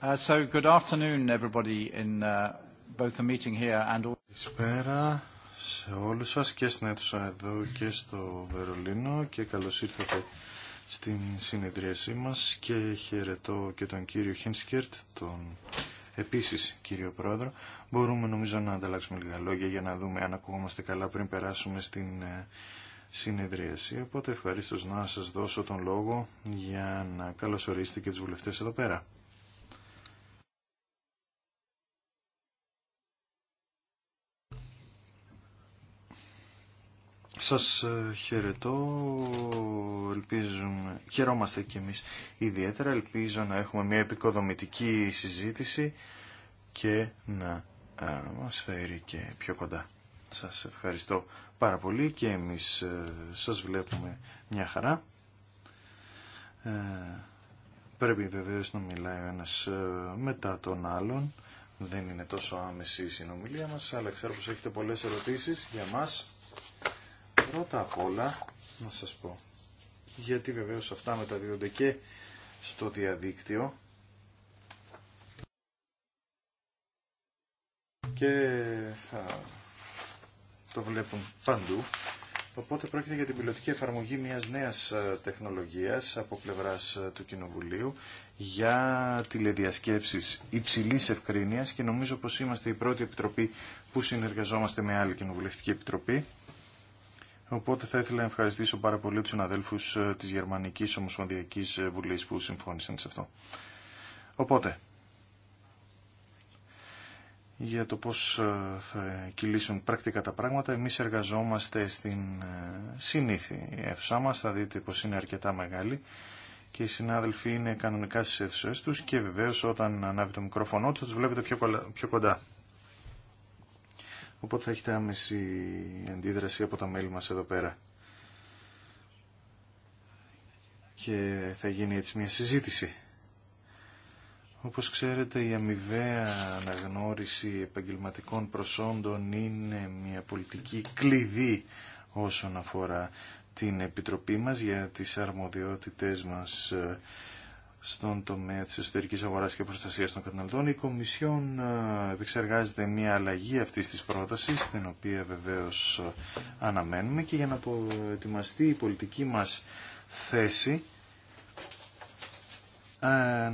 Καλησπέρα σε όλους σας και στην αίθουσα εδώ και στο Βερολίνο και καλώς ήρθατε στην συνεδρίασή μας και χαιρετώ και τον κύριο Χίνσκερτ, τον επίσης κύριο Πρόεδρο. Μπορούμε νομίζω να ανταλλάξουμε λίγα λόγια για να δούμε αν ακούγόμαστε καλά πριν περάσουμε στην ε, συνεδρίαση. Οπότε ευχαρίστω να σας δώσω τον λόγο για να καλωσορίσετε και τους βουλευτές εδώ πέρα. Σας ε, χαιρετώ, ελπίζουμε, χαιρόμαστε κι εμείς ιδιαίτερα, ελπίζω να έχουμε μια επικοδομητική συζήτηση και να ε, μας φέρει και πιο κοντά. Σας ευχαριστώ πάρα πολύ και εμείς ε, σας βλέπουμε μια χαρά. πρέπει βεβαίως να μιλάει ο ένας μετά τον άλλον. Δεν είναι τόσο άμεση η συνομιλία μας, αλλά ξέρω πως έχετε πολλές ερωτήσεις για μας. Πρώτα απ' όλα να σας πω, γιατί βεβαίως αυτά μεταδίδονται και στο διαδίκτυο και θα το βλέπουν παντού. Οπότε πρόκειται για την πιλωτική εφαρμογή μιας νέας ε, τεχνολογίας από πλευράς ε, του Κοινοβουλίου για τηλεδιασκέψεις υψηλής ευκρίνειας και νομίζω πως είμαστε η πρώτη επιτροπή που συνεργαζόμαστε με άλλη κοινοβουλευτική επιτροπή Οπότε θα ήθελα να ευχαριστήσω πάρα πολύ του συναδέλφου ε, της Γερμανικής Ομοσπονδιακής ε, Βουλή που συμφώνησαν σε αυτό. Οπότε, για το πώς ε, θα κυλήσουν πρακτικά τα πράγματα. Εμείς εργαζόμαστε στην συνήθη αίθουσά μας, θα δείτε πως είναι αρκετά μεγάλη και οι συνάδελφοι είναι κανονικά στις αίθουσές τους και βεβαίως όταν ανάβει το μικρόφωνο τους τους βλέπετε πιο κοντά. Οπότε θα έχετε άμεση αντίδραση από τα μέλη μας εδώ πέρα. Και θα γίνει έτσι μια συζήτηση. Όπως ξέρετε η αμοιβαία αναγνώριση επαγγελματικών προσόντων είναι μια πολιτική κλειδί όσον αφορά την Επιτροπή μας για τις αρμοδιότητες μας ε, στον τομέα της εσωτερικής αγοράς και προστασίας των καταναλωτών. Η Κομισιόν ε, επεξεργάζεται μια αλλαγή αυτής της πρότασης, την οποία βεβαίως ε, αναμένουμε και για να προετοιμαστεί η πολιτική μας θέση ε,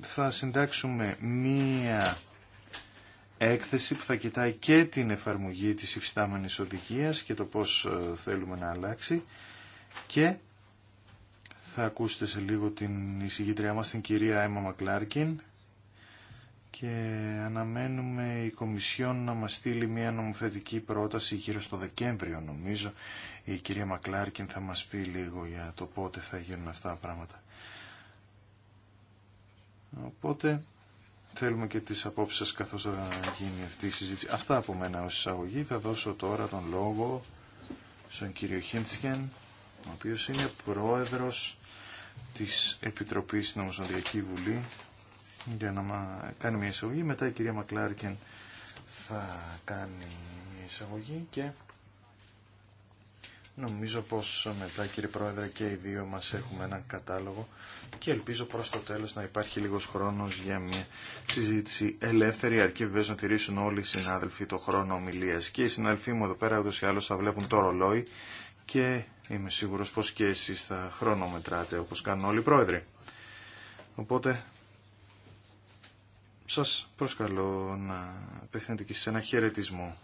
θα συντάξουμε μία έκθεση που θα κοιτάει και την εφαρμογή της υφιστάμενης οδηγίας και το πώς θέλουμε να αλλάξει και θα ακούσετε σε λίγο την εισηγήτριά μας, την κυρία Έμα Μακλάρκιν και αναμένουμε η Κομισιόν να μας στείλει μια νομοθετική πρόταση γύρω στο Δεκέμβριο νομίζω. Η κυρία Μακλάρκιν θα μας πει λίγο για το πότε θα γίνουν αυτά τα πράγματα. Οπότε θέλουμε και τις απόψεις σας καθώς θα γίνει αυτή η συζήτηση. Αυτά από μένα ως εισαγωγή. Θα δώσω τώρα τον λόγο στον κύριο Χίντσκεν, ο οποίος είναι πρόεδρος της Επιτροπής στην Ομοσπονδιακή Βουλή για να κάνει μια εισαγωγή. Μετά η κυρία Μακλάρκεν θα κάνει μια εισαγωγή και νομίζω πως μετά κύριε Πρόεδρε και οι δύο μας έχουμε ένα κατάλογο και ελπίζω προς το τέλος να υπάρχει λίγος χρόνος για μια συζήτηση ελεύθερη αρκεί βεβαίως να τηρήσουν όλοι οι συνάδελφοι το χρόνο ομιλίας και οι συνάδελφοί μου εδώ πέρα ούτως ή άλλως θα βλέπουν το ρολόι και είμαι σίγουρος πως και εσείς θα χρονομετράτε όπως κάνουν όλοι οι πρόεδροι. Οπότε σας προσκαλώ να απευθύνετε και σε ένα χαιρετισμό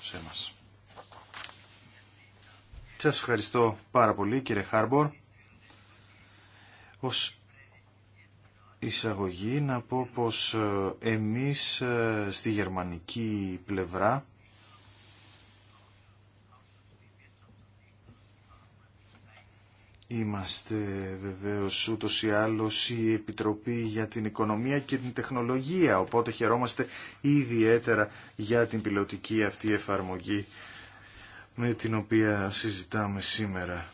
σε μας. Σας ευχαριστώ πάρα πολύ κύριε Χάρμπορ. Ως εισαγωγή να πω πως ε, εμείς ε, στη γερμανική πλευρά Είμαστε βεβαίως ούτως ή άλλως η Επιτροπή για την Οικονομία και την Τεχνολογία, οπότε χαιρόμαστε ιδιαίτερα για την πιλωτική αυτή εφαρμογή με την οποία συζητάμε σήμερα.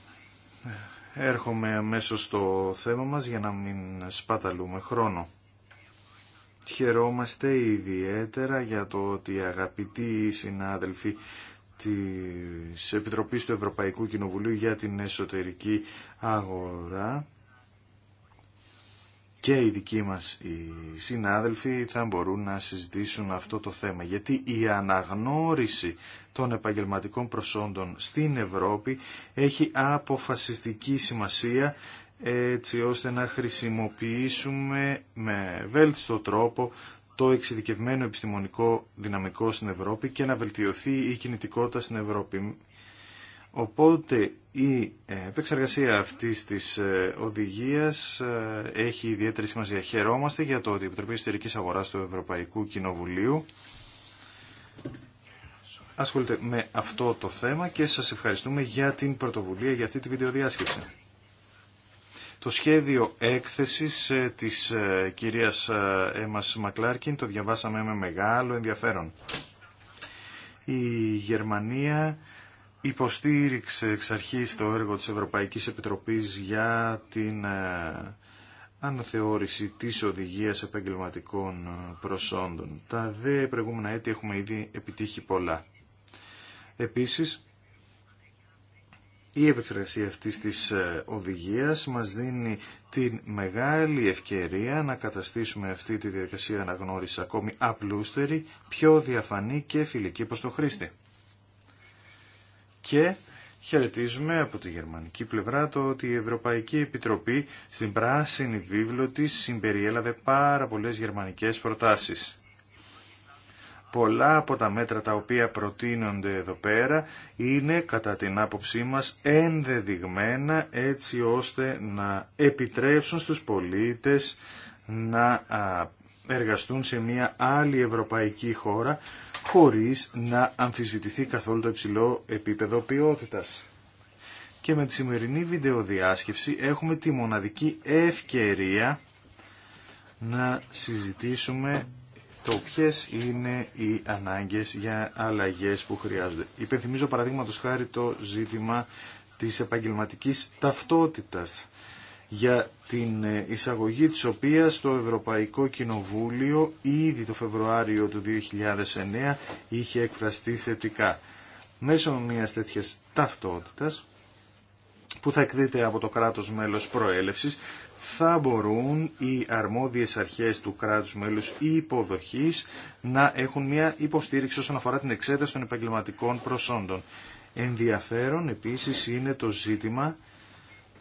Έρχομαι αμέσω στο θέμα μας για να μην σπαταλούμε χρόνο. Χαιρόμαστε ιδιαίτερα για το ότι αγαπητοί συνάδελφοι της Επιτροπής του Ευρωπαϊκού Κοινοβουλίου για την Εσωτερική Αγορά και οι δικοί μας οι συνάδελφοι θα μπορούν να συζητήσουν αυτό το θέμα. Γιατί η αναγνώριση των επαγγελματικών προσόντων στην Ευρώπη έχει αποφασιστική σημασία έτσι ώστε να χρησιμοποιήσουμε με βέλτιστο τρόπο το εξειδικευμένο επιστημονικό δυναμικό στην Ευρώπη και να βελτιωθεί η κινητικότητα στην Ευρώπη. Οπότε η ε, επεξεργασία αυτής της ε, οδηγίας ε, έχει ιδιαίτερη σημασία. Χαιρόμαστε για το ότι η Επιτροπή Αγοράς του Ευρωπαϊκού Κοινοβουλίου ασχολείται με αυτό το θέμα και σας ευχαριστούμε για την πρωτοβουλία για αυτή τη βιντεοδιάσκεψη. Το σχέδιο έκθεσης ε, της ε, κυρίας ε, Έμας Μακλάρκιν το διαβάσαμε με μεγάλο ενδιαφέρον. Η Γερμανία υποστήριξε εξ αρχής το έργο της Ευρωπαϊκής Επιτροπής για την αναθεώρηση της οδηγίας επαγγελματικών προσόντων. Τα δε προηγούμενα έτη έχουμε ήδη επιτύχει πολλά. Επίσης, η επεξεργασία αυτής της ε, οδηγίας μας δίνει τη μεγάλη ευκαιρία να καταστήσουμε αυτή τη διαδικασία αναγνώριση ακόμη απλούστερη, πιο διαφανή και φιλική προς το χρήστη. Και χαιρετίζουμε από τη γερμανική πλευρά το ότι η Ευρωπαϊκή Επιτροπή στην πράσινη βίβλο της συμπεριέλαβε πάρα πολλές γερμανικές προτάσεις πολλά από τα μέτρα τα οποία προτείνονται εδώ πέρα είναι κατά την άποψή μας ενδεδειγμένα έτσι ώστε να επιτρέψουν στους πολίτες να εργαστούν σε μια άλλη ευρωπαϊκή χώρα χωρίς να αμφισβητηθεί καθόλου το υψηλό επίπεδο ποιότητας. Και με τη σημερινή βιντεοδιάσκεψη έχουμε τη μοναδική ευκαιρία να συζητήσουμε το ποιε είναι οι ανάγκε για αλλαγές που χρειάζονται. Υπενθυμίζω παραδείγματο χάρη το ζήτημα της επαγγελματικής ταυτότητας για την ε, εισαγωγή της οποίας το Ευρωπαϊκό Κοινοβούλιο ήδη το Φεβρουάριο του 2009 είχε εκφραστεί θετικά. Μέσω μιας τέτοιας ταυτότητας που θα εκδίδεται από το κράτος μέλος προέλευσης θα μπορούν οι αρμόδιες αρχές του κράτους μέλους ή υποδοχής να έχουν μια υποστήριξη όσον αφορά την εξέταση των επαγγελματικών προσόντων. Ενδιαφέρον επίσης είναι το ζήτημα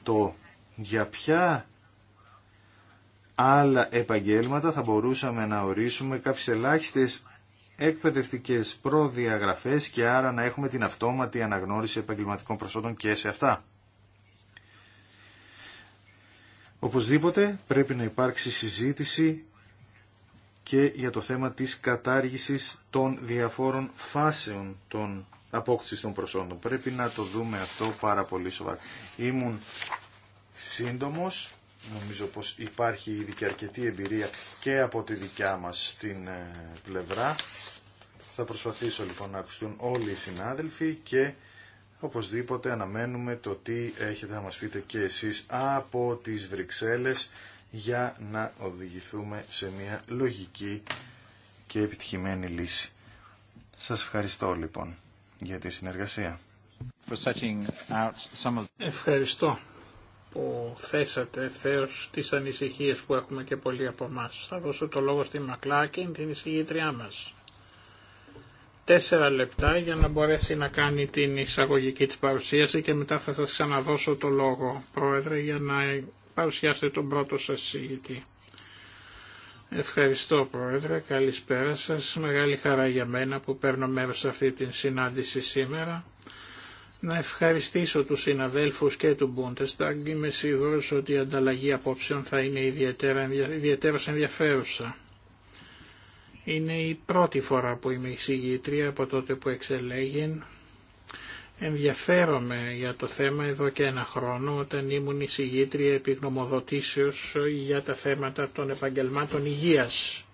το για ποια άλλα επαγγέλματα θα μπορούσαμε να ορίσουμε κάποιες ελάχιστες εκπαιδευτικές προδιαγραφές και άρα να έχουμε την αυτόματη αναγνώριση επαγγελματικών προσόντων και σε αυτά. Οπωσδήποτε πρέπει να υπάρξει συζήτηση και για το θέμα της κατάργησης των διαφόρων φάσεων των απόκτησης των προσόντων. Πρέπει να το δούμε αυτό πάρα πολύ σοβαρά. Ήμουν σύντομος, νομίζω πως υπάρχει ήδη και αρκετή εμπειρία και από τη δικιά μας την ε, πλευρά. Θα προσπαθήσω λοιπόν να ακουστούν όλοι οι συνάδελφοι και Οπωσδήποτε αναμένουμε το τι έχετε να μας πείτε και εσείς από τις Βρυξέλλες για να οδηγηθούμε σε μια λογική και επιτυχημένη λύση. Σας ευχαριστώ λοιπόν για τη συνεργασία. Ευχαριστώ που θέσατε ευθέως τις ανησυχίες που έχουμε και πολλοί από εμάς. Θα δώσω το λόγο στη Μακλάκη, την εισηγήτριά μας τέσσερα λεπτά για να μπορέσει να κάνει την εισαγωγική της παρουσίαση και μετά θα σας ξαναδώσω το λόγο, Πρόεδρε, για να παρουσιάσετε τον πρώτο σας συζητητή. Ευχαριστώ Πρόεδρε, καλησπέρα σας. Μεγάλη χαρά για μένα που παίρνω μέρος σε αυτή την συνάντηση σήμερα. Να ευχαριστήσω τους συναδέλφους και του Bundestag. Είμαι σίγουρος ότι η ανταλλαγή απόψεων θα είναι ιδιαίτερα ενδιαφέρουσα. Είναι η πρώτη φορά που είμαι εισηγήτρια από τότε που εξελέγην. Ενδιαφέρομαι για το θέμα εδώ και ένα χρόνο όταν ήμουν εισηγήτρια επιγνωμοδοτήσεως για τα θέματα των επαγγελμάτων υγείας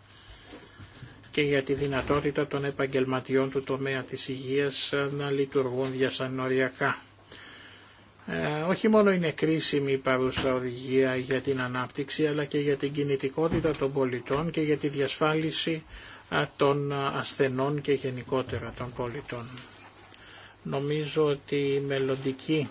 και για τη δυνατότητα των επαγγελματιών του τομέα της υγείας να λειτουργούν διασανοριακά. Ε, όχι μόνο είναι κρίσιμη η παρούσα οδηγία για την ανάπτυξη αλλά και για την κινητικότητα των πολιτών και για τη διασφάλιση των ασθενών και γενικότερα των πολιτών. Νομίζω ότι η μελλοντική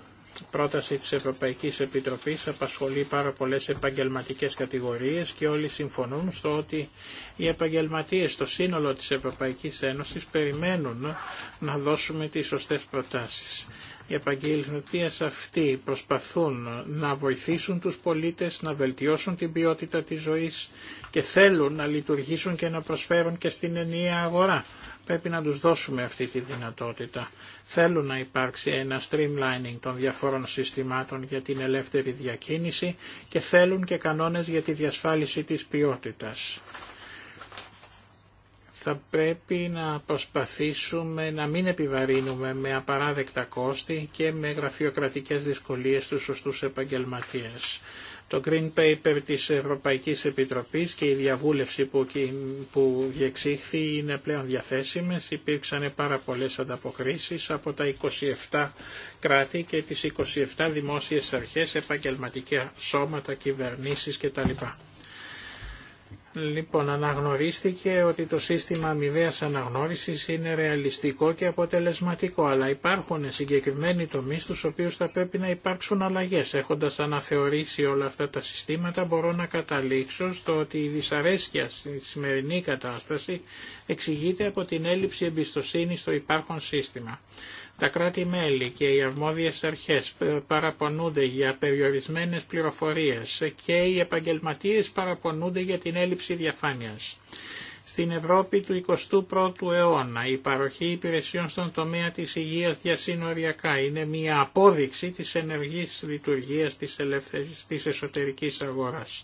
πρόταση της Ευρωπαϊκής Επιτροπής απασχολεί πάρα πολλές επαγγελματικές κατηγορίες και όλοι συμφωνούν στο ότι οι επαγγελματίες στο σύνολο της Ευρωπαϊκής Ένωσης περιμένουν να δώσουμε τις σωστές προτάσεις. Οι επαγγελματίες αυτοί προσπαθούν να βοηθήσουν τους πολίτες να βελτιώσουν την ποιότητα της ζωής και θέλουν να λειτουργήσουν και να προσφέρουν και στην ενιαία αγορά. Πρέπει να τους δώσουμε αυτή τη δυνατότητα. Θέλουν να υπάρξει ένα streamlining των διαφόρων συστημάτων για την ελεύθερη διακίνηση και θέλουν και κανόνες για τη διασφάλιση της ποιότητας θα πρέπει να προσπαθήσουμε να μην επιβαρύνουμε με απαράδεκτα κόστη και με γραφειοκρατικές δυσκολίες τους σωστούς επαγγελματίες. Το Green Paper της Ευρωπαϊκής Επιτροπής και η διαβούλευση που, που διεξήχθη είναι πλέον διαθέσιμες. Υπήρξαν πάρα πολλές ανταποκρίσεις από τα 27 κράτη και τις 27 δημόσιες αρχές, επαγγελματικά σώματα, κυβερνήσεις κτλ. Λοιπόν, αναγνωρίστηκε ότι το σύστημα αμοιβαίας αναγνώρισης είναι ρεαλιστικό και αποτελεσματικό, αλλά υπάρχουν συγκεκριμένοι τομείς στους οποίους θα πρέπει να υπάρξουν αλλαγές. Έχοντας αναθεωρήσει όλα αυτά τα συστήματα, μπορώ να καταλήξω στο ότι η δυσαρέσκεια στη σημερινή κατάσταση εξηγείται από την έλλειψη εμπιστοσύνη στο υπάρχον σύστημα. Τα κράτη-μέλη και οι αρμόδιες αρχές παραπονούνται για περιορισμένες πληροφορίες και οι επαγγελματίες παραπονούνται για την έλλειψη στην Ευρώπη του 21ου αιώνα η παροχή υπηρεσιών στον τομέα της υγείας διασύνοριακά είναι μια απόδειξη της ενεργής λειτουργίας της, ελεύθερης, της εσωτερικής αγοράς.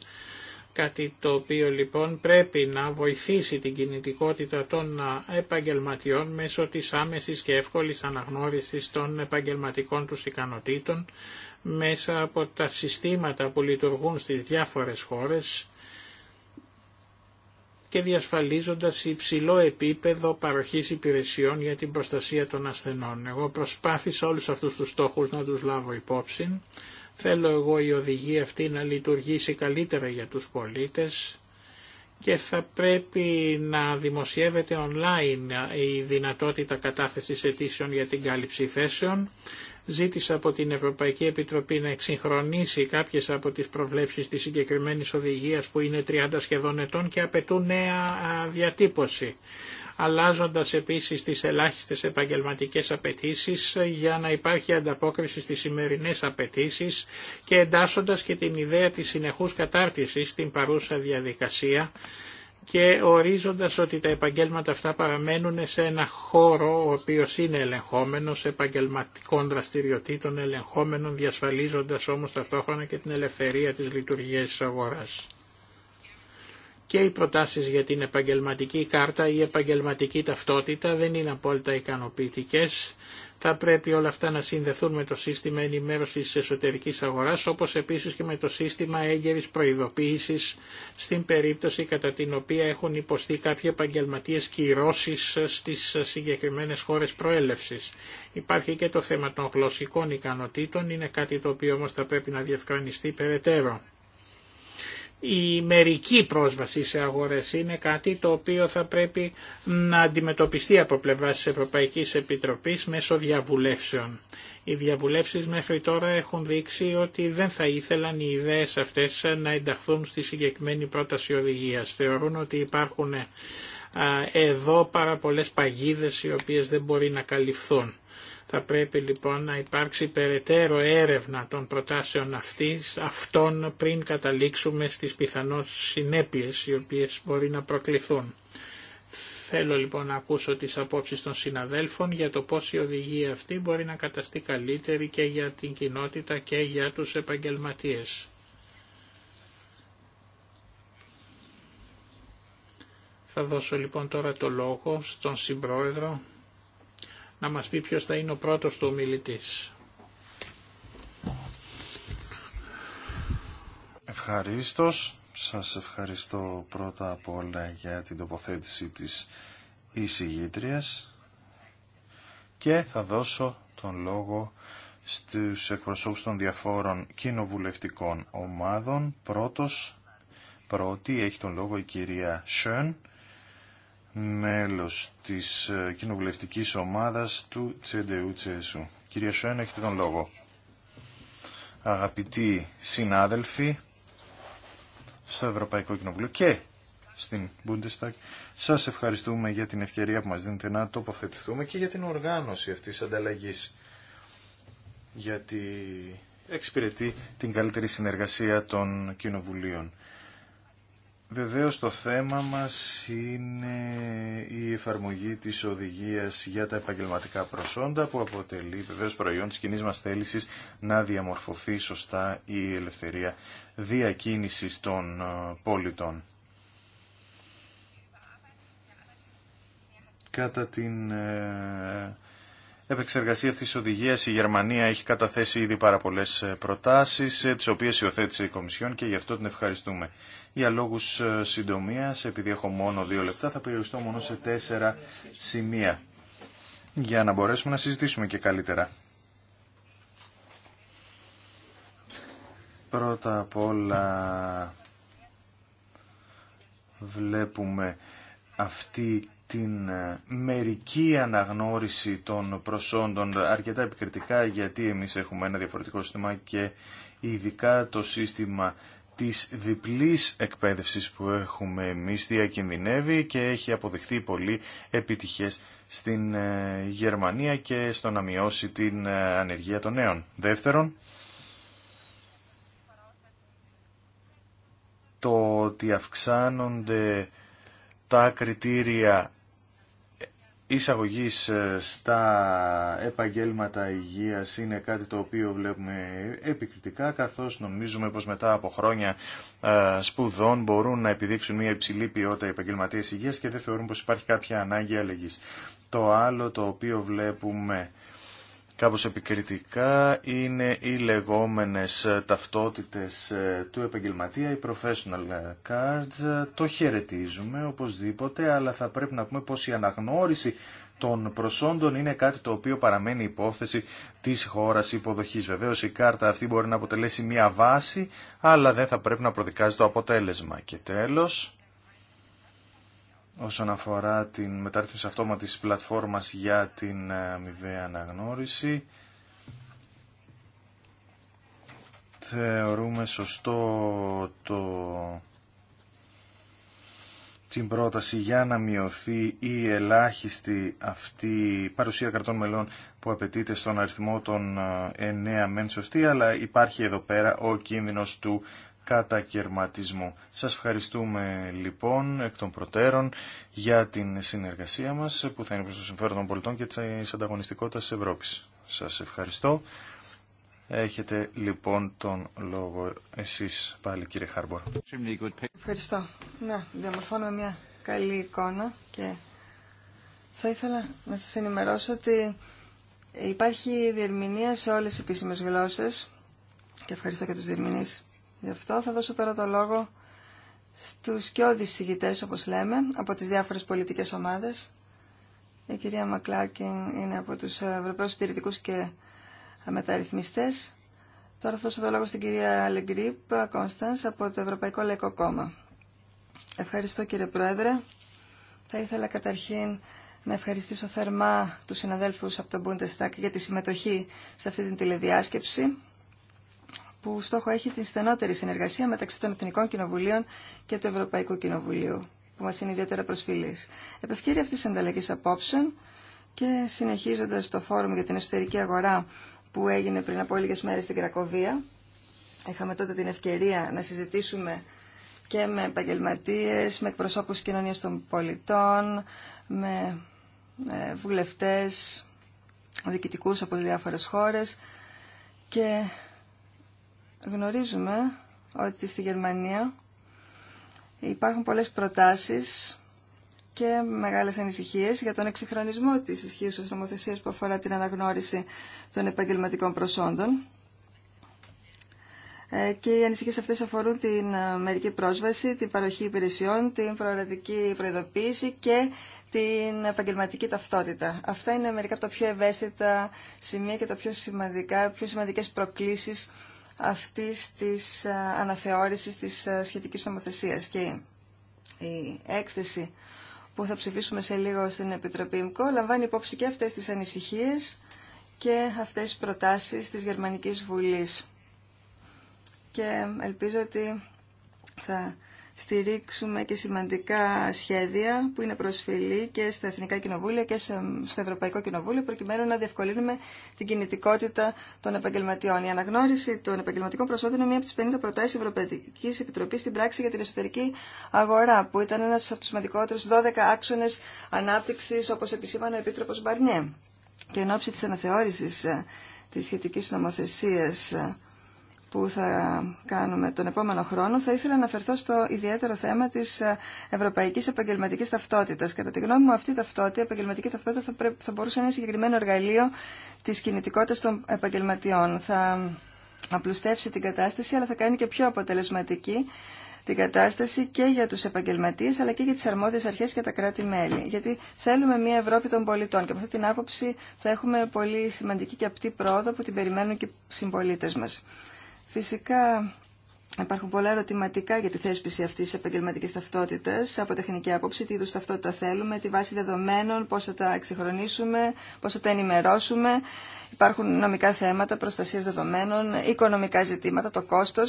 Κάτι το οποίο λοιπόν πρέπει να βοηθήσει την κινητικότητα των επαγγελματιών μέσω της άμεσης και εύκολης αναγνώρισης των επαγγελματικών τους ικανοτήτων μέσα από τα συστήματα που λειτουργούν στις διάφορες χώρες και διασφαλίζοντας υψηλό επίπεδο παροχής υπηρεσιών για την προστασία των ασθενών. Εγώ προσπάθησα όλους αυτούς τους στόχους να τους λάβω υπόψη. Θέλω εγώ η οδηγία αυτή να λειτουργήσει καλύτερα για τους πολίτες και θα πρέπει να δημοσιεύεται online η δυνατότητα κατάθεσης αιτήσεων για την κάλυψη θέσεων. Ζήτησα από την Ευρωπαϊκή Επιτροπή να εξυγχρονίσει κάποιες από τις προβλέψεις της συγκεκριμένης οδηγίας που είναι 30 σχεδόν ετών και απαιτούν νέα διατύπωση αλλάζοντας επίσης τις ελάχιστες επαγγελματικές απαιτήσει ε, για να υπάρχει ανταπόκριση στις σημερινές απαιτήσει και εντάσσοντας και την ιδέα της συνεχούς κατάρτισης στην παρούσα διαδικασία και ορίζοντας ότι τα επαγγέλματα αυτά παραμένουν σε ένα χώρο ο οποίος είναι ελεγχόμενος επαγγελματικών δραστηριοτήτων ελεγχόμενων διασφαλίζοντας όμως ταυτόχρονα και την ελευθερία της λειτουργίας της αγοράς. Και οι προτάσεις για την επαγγελματική κάρτα ή επαγγελματική ταυτότητα δεν είναι απόλυτα ικανοποιητικές θα πρέπει όλα αυτά να συνδεθούν με το σύστημα ενημέρωση τη εσωτερική αγορά, όπως επίσης και με το σύστημα έγκαιρη προειδοποίηση στην περίπτωση κατά την οποία έχουν υποστεί κάποιοι επαγγελματίε κυρώσει στις συγκεκριμένες χώρες προέλευση. Υπάρχει και το θέμα των γλωσσικών ικανοτήτων, είναι κάτι το οποίο όμω θα πρέπει να διευκρινιστεί περαιτέρω η μερική πρόσβαση σε αγορές είναι κάτι το οποίο θα πρέπει να αντιμετωπιστεί από πλευρά της Ευρωπαϊκής Επιτροπής μέσω διαβουλεύσεων. Οι διαβουλεύσεις μέχρι τώρα έχουν δείξει ότι δεν θα ήθελαν οι ιδέες αυτές να ενταχθούν στη συγκεκριμένη πρόταση οδηγίας. Θεωρούν ότι υπάρχουν εδώ πάρα πολλές παγίδες οι οποίες δεν μπορεί να καλυφθούν. Θα πρέπει λοιπόν να υπάρξει περαιτέρω έρευνα των προτάσεων αυτής, αυτών πριν καταλήξουμε στις πιθανώς συνέπειες οι οποίες μπορεί να προκληθούν. Θέλω λοιπόν να ακούσω τις απόψεις των συναδέλφων για το πώς η οδηγία αυτή μπορεί να καταστεί καλύτερη και για την κοινότητα και για τους επαγγελματίες. Θα δώσω λοιπόν τώρα το λόγο στον Συμπρόεδρο να μας πει ποιος θα είναι ο πρώτος του ομιλητής. Ευχαριστώ. Σας ευχαριστώ πρώτα απ' όλα για την τοποθέτηση της εισηγήτριας και θα δώσω τον λόγο στους εκπροσώπους των διαφόρων κοινοβουλευτικών ομάδων. Πρώτος, πρώτη, έχει τον λόγο η κυρία Σιόν μέλος της ε, κοινοβουλευτικής ομάδας του Τσεντεού Τσέσου. Κυρία Σόεν, έχετε τον λόγο. Αγαπητοί συνάδελφοι στο Ευρωπαϊκό Κοινοβούλιο και στην Bundestag, σας ευχαριστούμε για την ευκαιρία που μας δίνετε να τοποθετηθούμε και για την οργάνωση αυτής της ανταλλαγής, γιατί εξυπηρετεί την καλύτερη συνεργασία των κοινοβουλίων. Βεβαίως το θέμα μας είναι η εφαρμογή της οδηγίας για τα επαγγελματικά προσόντα που αποτελεί βεβαίως προϊόν της κοινή μας θέλησης να διαμορφωθεί σωστά η ελευθερία διακίνησης των ε, πολιτών. Κατά την ε, επεξεργασία αυτής της οδηγίας η Γερμανία έχει καταθέσει ήδη πάρα πολλές ε, προτάσεις, ε, τις οποίες υιοθέτησε η Κομισιόν και γι' αυτό την ευχαριστούμε. Για λόγους ε, συντομίας, επειδή έχω μόνο δύο λεπτά, θα περιοριστώ μόνο σε τέσσερα σημεία για να μπορέσουμε να συζητήσουμε και καλύτερα. Πρώτα απ' όλα βλέπουμε αυτή την ε, μερική αναγνώριση των προσόντων αρκετά επικριτικά γιατί εμείς έχουμε ένα διαφορετικό σύστημα και ειδικά το σύστημα της διπλής εκπαίδευσης που έχουμε εμείς διακινδυνεύει και έχει αποδειχθεί πολύ επιτυχές στην ε, Γερμανία και στο να μειώσει την ε, ανεργία των νέων. Δεύτερον, το ότι αυξάνονται τα κριτήρια εισαγωγή ε, στα επαγγέλματα υγείας είναι κάτι το οποίο βλέπουμε επικριτικά καθώς νομίζουμε πως μετά από χρόνια ε, σπουδών μπορούν να επιδείξουν μια υψηλή ποιότητα επαγγελματίες υγείας και δεν θεωρούν πως υπάρχει κάποια ανάγκη αλλαγής. Το άλλο το οποίο βλέπουμε κάπως επικριτικά είναι οι λεγόμενες ταυτότητες ε, του επαγγελματία, οι professional cards. Το χαιρετίζουμε οπωσδήποτε, αλλά θα πρέπει να πούμε πως η αναγνώριση των προσόντων είναι κάτι το οποίο παραμένει υπόθεση της χώρας υποδοχής. Βεβαίως η κάρτα αυτή μπορεί να αποτελέσει μια βάση, αλλά δεν θα πρέπει να προδικάζει το αποτέλεσμα. Και τέλος όσον αφορά την μεταρρύθμιση αυτόματης πλατφόρμας για την ε, αμοιβαία αναγνώριση. Θεωρούμε σωστό το... την πρόταση για να μειωθεί η ελάχιστη αυτή παρουσία κρατών μελών που απαιτείται στον αριθμό των 9 ε, μεν σωστή, αλλά υπάρχει εδώ πέρα ο κίνδυνος του κατακαιρματισμού. Σας ευχαριστούμε λοιπόν εκ των προτέρων για την συνεργασία μας που θα είναι προς το συμφέρον των πολιτών και της ανταγωνιστικότητας της Ευρώπης. Σας ευχαριστώ. Έχετε λοιπόν τον λόγο εσείς πάλι κύριε Χάρμπορ. Ευχαριστώ. Ναι, διαμορφώνουμε μια καλή εικόνα και θα ήθελα να σας ενημερώσω ότι υπάρχει διερμηνία σε όλες τις επίσημες γλώσσες και ευχαριστώ και τους διερμηνείς Γι' αυτό θα δώσω τώρα το λόγο στους και οδησηγητές, όπως λέμε, από τις διάφορες πολιτικές ομάδες. Η κυρία Μακλάρκιν είναι από τους Ευρωπαίους Συντηρητικού και Μεταρρυθμιστές. Τώρα θα δώσω το λόγο στην κυρία Αλεγκρίπ Κόνσταν από το Ευρωπαϊκό Λαϊκό Κόμμα. Ευχαριστώ κύριε Πρόεδρε. Θα ήθελα καταρχήν να ευχαριστήσω θερμά τους συναδέλφους από το Bundestag για τη συμμετοχή σε αυτή την τηλεδιάσκεψη που στόχο έχει την στενότερη συνεργασία μεταξύ των Εθνικών Κοινοβουλίων και του Ευρωπαϊκού Κοινοβουλίου, που μα είναι ιδιαίτερα προσφυλή. Επευκαιρία αυτή αυτής της ανταλλαγής απόψεων και συνεχίζοντα το φόρουμ για την εσωτερική αγορά που έγινε πριν από λίγε μέρε στην Κρακοβία, είχαμε τότε την ευκαιρία να συζητήσουμε και με επαγγελματίε, με εκπροσώπου Κοινωνία των πολιτών, με ε, βουλευτέ διοικητικού από διάφορε χώρε. και γνωρίζουμε ότι στη Γερμανία υπάρχουν πολλές προτάσεις και μεγάλες ανησυχίες για τον εξυγχρονισμό της ισχύουσας νομοθεσίας που αφορά την αναγνώριση των επαγγελματικών προσόντων. Ε, και οι ανησυχίες αυτές αφορούν την ε, μερική πρόσβαση, την παροχή υπηρεσιών, την προορατική προειδοποίηση και την επαγγελματική ταυτότητα. Αυτά είναι μερικά από τα πιο ευαίσθητα σημεία και τα πιο σημαντικά, πιο σημαντικές προκλήσεις αυτής της ε, αναθεώρησης της ε, σχετικής νομοθεσίας. Και η έκθεση που θα ψηφίσουμε σε λίγο στην Επιτροπή ΜΚΟ λαμβάνει υπόψη και αυτές τις ανησυχίες και αυτές τις προτάσεις της Γερμανικής Βουλής. Και ε, ελπίζω ότι θα στηρίξουμε και σημαντικά σχέδια που είναι προσφυλή και στα Εθνικά Κοινοβούλια και στο Ευρωπαϊκό Κοινοβούλιο προκειμένου να διευκολύνουμε την κινητικότητα των επαγγελματιών. Η αναγνώριση των επαγγελματικών προσόντων είναι μία από τι 50 προτάσει Ευρωπαϊκή Επιτροπή στην πράξη για την εσωτερική αγορά, που ήταν ένα από του σημαντικότερου 12 άξονε ανάπτυξη, όπω επισήμανε ο Επίτροπο Μπαρνιέ. Και εν ώψη τη αναθεώρηση ε, τη σχετική νομοθεσία ε, που θα κάνουμε τον επόμενο χρόνο, θα ήθελα να αναφερθώ στο ιδιαίτερο θέμα τη ε, Ευρωπαϊκή Επαγγελματική ταυτότητα. Κατά τη γνώμη μου αυτή η ταυτότητα, η επαγγελματική ταυτότητα θα, πρέ... θα μπορούσε να είναι συγκεκριμένο εργαλείο τη κινητικότητα των επαγγελματιών. Θα απλουστεύσει την κατάσταση, αλλά θα κάνει και πιο αποτελεσματική την κατάσταση και για τους επαγγελματίες αλλά και για τις αρμόδιες αρχές και τα κράτη-μέλη. Γιατί θέλουμε μια Ευρώπη των πολιτών και από αυτή την άποψη θα έχουμε πολύ σημαντική και απτή πρόοδο που την περιμένουν και οι συμπολίτε μας. Φυσικά υπάρχουν πολλά ερωτηματικά για τη θέσπιση αυτή τη επαγγελματική ταυτότητα από τεχνική άποψη, τι είδου ταυτότητα θέλουμε, τη βάση δεδομένων, πώ θα τα εξυγχρονίσουμε, πώ θα τα ενημερώσουμε. Υπάρχουν νομικά θέματα, προστασία δεδομένων, οικονομικά ζητήματα, το κόστο.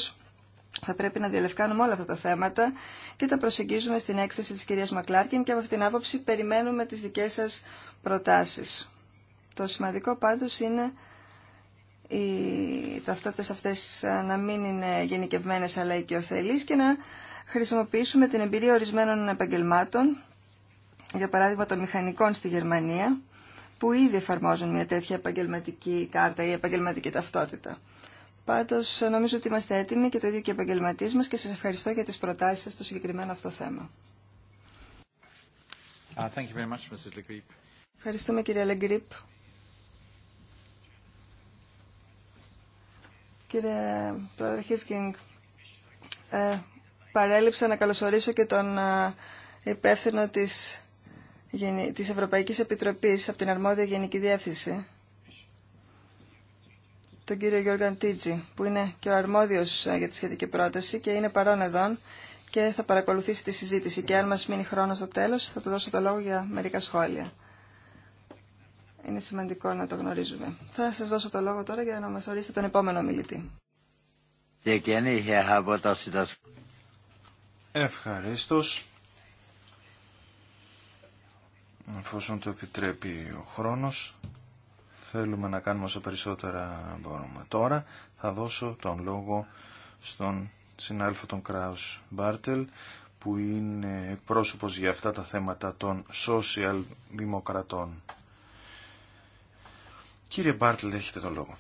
Θα πρέπει να διαλευκάνουμε όλα αυτά τα θέματα και τα προσεγγίζουμε στην έκθεση τη κυρία Μακλάρκιν και από αυτήν την άποψη περιμένουμε τι δικέ σα προτάσει. Το σημαντικό πάντως είναι οι ταυτότητες αυτές να μην είναι γενικευμένες αλλά οικειοθελείς και να χρησιμοποιήσουμε την εμπειρία ορισμένων επαγγελμάτων, για παράδειγμα των μηχανικών στη Γερμανία, που ήδη εφαρμόζουν μια τέτοια επαγγελματική κάρτα ή επαγγελματική ταυτότητα. Πάντω, νομίζω ότι είμαστε έτοιμοι και το ίδιο και οι επαγγελματίε μα και σα ευχαριστώ για τι προτάσει σα στο συγκεκριμένο αυτό θέμα. Uh, thank you very much, Mrs. Ευχαριστούμε κύριε Λεγκρίπ. Κύριε Πρόεδρε Χίσκινγκ, ε, παρέλειψα να καλωσορίσω και τον ε, υπεύθυνο της, της Ευρωπαϊκής Επιτροπής από την Αρμόδια Γενική Διεύθυνση, τον κύριο Γιώργαν Τίτζη, που είναι και ο αρμόδιος ε, για τη σχετική πρόταση και είναι παρόν εδώ και θα παρακολουθήσει τη συζήτηση. Και αν μας μείνει χρόνο στο τέλος, θα του δώσω το λόγο για μερικά σχόλια είναι σημαντικό να το γνωρίζουμε. Θα σας δώσω το λόγο τώρα για να μας ορίσετε τον επόμενο μιλητή. Ε, Ευχαριστώ. Εφόσον το επιτρέπει ο χρόνος, θέλουμε να κάνουμε όσο περισσότερα μπορούμε. Τώρα θα δώσω τον λόγο στον συνάλφο τον Κράους Μπάρτελ, που είναι πρόσωπος για αυτά τα θέματα των social δημοκρατών. Κύριε Μπάρτλ, έχετε το λόγο.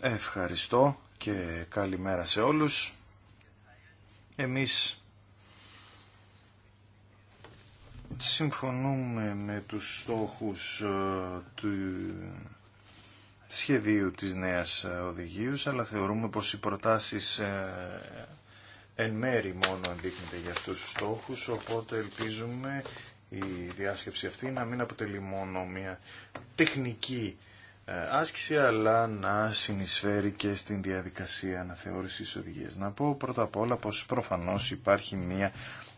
Ευχαριστώ και καλημέρα σε όλους. Εμείς συμφωνούμε με τους στόχους ε, του σχεδίου της νέας ε, οδηγίας, αλλά θεωρούμε πως οι προτάσεις ε, εν μέρη μόνο αντίκνεται για αυτούς τους στόχους, οπότε ελπίζουμε η διάσκεψη αυτή να μην αποτελεί μόνο μια τεχνική ε, άσκηση αλλά να συνεισφέρει και στην διαδικασία αναθεώρησης οδηγίας. Να πω πρώτα απ' όλα πως προφανώς υπάρχει μια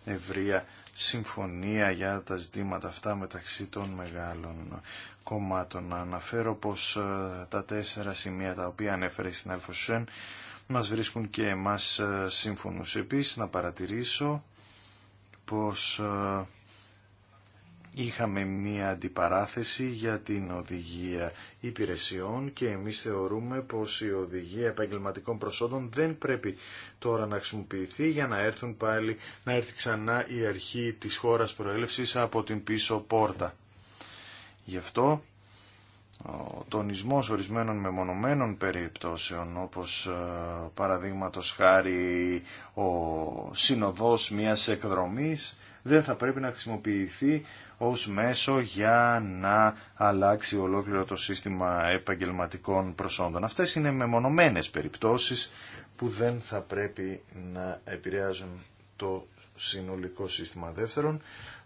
ευρεία συμφωνία για τα ζητήματα αυτά μεταξύ των μεγάλων κομμάτων. Να αναφέρω πως ε, τα τέσσερα σημεία τα οποία ανέφερε στην Αλφοσέν μας βρίσκουν και εμάς ε, σύμφωνους. Επίσης να παρατηρήσω πως είχαμε μία αντιπαράθεση για την οδηγία υπηρεσιών και εμείς θεωρούμε πως η οδηγία επαγγελματικών προσόντων δεν πρέπει τώρα να χρησιμοποιηθεί για να έρθουν πάλι, να έρθει ξανά η αρχή της χώρας προέλευσης από την πίσω πόρτα. Γι' αυτό ο τονισμός ορισμένων μεμονωμένων περιπτώσεων όπως ε, παραδείγματος χάρη ο συνοδός μιας εκδρομής δεν θα πρέπει να χρησιμοποιηθεί ως μέσο για να αλλάξει ολόκληρο το σύστημα επαγγελματικών προσόντων. Αυτές είναι μεμονωμένες περιπτώσεις που δεν θα πρέπει να επηρεάζουν το συνολικό σύστημα. Δεύτερον,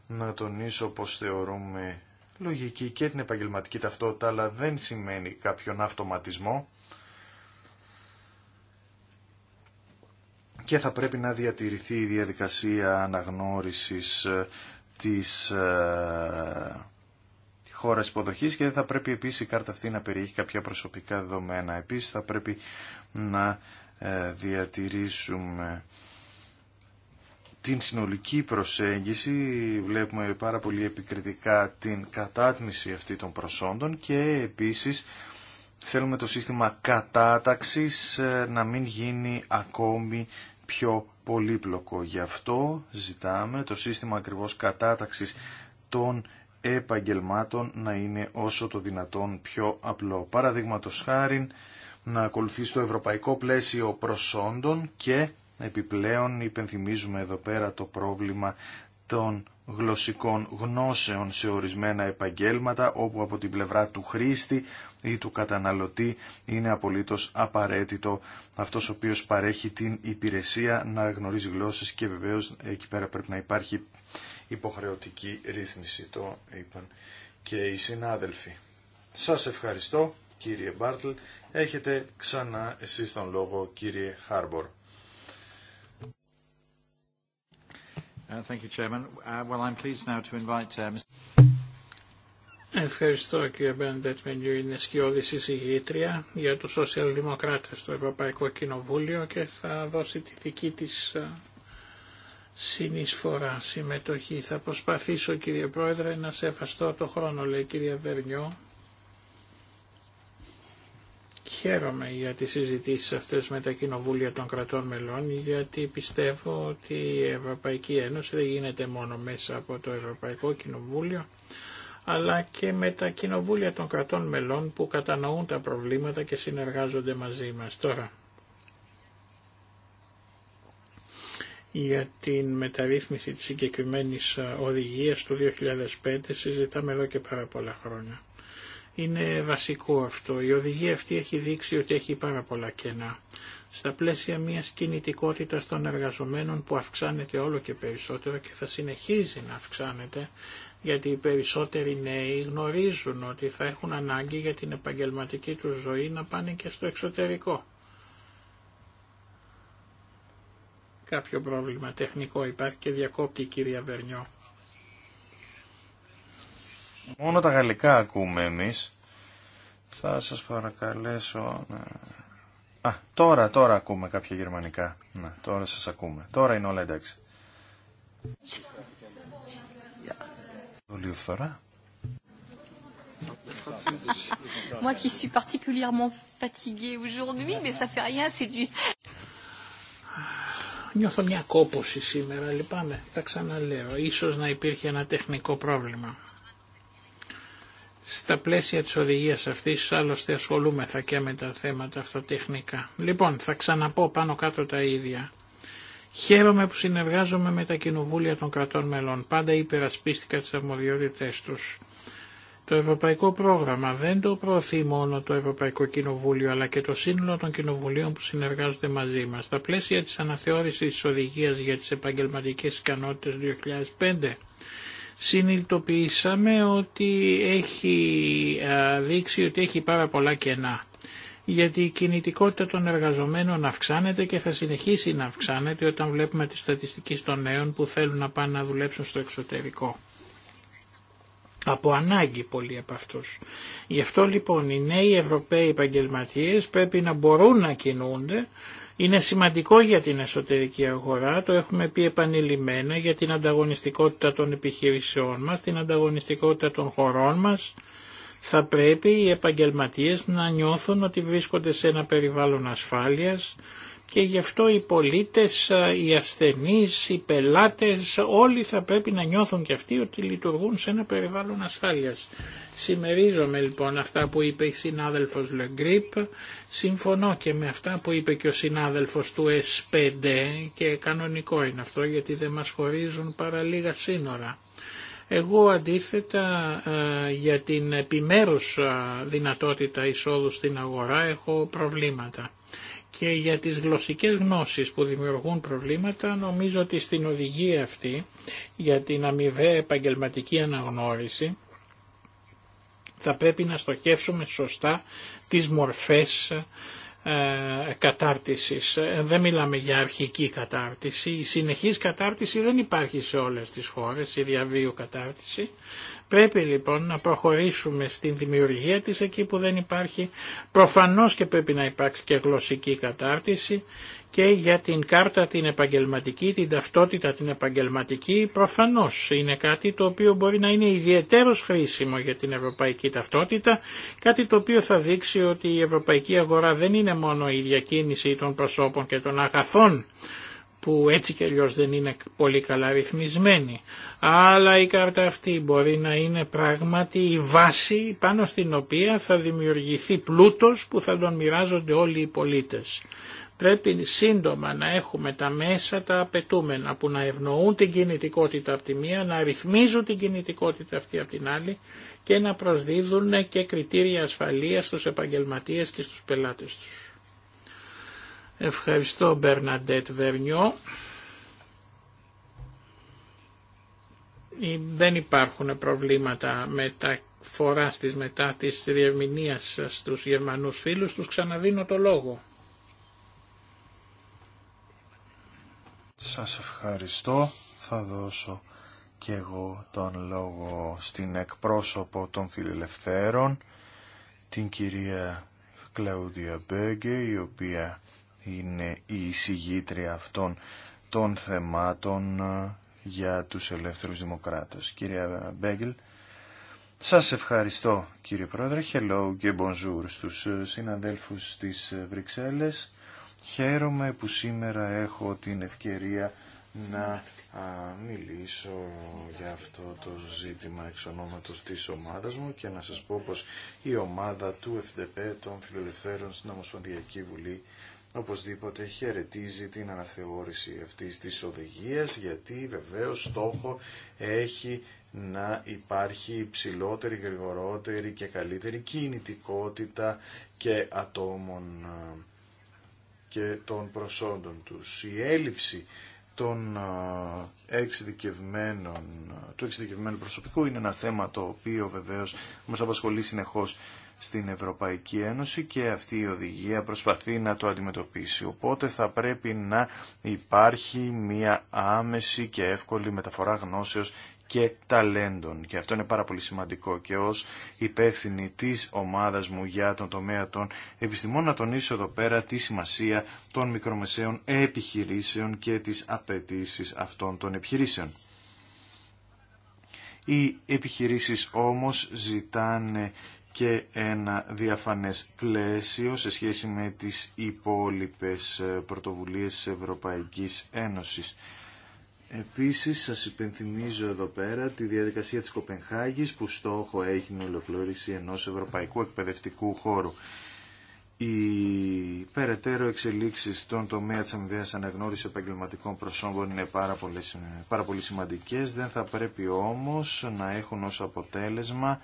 να τονίσω πως θεωρούμε λογική και την επαγγελματική ταυτότητα, αλλά δεν σημαίνει κάποιον αυτοματισμό και θα πρέπει να διατηρηθεί η διαδικασία αναγνώρισης ε, της ε, χώρας υποδοχή και θα πρέπει επίσης η κάρτα αυτή να περιέχει κάποια προσωπικά δεδομένα. Επίσης θα πρέπει να ε, διατηρήσουμε την συνολική προσέγγιση. Βλέπουμε πάρα πολύ επικριτικά την κατάτμιση αυτή των προσόντων και επίσης θέλουμε το σύστημα κατάταξης να μην γίνει ακόμη πιο πολύπλοκο. Γι' αυτό ζητάμε το σύστημα ακριβώς κατάταξης των επαγγελμάτων να είναι όσο το δυνατόν πιο απλό. Παραδείγματο χάρη να ακολουθεί στο ευρωπαϊκό πλαίσιο προσόντων και επιπλέον υπενθυμίζουμε εδώ πέρα το πρόβλημα των γλωσσικών γνώσεων σε ορισμένα επαγγέλματα όπου από την πλευρά του χρήστη ή του καταναλωτή είναι απολύτως απαραίτητο αυτός ο οποίος παρέχει την υπηρεσία να γνωρίζει γλώσσες και βεβαίως εκεί πέρα πρέπει να υπάρχει υποχρεωτική ρύθμιση. Το είπαν και οι συνάδελφοι. Σας ευχαριστώ κύριε Μπάρτλ. Έχετε ξανά εσείς τον λόγο κύριε Χάρμπορ. Ευχαριστώ κύριε Μπέντετ Μενιού, είναι σκιώδη συζητήτρια για τους σοσιαλδημοκράτες στο Ευρωπαϊκό Κοινοβούλιο και θα δώσει τη δική τη ε, συνεισφορά, συμμετοχή. Θα προσπαθήσω κύριε Πρόεδρε να σεβαστώ το χρόνο, λέει κυρία Βερνιό. Χαίρομαι για τις συζητήσεις αυτές με τα κοινοβούλια των κρατών μελών γιατί πιστεύω ότι η Ευρωπαϊκή Ένωση δεν γίνεται μόνο μέσα από το Ευρωπαϊκό Κοινοβούλιο αλλά και με τα κοινοβούλια των κρατών μελών που κατανοούν τα προβλήματα και συνεργάζονται μαζί μας τώρα. για την μεταρρύθμιση της συγκεκριμένης οδηγίας του 2005 συζητάμε εδώ και πάρα πολλά χρόνια. Είναι βασικό αυτό. Η οδηγία αυτή έχει δείξει ότι έχει πάρα πολλά κενά. Στα πλαίσια μιας κινητικότητας των εργαζομένων που αυξάνεται όλο και περισσότερο και θα συνεχίζει να αυξάνεται γιατί οι περισσότεροι νέοι γνωρίζουν ότι θα έχουν ανάγκη για την επαγγελματική του ζωή να πάνε και στο εξωτερικό. Κάποιο πρόβλημα τεχνικό υπάρχει και διακόπτει η κυρία Βερνιό. Μόνο τα γαλλικά ακούμε εμείς. Θα σας παρακαλέσω να... Α, τώρα, τώρα ακούμε κάποια γερμανικά. Να, τώρα σας ακούμε. Τώρα είναι όλα εντάξει. Moi qui suis particulièrement fatiguée aujourd'hui, mais ça fait rien, c'est du... Νιώθω μια κόπωση σήμερα, λυπάμαι. Τα ξαναλέω. Ίσως να υπήρχε ένα τεχνικό πρόβλημα. Στα πλαίσια της οδηγίας αυτής άλλωστε ασχολούμεθα και με τα θέματα αυτοτεχνικά. Λοιπόν, θα ξαναπώ πάνω κάτω τα ίδια. Χαίρομαι που συνεργάζομαι με τα κοινοβούλια των κρατών μελών. Πάντα υπερασπίστηκα τις αρμοδιότητές τους. Το Ευρωπαϊκό Πρόγραμμα δεν το προωθεί μόνο το Ευρωπαϊκό Κοινοβούλιο, αλλά και το σύνολο των κοινοβουλίων που συνεργάζονται μαζί μας. Στα πλαίσια της αναθεώρησης της οδηγίας για τις επαγγελματικές ικανότητες 2005, συνειδητοποιήσαμε ότι έχει δείξει ότι έχει πάρα πολλά κενά. Γιατί η κινητικότητα των εργαζομένων αυξάνεται και θα συνεχίσει να αυξάνεται όταν βλέπουμε τις στατιστικές των νέων που θέλουν να πάνε να δουλέψουν στο εξωτερικό. Από ανάγκη πολλοί από αυτούς. Γι' αυτό λοιπόν οι νέοι Ευρωπαίοι επαγγελματίε πρέπει να μπορούν να κινούνται είναι σημαντικό για την εσωτερική αγορά, το έχουμε πει επανειλημμένα, για την ανταγωνιστικότητα των επιχειρήσεών μας, την ανταγωνιστικότητα των χωρών μας. Θα πρέπει οι επαγγελματίες να νιώθουν ότι βρίσκονται σε ένα περιβάλλον ασφάλειας, και γι' αυτό οι πολίτες, οι ασθενείς, οι πελάτες, όλοι θα πρέπει να νιώθουν και αυτοί ότι λειτουργούν σε ένα περιβάλλον ασφάλειας. Σημερίζομαι λοιπόν αυτά που είπε η συνάδελφος Λεγκρίπ, συμφωνώ και με αυτά που είπε και ο συνάδελφος του S5 και κανονικό είναι αυτό γιατί δεν μας χωρίζουν παρά λίγα σύνορα. Εγώ αντίθετα ε, για την επιμέρους ε, δυνατότητα εισόδου στην αγορά έχω προβλήματα. Και για τις γλωσσικές γνώσεις που δημιουργούν προβλήματα νομίζω ότι στην οδηγία αυτή για την αμοιβαία επαγγελματική αναγνώριση θα πρέπει να στοχεύσουμε σωστά τις μορφές ε, κατάρτισης. Δεν μιλάμε για αρχική κατάρτιση. Η συνεχής κατάρτιση δεν υπάρχει σε όλες τις χώρες, η διαβίου κατάρτιση. Πρέπει λοιπόν να προχωρήσουμε στην δημιουργία της εκεί που δεν υπάρχει. Προφανώς και πρέπει να υπάρξει και γλωσσική κατάρτιση και για την κάρτα την επαγγελματική, την ταυτότητα την επαγγελματική, προφανώς είναι κάτι το οποίο μπορεί να είναι ιδιαίτερος χρήσιμο για την ευρωπαϊκή ταυτότητα, κάτι το οποίο θα δείξει ότι η ευρωπαϊκή αγορά δεν είναι μόνο η διακίνηση των προσώπων και των αγαθών, που έτσι και αλλιώς δεν είναι πολύ καλά ρυθμισμένη. Αλλά η κάρτα αυτή μπορεί να είναι πράγματι η βάση πάνω στην οποία θα δημιουργηθεί πλούτος που θα τον μοιράζονται όλοι οι πολίτες. Πρέπει σύντομα να έχουμε τα μέσα τα απαιτούμενα που να ευνοούν την κινητικότητα από τη μία, να ρυθμίζουν την κινητικότητα αυτή από την άλλη και να προσδίδουν και κριτήρια ασφαλείας στους επαγγελματίες και στους πελάτες τους. Ευχαριστώ Μπερναντέτ Βερνιό. Ε, δεν υπάρχουν προβλήματα μεταφορά της μετά της διευμηνίας στους Γερμανούς φίλους, τους ξαναδίνω το λόγο. Σας ευχαριστώ. Θα δώσω και εγώ τον λόγο στην εκπρόσωπο των φιλελευθέρων, την κυρία Κλαουδία Μπέγκε, η οποία είναι η εισηγήτρια αυτών των θεμάτων ε, για τους ελεύθερους δημοκράτες. Κυρία Μπέγγελ, σας ευχαριστώ κύριε Πρόεδρε. Hello και bonjour στους ε, συναδέλφους της ε, Βρυξέλλες. Χαίρομαι που σήμερα έχω την ευκαιρία να μιλήσω για αυτό το ζήτημα εξ ονόματος της ομάδας μου και να σας πω πως η ομάδα του FDP των Φιλελευθέρων στην Ομοσπονδιακή Βουλή οπωσδήποτε χαιρετίζει την αναθεώρηση αυτής της οδηγίας γιατί βεβαίως στόχο έχει να υπάρχει υψηλότερη, γρηγορότερη και καλύτερη κινητικότητα και ατόμων ε, και των προσόντων τους. Η έλλειψη των ε, εξειδικευμένων, ε, του εξειδικευμένου προσωπικού είναι ένα θέμα το οποίο βεβαίως μας απασχολεί συνεχώς στην Ευρωπαϊκή Ένωση και αυτή η οδηγία προσπαθεί να το αντιμετωπίσει. Οπότε θα πρέπει να υπάρχει μια άμεση και εύκολη μεταφορά γνώσεως και ταλέντων. Και αυτό είναι πάρα πολύ σημαντικό και ως υπεύθυνη της ομάδας μου για τον τομέα των επιστημών να τονίσω εδώ πέρα τη σημασία των μικρομεσαίων επιχειρήσεων και τις απαιτήσει αυτών των επιχειρήσεων. Οι επιχειρήσεις όμως ζητάνε και ένα διαφανές πλαίσιο σε σχέση με τις υπόλοιπες ε, πρωτοβουλίες της Ευρωπαϊκής Ένωσης. Επίσης σας υπενθυμίζω εδώ πέρα τη διαδικασία της Κοπενχάγης που στόχο έχει την ολοκλήρωση ενός ευρωπαϊκού εκπαιδευτικού χώρου. Οι περαιτέρω εξελίξεις στον τομέα της αμοιβαίας αναγνώριση επαγγελματικών προσώπων... είναι πάρα πολύ, ε, πάρα πολύ Δεν θα πρέπει όμως να έχουν ως αποτέλεσμα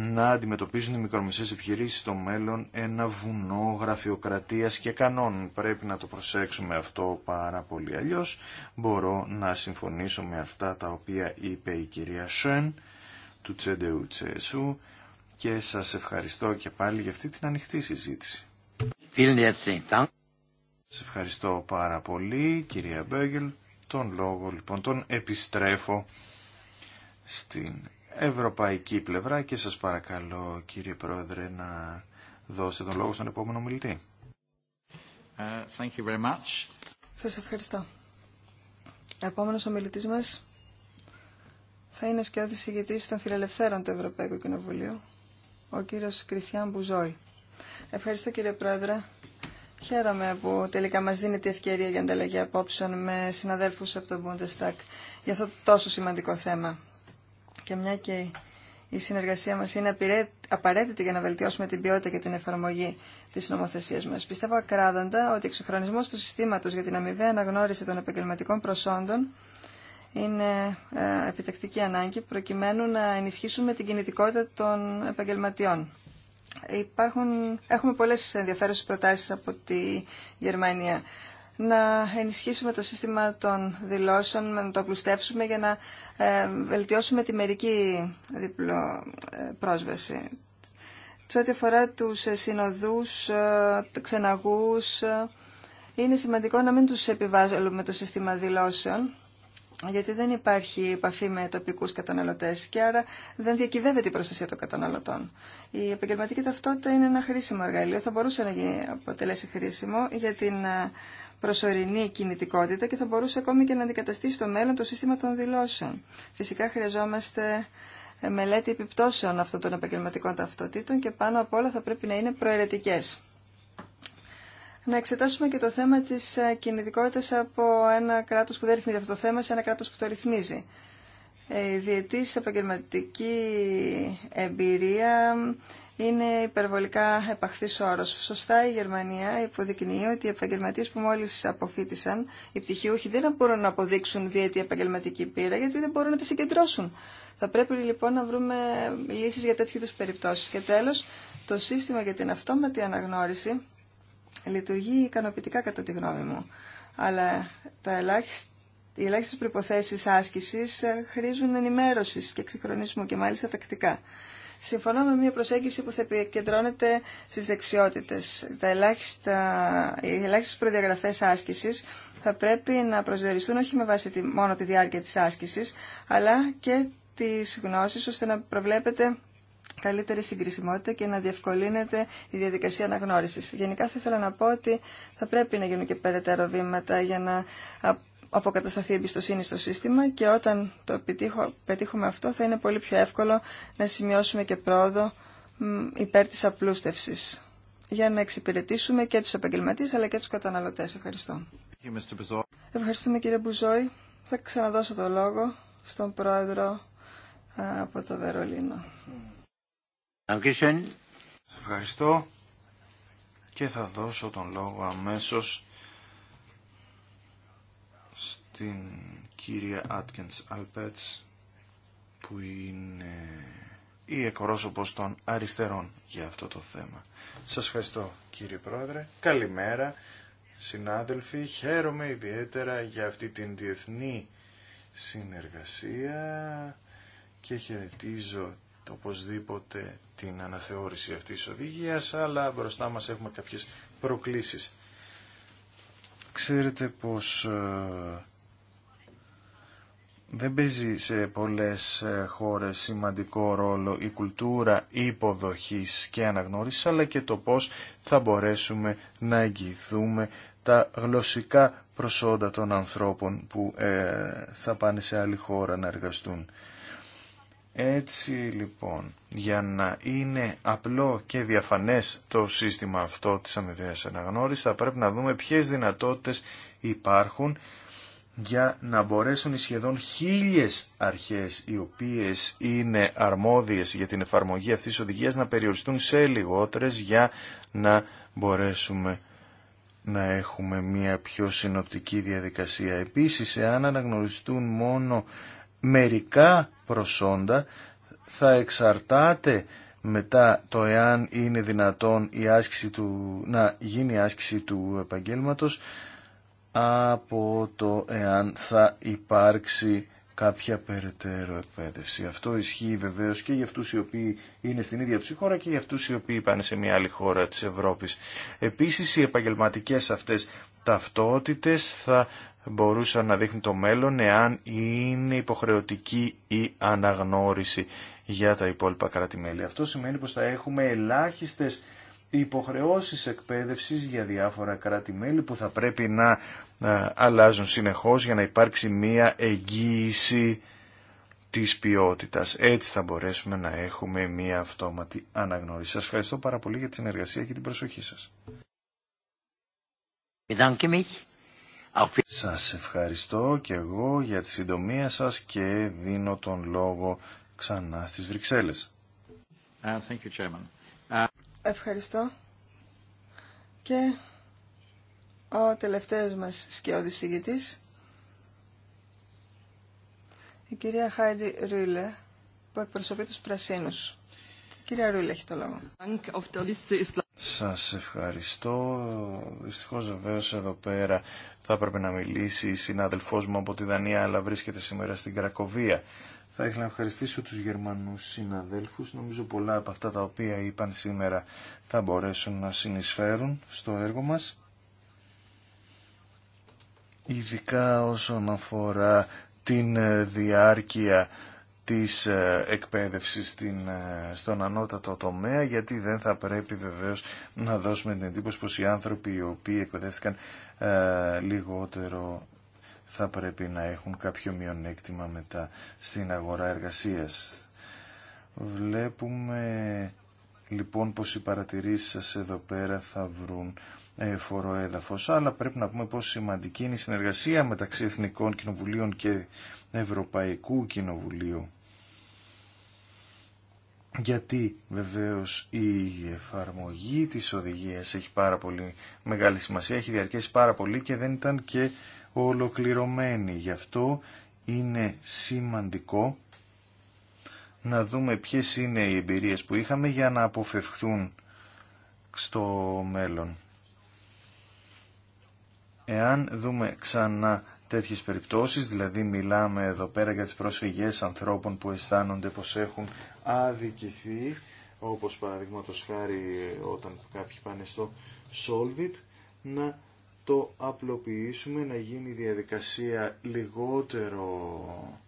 να αντιμετωπίζουν οι μικρομεσαίες επιχειρήσεις στο μέλλον ένα βουνό γραφειοκρατίας και κανόνων. Πρέπει να το προσέξουμε αυτό πάρα πολύ. Αλλιώς μπορώ να συμφωνήσω με αυτά τα οποία είπε η κυρία Σεν του Τσέντεου Τσέσου και σας ευχαριστώ και πάλι για αυτή την ανοιχτή συζήτηση. Σας ευχαριστώ πάρα πολύ κυρία Μπέγγελ. Τον λόγο λοιπόν τον επιστρέφω στην ευρωπαϊκή πλευρά και σας παρακαλώ κύριε Πρόεδρε να δώσετε τον λόγο στον επόμενο μιλητή. Ε, thank you very much. Σας ευχαριστώ. Επόμενος ο μιλητής μας θα είναι ο σκιώδης ηγητής των φιλελευθέρων του Ευρωπαϊκού Κοινοβουλίου, ο κύριος Κριστιαν Μπουζόη. Ευχαριστώ κύριε Πρόεδρε. Χαίρομαι που τελικά μας δίνεται η ευκαιρία για ανταλλαγή απόψεων με συναδέλφους από τον Bundestag για αυτό το τόσο σημαντικό θέμα και μια και η συνεργασία μας είναι απαραίτητη για να βελτιώσουμε την ποιότητα και την εφαρμογή της νομοθεσίας μας. Πιστεύω ακράδαντα ότι ο εξυγχρονισμός του συστήματος για την αμοιβαία αναγνώριση των επαγγελματικών προσόντων είναι ε, επιτακτική ανάγκη προκειμένου να ενισχύσουμε την κινητικότητα των επαγγελματιών. έχουμε πολλές ενδιαφέρουσες προτάσεις από τη Γερμανία να ενισχύσουμε το σύστημα των δηλώσεων, να το πλουστεύσουμε για να ε, βελτιώσουμε τη μερική διπλο, ε, πρόσβαση. Σε ό,τι αφορά τους ε, συνοδούς, τους ξεναγούς, είναι σημαντικό να μην τους επιβάλλουμε το σύστημα δηλώσεων, γιατί δεν υπάρχει επαφή με τοπικούς καταναλωτές και άρα δεν διακυβεύεται η προστασία των καταναλωτών. Η επαγγελματική ταυτότητα είναι ένα χρήσιμο εργαλείο, θα μπορούσε να αποτελέσει χρήσιμο για την προσωρινή κινητικότητα και θα μπορούσε ακόμη και να αντικαταστήσει στο μέλλον το σύστημα των δηλώσεων. Φυσικά χρειαζόμαστε ε, μελέτη επιπτώσεων αυτών των επαγγελματικών ταυτοτήτων και πάνω απ' όλα θα πρέπει να είναι προαιρετικές. Να εξετάσουμε και το θέμα της ε, κινητικότητας από ένα κράτος που δεν ρυθμίζει αυτό το θέμα σε ένα κράτος που το ρυθμίζει. Ε, η διετής επαγγελματική εμπειρία, είναι υπερβολικά επαχθή όρο. Σωστά η Γερμανία υποδεικνύει ότι οι επαγγελματίε που μόλι αποφύτησαν, οι πτυχιούχοι δεν μπορούν να αποδείξουν διαιτή επαγγελματική πείρα γιατί δεν μπορούν να τη συγκεντρώσουν. Θα πρέπει λοιπόν να βρούμε λύσει για τέτοιου περιπτώσει. περιπτώσεις. Και τέλο, το σύστημα για την αυτόματη αναγνώριση λειτουργεί ικανοποιητικά κατά τη γνώμη μου. Αλλά τα ελάχιστα οι ελάχιστε προποθέσει άσκηση ε, χρήζουν ενημέρωση και εξυγχρονισμού και μάλιστα τακτικά. Συμφωνώ με μια προσέγγιση που θα επικεντρώνεται στις δεξιότητες. Τα ελάχιστα, οι ελάχιστες προδιαγραφές άσκησης θα πρέπει να προσδιοριστούν όχι με βάση τη, μόνο τη διάρκεια της άσκησης, αλλά και τις γνώσεις, ώστε να προβλέπεται καλύτερη συγκρισιμότητα και να διευκολύνεται η διαδικασία αναγνώρισης. Γενικά θα ήθελα να πω ότι θα πρέπει να γίνουν και περαιτέρω βήματα για να αποκατασταθεί η εμπιστοσύνη στο σύστημα και όταν το πετύχουμε αυτό θα είναι πολύ πιο εύκολο να σημειώσουμε και πρόοδο υπέρ της απλούστευσης για να εξυπηρετήσουμε και τους επαγγελματίες αλλά και τους καταναλωτές. Ευχαριστώ. Ευχαριστούμε κύριε Μπουζόη. Θα ξαναδώσω το λόγο στον πρόεδρο από το Βερολίνο. Ευχαριστώ και θα δώσω τον λόγο αμέσως την κυρία Άτκενς Αλπέτς που είναι η εκπρόσωπος των αριστερών για αυτό το θέμα. Σας ευχαριστώ κύριε Πρόεδρε. Καλημέρα συνάδελφοι. Χαίρομαι ιδιαίτερα για αυτή την διεθνή συνεργασία και χαιρετίζω οπωσδήποτε την αναθεώρηση αυτής της οδηγίας, αλλά μπροστά μας έχουμε κάποιες προκλήσεις. Ξέρετε πως ε, δεν παίζει σε πολλές ε, χώρες σημαντικό ρόλο η κουλτούρα υποδοχής και αναγνώρισης, αλλά και το πώς θα μπορέσουμε να εγγυηθούμε τα γλωσσικά προσόντα των ανθρώπων που ε, θα πάνε σε άλλη χώρα να εργαστούν. Έτσι λοιπόν, για να είναι απλό και διαφανές το σύστημα αυτό της αμοιβαίας αναγνώρισης, θα πρέπει να δούμε ποιες δυνατότητες υπάρχουν για να μπορέσουν οι σχεδόν χίλιες αρχές οι οποίες είναι αρμόδιες για την εφαρμογή αυτής της οδηγίας να περιοριστούν σε λιγότερες για να μπορέσουμε να έχουμε μια πιο συνοπτική διαδικασία. Επίσης, εάν αναγνωριστούν μόνο μερικά προσόντα, θα εξαρτάται μετά το εάν είναι δυνατόν η άσκηση του, να γίνει η άσκηση του επαγγέλματος από το εάν θα υπάρξει κάποια περαιτέρω εκπαίδευση. Αυτό ισχύει βεβαίω και για αυτού οι οποίοι είναι στην ίδια του χώρα και για αυτού οι οποίοι πάνε σε μια άλλη χώρα της Ευρώπης. Επίση, οι επαγγελματικές αυτές ταυτότητες θα μπορούσαν να δείχνουν το μέλλον εάν είναι υποχρεωτική η αναγνώριση για τα υπόλοιπα κράτη-μέλη. Αυτό σημαίνει πως θα έχουμε ελάχιστες υποχρεώσεις εκπαίδευσης για διάφορα κράτη-μέλη που θα πρέπει να αλλάζουν συνεχώς για να υπάρξει μία εγγύηση της ποιότητας. Έτσι θα μπορέσουμε να έχουμε μία αυτόματη αναγνώριση. Σας ευχαριστώ πάρα πολύ για τη συνεργασία και την προσοχή σας. Σας ευχαριστώ και εγώ για τη συντομία σας και δίνω τον λόγο ξανά στις Βρυξέλλες. Uh, thank you, Ευχαριστώ. Και ο τελευταίος μας σκιώδης ηγητής, η κυρία Χάιντι Ρούλε, που εκπροσωπεί τους Πρασίνους. κυρία Ρούλε έχει το λόγο. Σας ευχαριστώ. Δυστυχώς βεβαίω εδώ πέρα θα έπρεπε να μιλήσει η συνάδελφός μου από τη Δανία, αλλά βρίσκεται σήμερα στην Κρακοβία. Θα ήθελα να ευχαριστήσω τους Γερμανούς συναδέλφους. Νομίζω πολλά από αυτά τα οποία είπαν σήμερα θα μπορέσουν να συνεισφέρουν στο έργο μας. Ειδικά όσον αφορά την ε, διάρκεια της ε, εκπαίδευσης ε, στον ανώτατο τομέα, γιατί δεν θα πρέπει βεβαίως να δώσουμε την εντύπωση πως οι άνθρωποι οι οποίοι εκπαιδεύτηκαν λιγότερο θα πρέπει να έχουν κάποιο μειονέκτημα μετά στην αγορά εργασίας. Βλέπουμε λοιπόν πως οι παρατηρήσεις σας εδώ πέρα θα βρουν ε, φοροέδαφος, αλλά πρέπει να πούμε πως σημαντική είναι η συνεργασία μεταξύ Εθνικών Κοινοβουλίων και Ευρωπαϊκού Κοινοβουλίου. Γιατί βεβαίως η εφαρμογή της οδηγίας έχει πάρα πολύ μεγάλη σημασία, έχει διαρκέσει πάρα πολύ και δεν ήταν και ολοκληρωμένη. Γι' αυτό είναι σημαντικό να δούμε ποιες είναι οι εμπειρίες που είχαμε για να αποφευχθούν στο μέλλον. Εάν δούμε ξανά τέτοιες περιπτώσεις, δηλαδή μιλάμε εδώ πέρα για τις προσφυγές ανθρώπων που αισθάνονται πως έχουν αδικηθεί, όπως παραδείγματος χάρη όταν κάποιοι πάνε στο Solvit, να το απλοποιήσουμε, να γίνει η διαδικασία λιγότερο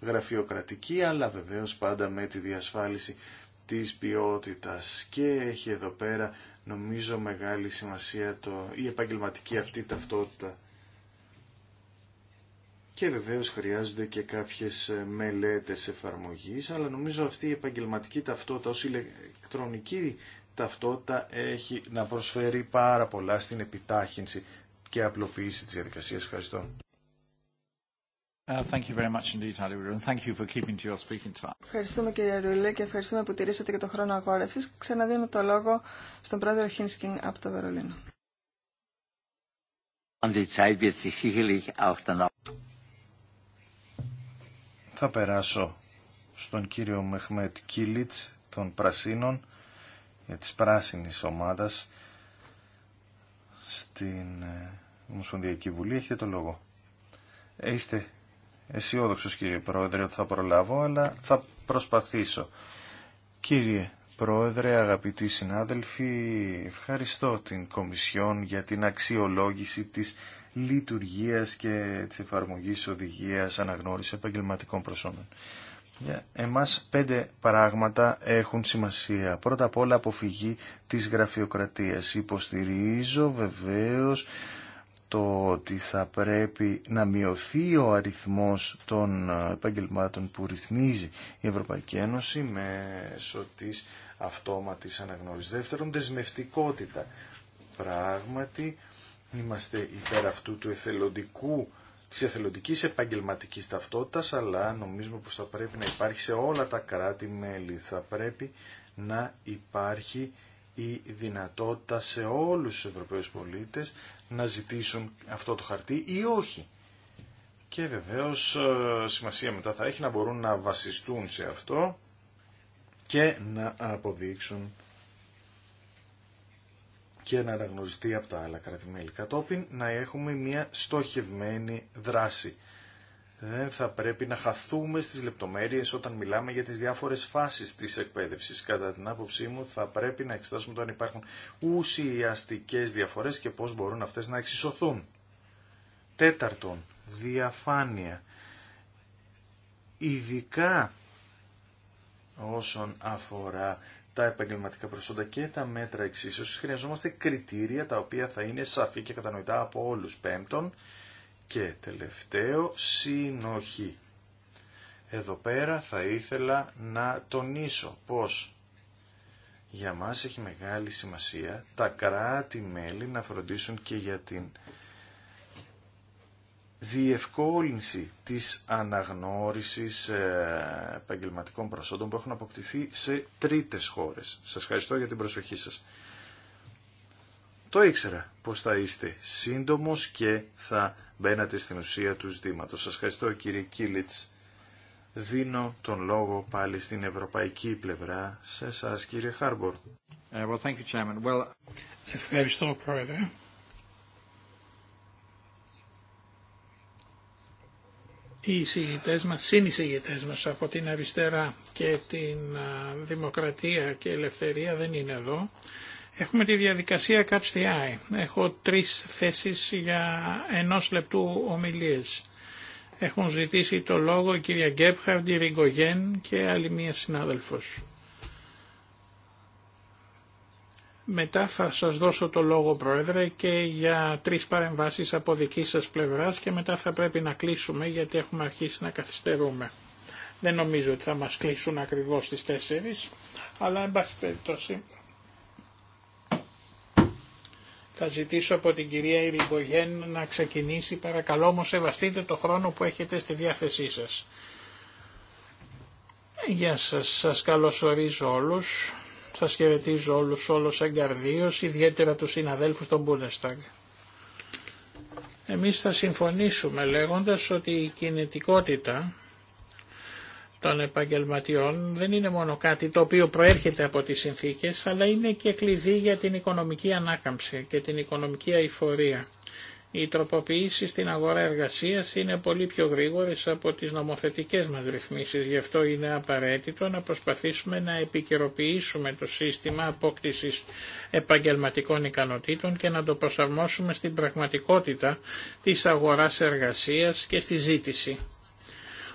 γραφειοκρατική, αλλά βεβαίως πάντα με τη διασφάλιση της ποιότητας. Και έχει εδώ πέρα, νομίζω, μεγάλη σημασία το, η επαγγελματική αυτή ταυτότητα. Και βεβαίως χρειάζονται και κάποιες μελέτες εφαρμογής, αλλά νομίζω αυτή η επαγγελματική ταυτότητα ως ηλεκτρονική ταυτότητα έχει να προσφέρει πάρα πολλά στην επιτάχυνση και απλοποίηση της διαδικασίας. Ευχαριστώ. Uh, ευχαριστούμε κύριε Ρουλέ και ευχαριστούμε που τηρήσατε και το χρόνο αγόρευσης. Ξαναδίνω το λόγο στον πρόεδρο Χίνσκινγκ από το Βερολίνο. Θα περάσω στον κύριο Μεχμέτ Κίλιτς των Πρασίνων για της Πράσινης Ομάδας στην ε, Ομοσπονδιακή Βουλή. Έχετε το λόγο. Είστε αισιόδοξο κύριε Πρόεδρε ότι θα προλάβω, αλλά θα προσπαθήσω. Κύριε Πρόεδρε, αγαπητοί συνάδελφοι, ευχαριστώ την Κομισιόν για την αξιολόγηση της λειτουργίας και της εφαρμογής οδηγίας αναγνώρισης επαγγελματικών προσώπων. Για ε, εμάς πέντε πράγματα έχουν σημασία. Πρώτα απ' όλα αποφυγή της γραφειοκρατίας. Υποστηρίζω βεβαίως το ότι θα πρέπει να μειωθεί ο αριθμός των ε, επαγγελμάτων που ρυθμίζει η Ευρωπαϊκή Ένωση μέσω της αυτόματης αναγνώρισης. Δεύτερον, δεσμευτικότητα. Πράγματι, είμαστε υπέρ αυτού του εθελοντικού της εθελοντικής επαγγελματικής ταυτότητας, αλλά νομίζουμε πως θα πρέπει να υπάρχει σε όλα τα κράτη-μέλη. Θα πρέπει να υπάρχει η δυνατότητα σε όλους τους Ευρωπαίους πολίτες να ζητήσουν αυτό το χαρτί ή όχι. Και βεβαίως ε, σημασία μετά θα έχει να μπορούν να βασιστούν σε αυτό και να αποδείξουν και να αναγνωριστεί από τα άλλα κρατημέλη. Κατόπιν να έχουμε μια στοχευμένη δράση. Δεν θα πρέπει να χαθούμε στις λεπτομέρειες όταν μιλάμε για τις διάφορες φάσεις της εκπαίδευσης. Κατά την άποψή μου θα πρέπει να εξετάσουμε το αν υπάρχουν ουσιαστικές διαφορές και πώς μπορούν αυτές να εξισωθούν. Τέταρτον, διαφάνεια. Ειδικά όσον αφορά τα επαγγελματικά προσόντα και τα μέτρα εξίσωση, χρειαζόμαστε κριτήρια τα οποία θα είναι σαφή και κατανοητά από όλους πέμπτον και τελευταίο συνοχή. Εδώ πέρα θα ήθελα να τονίσω πως για μας έχει μεγάλη σημασία τα κράτη-μέλη να φροντίσουν και για την διευκόλυνση της αναγνώρισης ε, επαγγελματικών προσόντων που έχουν αποκτηθεί σε τρίτες χώρες. Σας ευχαριστώ για την προσοχή σας. Το ήξερα πως θα είστε σύντομος και θα μπαίνατε στην ουσία του ζητήματος. Σας ευχαριστώ κύριε Κίλιτς. Δίνω τον λόγο πάλι στην ευρωπαϊκή πλευρά σε σας κύριε Χάρμπορ. Ε, well, thank you, οι εισηγητές μας, συνεισηγητές μας από την αριστερά και την δημοκρατία και ελευθερία δεν είναι εδώ. Έχουμε τη διαδικασία Catch the Eye. Έχω τρεις θέσεις για ενός λεπτού ομιλίες. Έχουν ζητήσει το λόγο η κυρία Γκέπχαρντ, η Ριγκογέν και άλλη μία συνάδελφος. Μετά θα σας δώσω το λόγο Πρόεδρε και για τρεις παρεμβάσεις από δική σας πλευράς και μετά θα πρέπει να κλείσουμε γιατί έχουμε αρχίσει να καθυστερούμε. Δεν νομίζω ότι θα μας κλείσουν ακριβώς τις τέσσερις, αλλά εν πάση περιπτώσει θα ζητήσω από την κυρία Ιρυμπογέν να ξεκινήσει. Παρακαλώ όμως σεβαστείτε το χρόνο που έχετε στη διάθεσή σας. Γεια σας, σας καλωσορίζω όλους. Σα χαιρετίζω όλους, όλους εγκαρδίως, ιδιαίτερα του συναδέλφου των Bundestag. Εμείς θα συμφωνήσουμε λέγοντας ότι η κινητικότητα των επαγγελματιών δεν είναι μόνο κάτι το οποίο προέρχεται από τις συνθήκες, αλλά είναι και κλειδί για την οικονομική ανάκαμψη και την οικονομική αηφορία. Οι τροποποιήσεις στην αγορά εργασίας είναι πολύ πιο γρήγορες από τις νομοθετικές μας ρυθμίσεις, γι' αυτό είναι απαραίτητο να προσπαθήσουμε να επικαιροποιήσουμε το σύστημα απόκτησης επαγγελματικών ικανοτήτων και να το προσαρμόσουμε στην πραγματικότητα της αγοράς εργασίας και στη ζήτηση.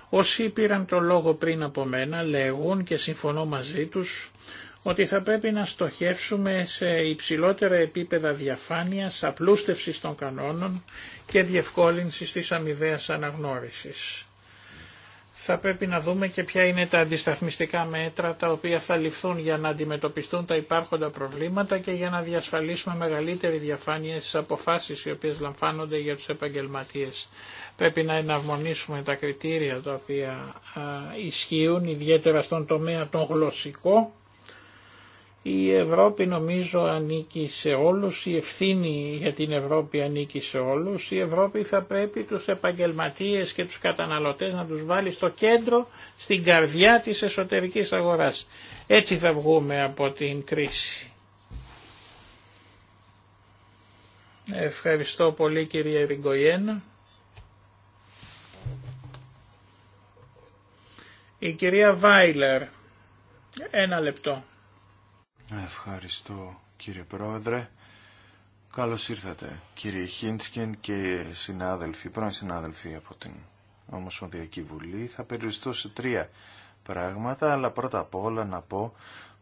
Όσοι πήραν το λόγο πριν από μένα λέγουν και συμφωνώ μαζί τους ότι θα πρέπει να στοχεύσουμε σε υψηλότερα επίπεδα διαφάνειας, απλούστευσης των κανόνων και διευκόλυνσης της αμοιβαίας αναγνώρισης. Θα πρέπει να δούμε και ποια είναι τα αντισταθμιστικά μέτρα τα οποία θα ληφθούν για να αντιμετωπιστούν τα υπάρχοντα προβλήματα και για να διασφαλίσουμε μεγαλύτερη διαφάνεια στις αποφάσεις οι οποίες λαμβάνονται για τους επαγγελματίες. Πρέπει να εναρμονίσουμε τα κριτήρια τα οποία ισχύουν ιδιαίτερα στον τομέα τον γλωσσικό η Ευρώπη νομίζω ανήκει σε όλους, η ευθύνη για την Ευρώπη ανήκει σε όλους. Η Ευρώπη θα πρέπει τους επαγγελματίες και τους καταναλωτές να τους βάλει στο κέντρο, στην καρδιά της εσωτερικής αγοράς. Έτσι θα βγούμε από την κρίση. Ευχαριστώ πολύ κυρία Ριγκοϊένα. Η κυρία Βάιλερ. Ένα λεπτό. Ευχαριστώ κύριε Πρόεδρε. Καλώς ήρθατε κύριε Χίντσκεν και συνάδελφοι, πρώην συνάδελφοι από την Ομοσπονδιακή Βουλή. Θα περιοριστώ σε τρία πράγματα, αλλά πρώτα απ' όλα να πω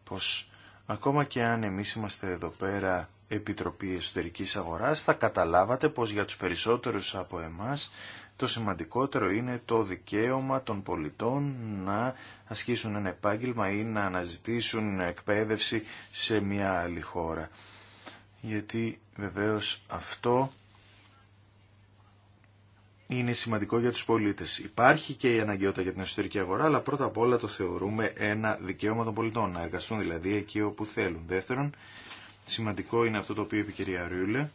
πως ακόμα και αν εμείς είμαστε εδώ πέρα Επιτροπή Εσωτερικής Αγοράς θα καταλάβατε πως για τους περισσότερους από εμάς το σημαντικότερο είναι το δικαίωμα των πολιτών να ασκήσουν ένα επάγγελμα ή να αναζητήσουν εκπαίδευση σε μια άλλη χώρα. Γιατί βεβαίως αυτό είναι σημαντικό για τους πολίτες. Υπάρχει και η αναγκαιότητα για την εσωτερική αγορά, αλλά πρώτα απ' όλα το θεωρούμε ένα δικαίωμα των πολιτών, να εργαστούν δηλαδή εκεί όπου θέλουν. Δεύτερον, σημαντικό είναι αυτό το οποίο είπε η κυρία Ρούλε,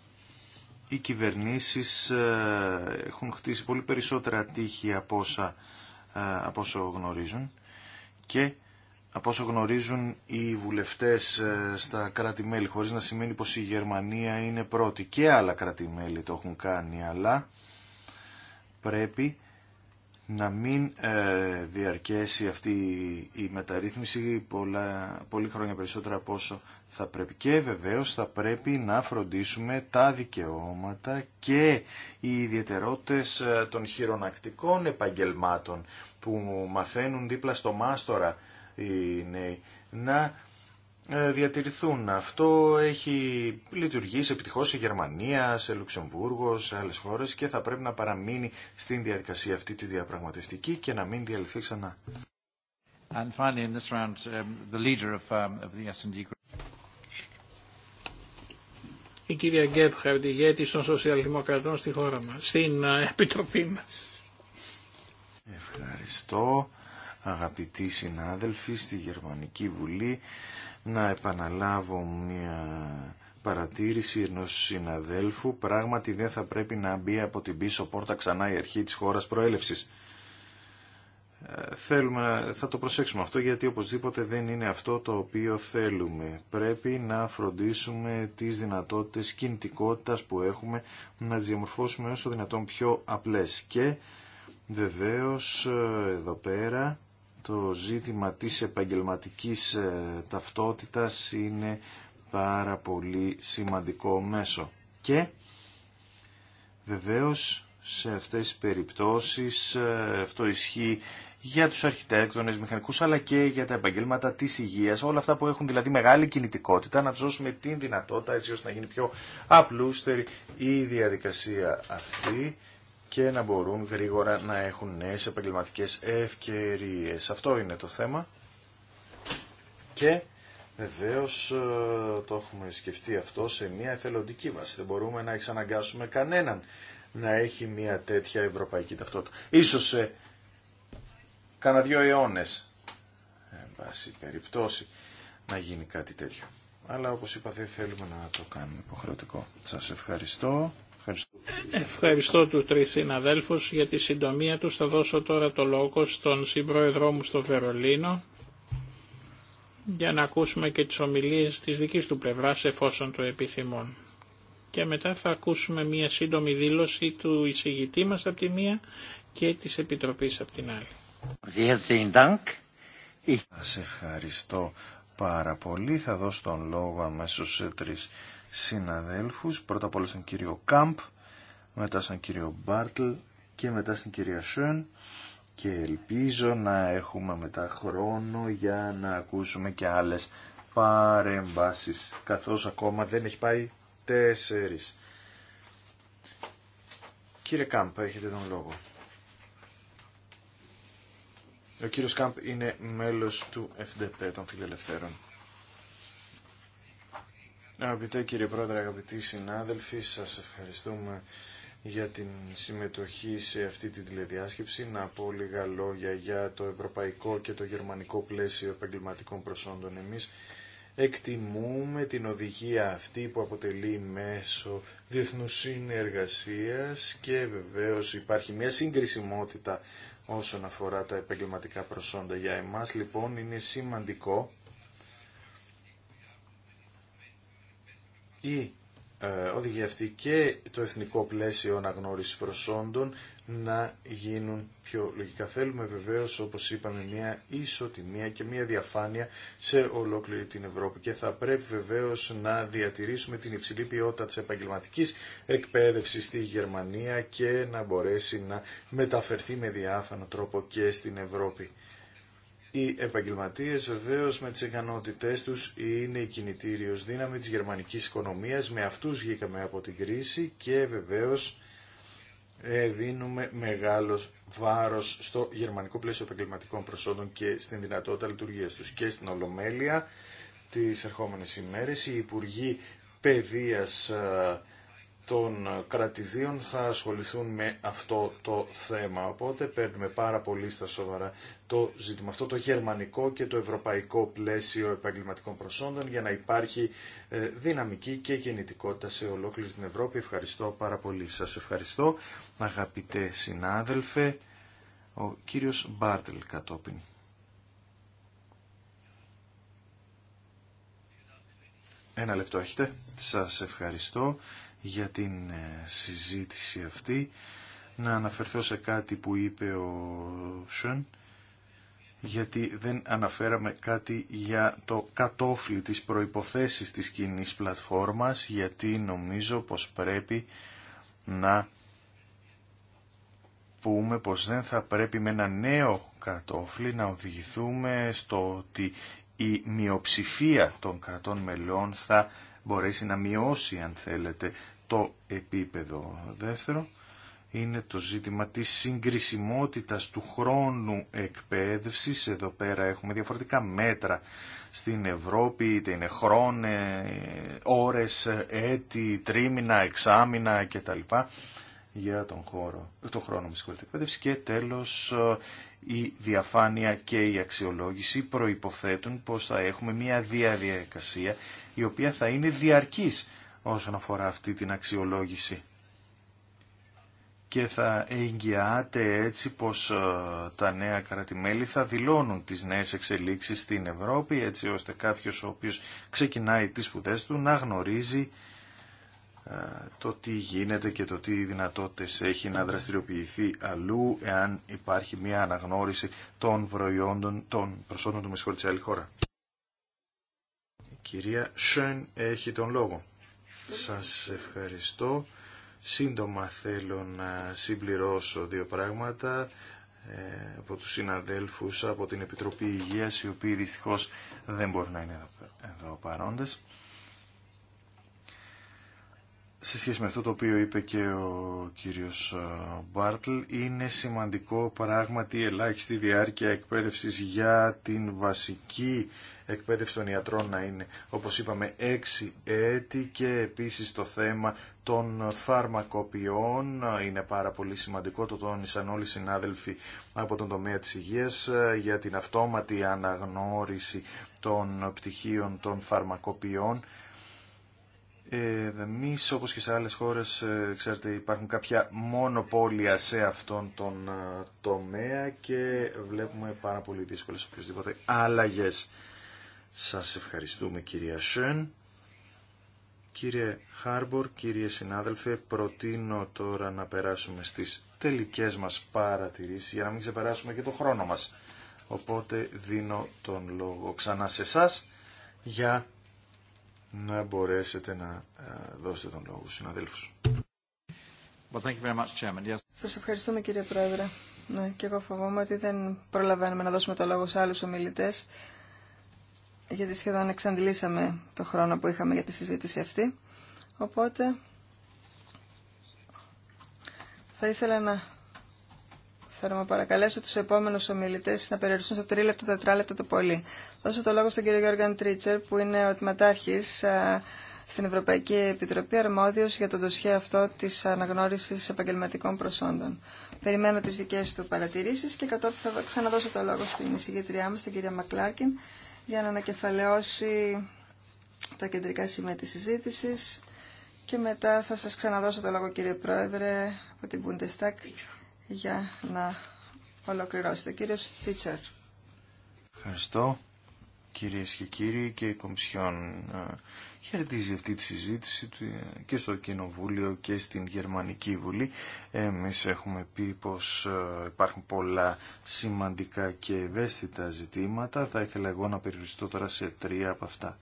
οι κυβερνήσεις ε, έχουν χτίσει πολύ περισσότερα τείχη από, όσα, ε, από όσο γνωρίζουν και από όσο γνωρίζουν οι βουλευτές ε, στα κράτη-μέλη, χωρίς να σημαίνει πως η Γερμανία είναι πρώτη. Και άλλα κράτη-μέλη το έχουν κάνει, αλλά πρέπει να μην ε, διαρκέσει αυτή η μεταρρύθμιση πολλά, πολύ χρόνια περισσότερα από όσο θα πρέπει. Και βεβαίως θα πρέπει να φροντίσουμε τα δικαιώματα και οι ιδιαιτερότητες ε, των χειρονακτικών επαγγελμάτων που μαθαίνουν δίπλα στο μάστορα οι νέοι να ε, διατηρηθούν. Αυτό έχει λειτουργήσει επιτυχώς σε Γερμανία, σε Λουξεμβούργο, σε άλλες χώρες και θα πρέπει να παραμείνει στην διαδικασία αυτή τη διαπραγματευτική και να μην διαλυθεί ξανά. Η κυρία Γκέπχαρντ, ηγέτη των σοσιαλδημοκρατών στη χώρα μας, στην ε, επιτροπή μα. Ευχαριστώ αγαπητοί συνάδελφοι στη Γερμανική Βουλή να επαναλάβω μια παρατήρηση ενός συναδέλφου. Πράγματι δεν θα πρέπει να μπει από την πίσω πόρτα ξανά η αρχή της χώρας προέλευσης. Ε, θέλουμε, θα το προσέξουμε αυτό γιατί οπωσδήποτε δεν είναι αυτό το οποίο θέλουμε. Πρέπει να φροντίσουμε τις δυνατότητες κινητικότητας που έχουμε να τις διαμορφώσουμε όσο δυνατόν πιο απλές. Και βεβαίως ε, εδώ πέρα το ζήτημα της επαγγελματικής ε, ταυτότητας είναι πάρα πολύ σημαντικό μέσο. Και βεβαίως σε αυτές τις περιπτώσεις ε, αυτό ισχύει για τους αρχιτέκτονες, μηχανικούς, αλλά και για τα επαγγέλματα της υγείας, όλα αυτά που έχουν δηλαδή μεγάλη κινητικότητα, να τους δώσουμε την δυνατότητα έτσι ώστε να γίνει πιο απλούστερη η διαδικασία αυτή και να μπορούν γρήγορα να έχουν νέες επαγγελματικές ευκαιρίες. Αυτό είναι το θέμα. Και βεβαίως ε, το έχουμε σκεφτεί αυτό σε μια εθελοντική βάση. Δεν μπορούμε να εξαναγκάσουμε κανέναν να έχει μια τέτοια ευρωπαϊκή ταυτότητα. Ίσως σε κάνα δύο αιώνες, ε, εν πάση περιπτώσει, να γίνει κάτι τέτοιο. Αλλά όπως είπα δεν θέλουμε να το κάνουμε υποχρεωτικό. Σας ευχαριστώ. Ευχαριστώ. Ευχαριστώ του τρει συναδέλφου για τη συντομία του, Θα δώσω τώρα το λόγο στον συμπρόεδρό μου στο Βερολίνο για να ακούσουμε και τις ομιλίες της δικής του πλευράς εφόσον το επιθυμών. Και μετά θα ακούσουμε μια σύντομη δήλωση του εισηγητή μας από τη μία και της Επιτροπής από την άλλη. Σας ευχαριστώ πάρα πολύ. Θα δώσω τον λόγο αμέσως σε τρεις συναδέλφους, πρώτα απ' όλα στον κύριο Κάμπ, μετά στον κύριο Μπάρτλ και μετά στην κυρία και ελπίζω να έχουμε μετά χρόνο για να ακούσουμε και άλλες παρεμβάσεις καθώς ακόμα δεν έχει πάει τέσσερις. Κύριε Κάμπ, έχετε τον λόγο. Ο κύριος Κάμπ είναι μέλος του FDP των Φιλελευθέρων. Αγαπητέ κύριε Πρόεδρε, αγαπητοί συνάδελφοι, σας ευχαριστούμε για την συμμετοχή σε αυτή τη τηλεδιάσκεψη. Να πω λίγα λόγια για το ευρωπαϊκό και το γερμανικό πλαίσιο επαγγελματικών προσόντων. Εμείς εκτιμούμε την οδηγία αυτή που αποτελεί μέσο διεθνούς συνεργασία και βεβαίως υπάρχει μια συγκρισιμότητα όσον αφορά τα επαγγελματικά προσόντα. Για εμάς λοιπόν είναι σημαντικό η ε, οδηγεί αυτή και το εθνικό πλαίσιο αναγνώριση προσόντων να γίνουν πιο λογικά. Θέλουμε βεβαίως, όπως είπαμε, μια ισοτιμία και μια διαφάνεια σε ολόκληρη την Ευρώπη και θα πρέπει βεβαίως να διατηρήσουμε την υψηλή ποιότητα της επαγγελματικής εκπαίδευσης στη Γερμανία και να μπορέσει να μεταφερθεί με διάφανο τρόπο και στην Ευρώπη. Οι επαγγελματίε βεβαίω με τι ικανότητέ του είναι η κινητήριο δύναμη τη γερμανική οικονομία, Με αυτού βγήκαμε από την κρίση και βεβαίω ε, δίνουμε μεγάλο βάρο στο γερμανικό πλαίσιο επαγγελματικών προσόντων και στην δυνατότητα λειτουργία του και στην Ολομέλεια τι ερχόμενε ημέρε, Οι Υπουργοί Παιδείας ε, των κρατηδίων θα ασχοληθούν με αυτό το θέμα. Οπότε παίρνουμε πάρα πολύ στα σοβαρά το ζήτημα αυτό, το γερμανικό και το ευρωπαϊκό πλαίσιο επαγγελματικών προσόντων για να υπάρχει ε, δυναμική και κινητικότητα σε ολόκληρη την Ευρώπη. Ευχαριστώ πάρα πολύ. Σας ευχαριστώ αγαπητέ συνάδελφε, ο κύριος Μπάρτελ κατόπιν. Ένα λεπτό έχετε. Σας ευχαριστώ για την ε, συζήτηση αυτή. Να αναφερθώ σε κάτι που είπε ο Σον, γιατί δεν αναφέραμε κάτι για το κατόφλι της προϋποθέσεις της κοινή πλατφόρμας, γιατί νομίζω πως πρέπει να πούμε πως δεν θα πρέπει με ένα νέο κατόφλι να οδηγηθούμε στο ότι η μειοψηφία των κρατών μελών θα μπορέσει να μειώσει, αν θέλετε, το επίπεδο. Δεύτερο, είναι το ζήτημα της συγκρισιμότητας του χρόνου εκπαίδευσης. Εδώ πέρα έχουμε διαφορετικά μέτρα στην Ευρώπη, είτε είναι χρόνε, ώρες, έτη, τρίμηνα, εξάμηνα κτλ. για τον, χώρο, τον χρόνο με εκπαίδευση. Και τέλος η διαφάνεια και η αξιολόγηση προϋποθέτουν πως θα έχουμε μια διαδιακασία η οποία θα είναι διαρκής όσον αφορά αυτή την αξιολόγηση και θα εγγυάται έτσι πως ε, τα νέα κρατημέλη θα δηλώνουν τις νέες εξελίξεις στην Ευρώπη έτσι ώστε κάποιος ο οποίος ξεκινάει τις σπουδές του να γνωρίζει το τι γίνεται και το τι δυνατότητες έχει να δραστηριοποιηθεί αλλού εάν υπάρχει μια αναγνώριση των προϊόντων των προσόντων του μεσχόλου σε άλλη χώρα. Η κυρία Σεν έχει τον λόγο. Σας ευχαριστώ. Σύντομα θέλω να συμπληρώσω δύο πράγματα ε, από τους συναδέλφους από την Επιτροπή Υγείας οι οποίοι δυστυχώς δεν μπορούν να είναι εδώ παρόντες σε σχέση με αυτό το οποίο είπε και ο κύριος ε, Μπάρτλ, είναι σημαντικό πράγματι η ελάχιστη διάρκεια εκπαίδευσης για την βασική εκπαίδευση των ιατρών να είναι, όπως είπαμε, έξι έτη και επίσης το θέμα των φαρμακοποιών είναι πάρα πολύ σημαντικό, το τόνισαν όλοι οι συνάδελφοι από τον τομέα της υγείας ε, για την αυτόματη αναγνώριση των πτυχίων των φαρμακοποιών Εμεί, όπω και σε άλλες χώρες, ε, ξέρετε, υπάρχουν κάποια μονοπόλια σε αυτόν τον ε, τομέα και βλέπουμε πάρα πολύ δύσκολες οποιοσδήποτε αλλάγέ. Σα ευχαριστούμε κυρία Σεν. Κύριε Χάρμπορ, κύριε συνάδελφε, προτείνω τώρα να περάσουμε στις τελικές μας παρατηρήσεις για να μην ξεπεράσουμε και το χρόνο μας. Οπότε δίνω τον λόγο ξανά σε εσά για να μπορέσετε να ε, δώσετε τον λόγο στους συναδέλφους. Well, thank you very much, Chairman. Yes. Σας ευχαριστούμε κύριε Πρόεδρε. Ναι, και εγώ φοβόμαι ότι δεν προλαβαίνουμε να δώσουμε το λόγο σε άλλους ομιλητές γιατί σχεδόν εξαντλήσαμε το χρόνο που είχαμε για τη συζήτηση αυτή. Οπότε θα ήθελα να να παρακαλέσω του επόμενου ομιλητέ να περιοριστούν στο τρίλεπτο, τετράλεπτο το πολύ. Δώσω το λόγο στον κύριο Γιώργαν Τρίτσερ που είναι ο τματάρχης στην Ευρωπαϊκή Επιτροπή αρμόδιος για το δοσχέ αυτό τη αναγνώριση επαγγελματικών προσόντων. Περιμένω τι δικέ του παρατηρήσει και κατόπιν θα ξαναδώσω το λόγο στην εισηγήτριά μα, την κυρία Μακλάρκιν, για να ανακεφαλαιώσει τα κεντρικά σημεία τη συζήτηση. και μετά θα σα ξαναδώσω το λόγο κύριε Πρόεδρε από την Bundestag για να ολοκληρώσετε. Κύριε Τίτσερ. Ευχαριστώ κύριε και κύριοι και η Κομισιόν ε, χαιρετίζει αυτή τη συζήτηση ε, και στο Κοινοβούλιο και στην Γερμανική Βουλή. Εμείς έχουμε πει πως ε, υπάρχουν πολλά σημαντικά και ευαίσθητα ζητήματα. Θα ήθελα εγώ να περιοριστώ τώρα σε τρία από αυτά.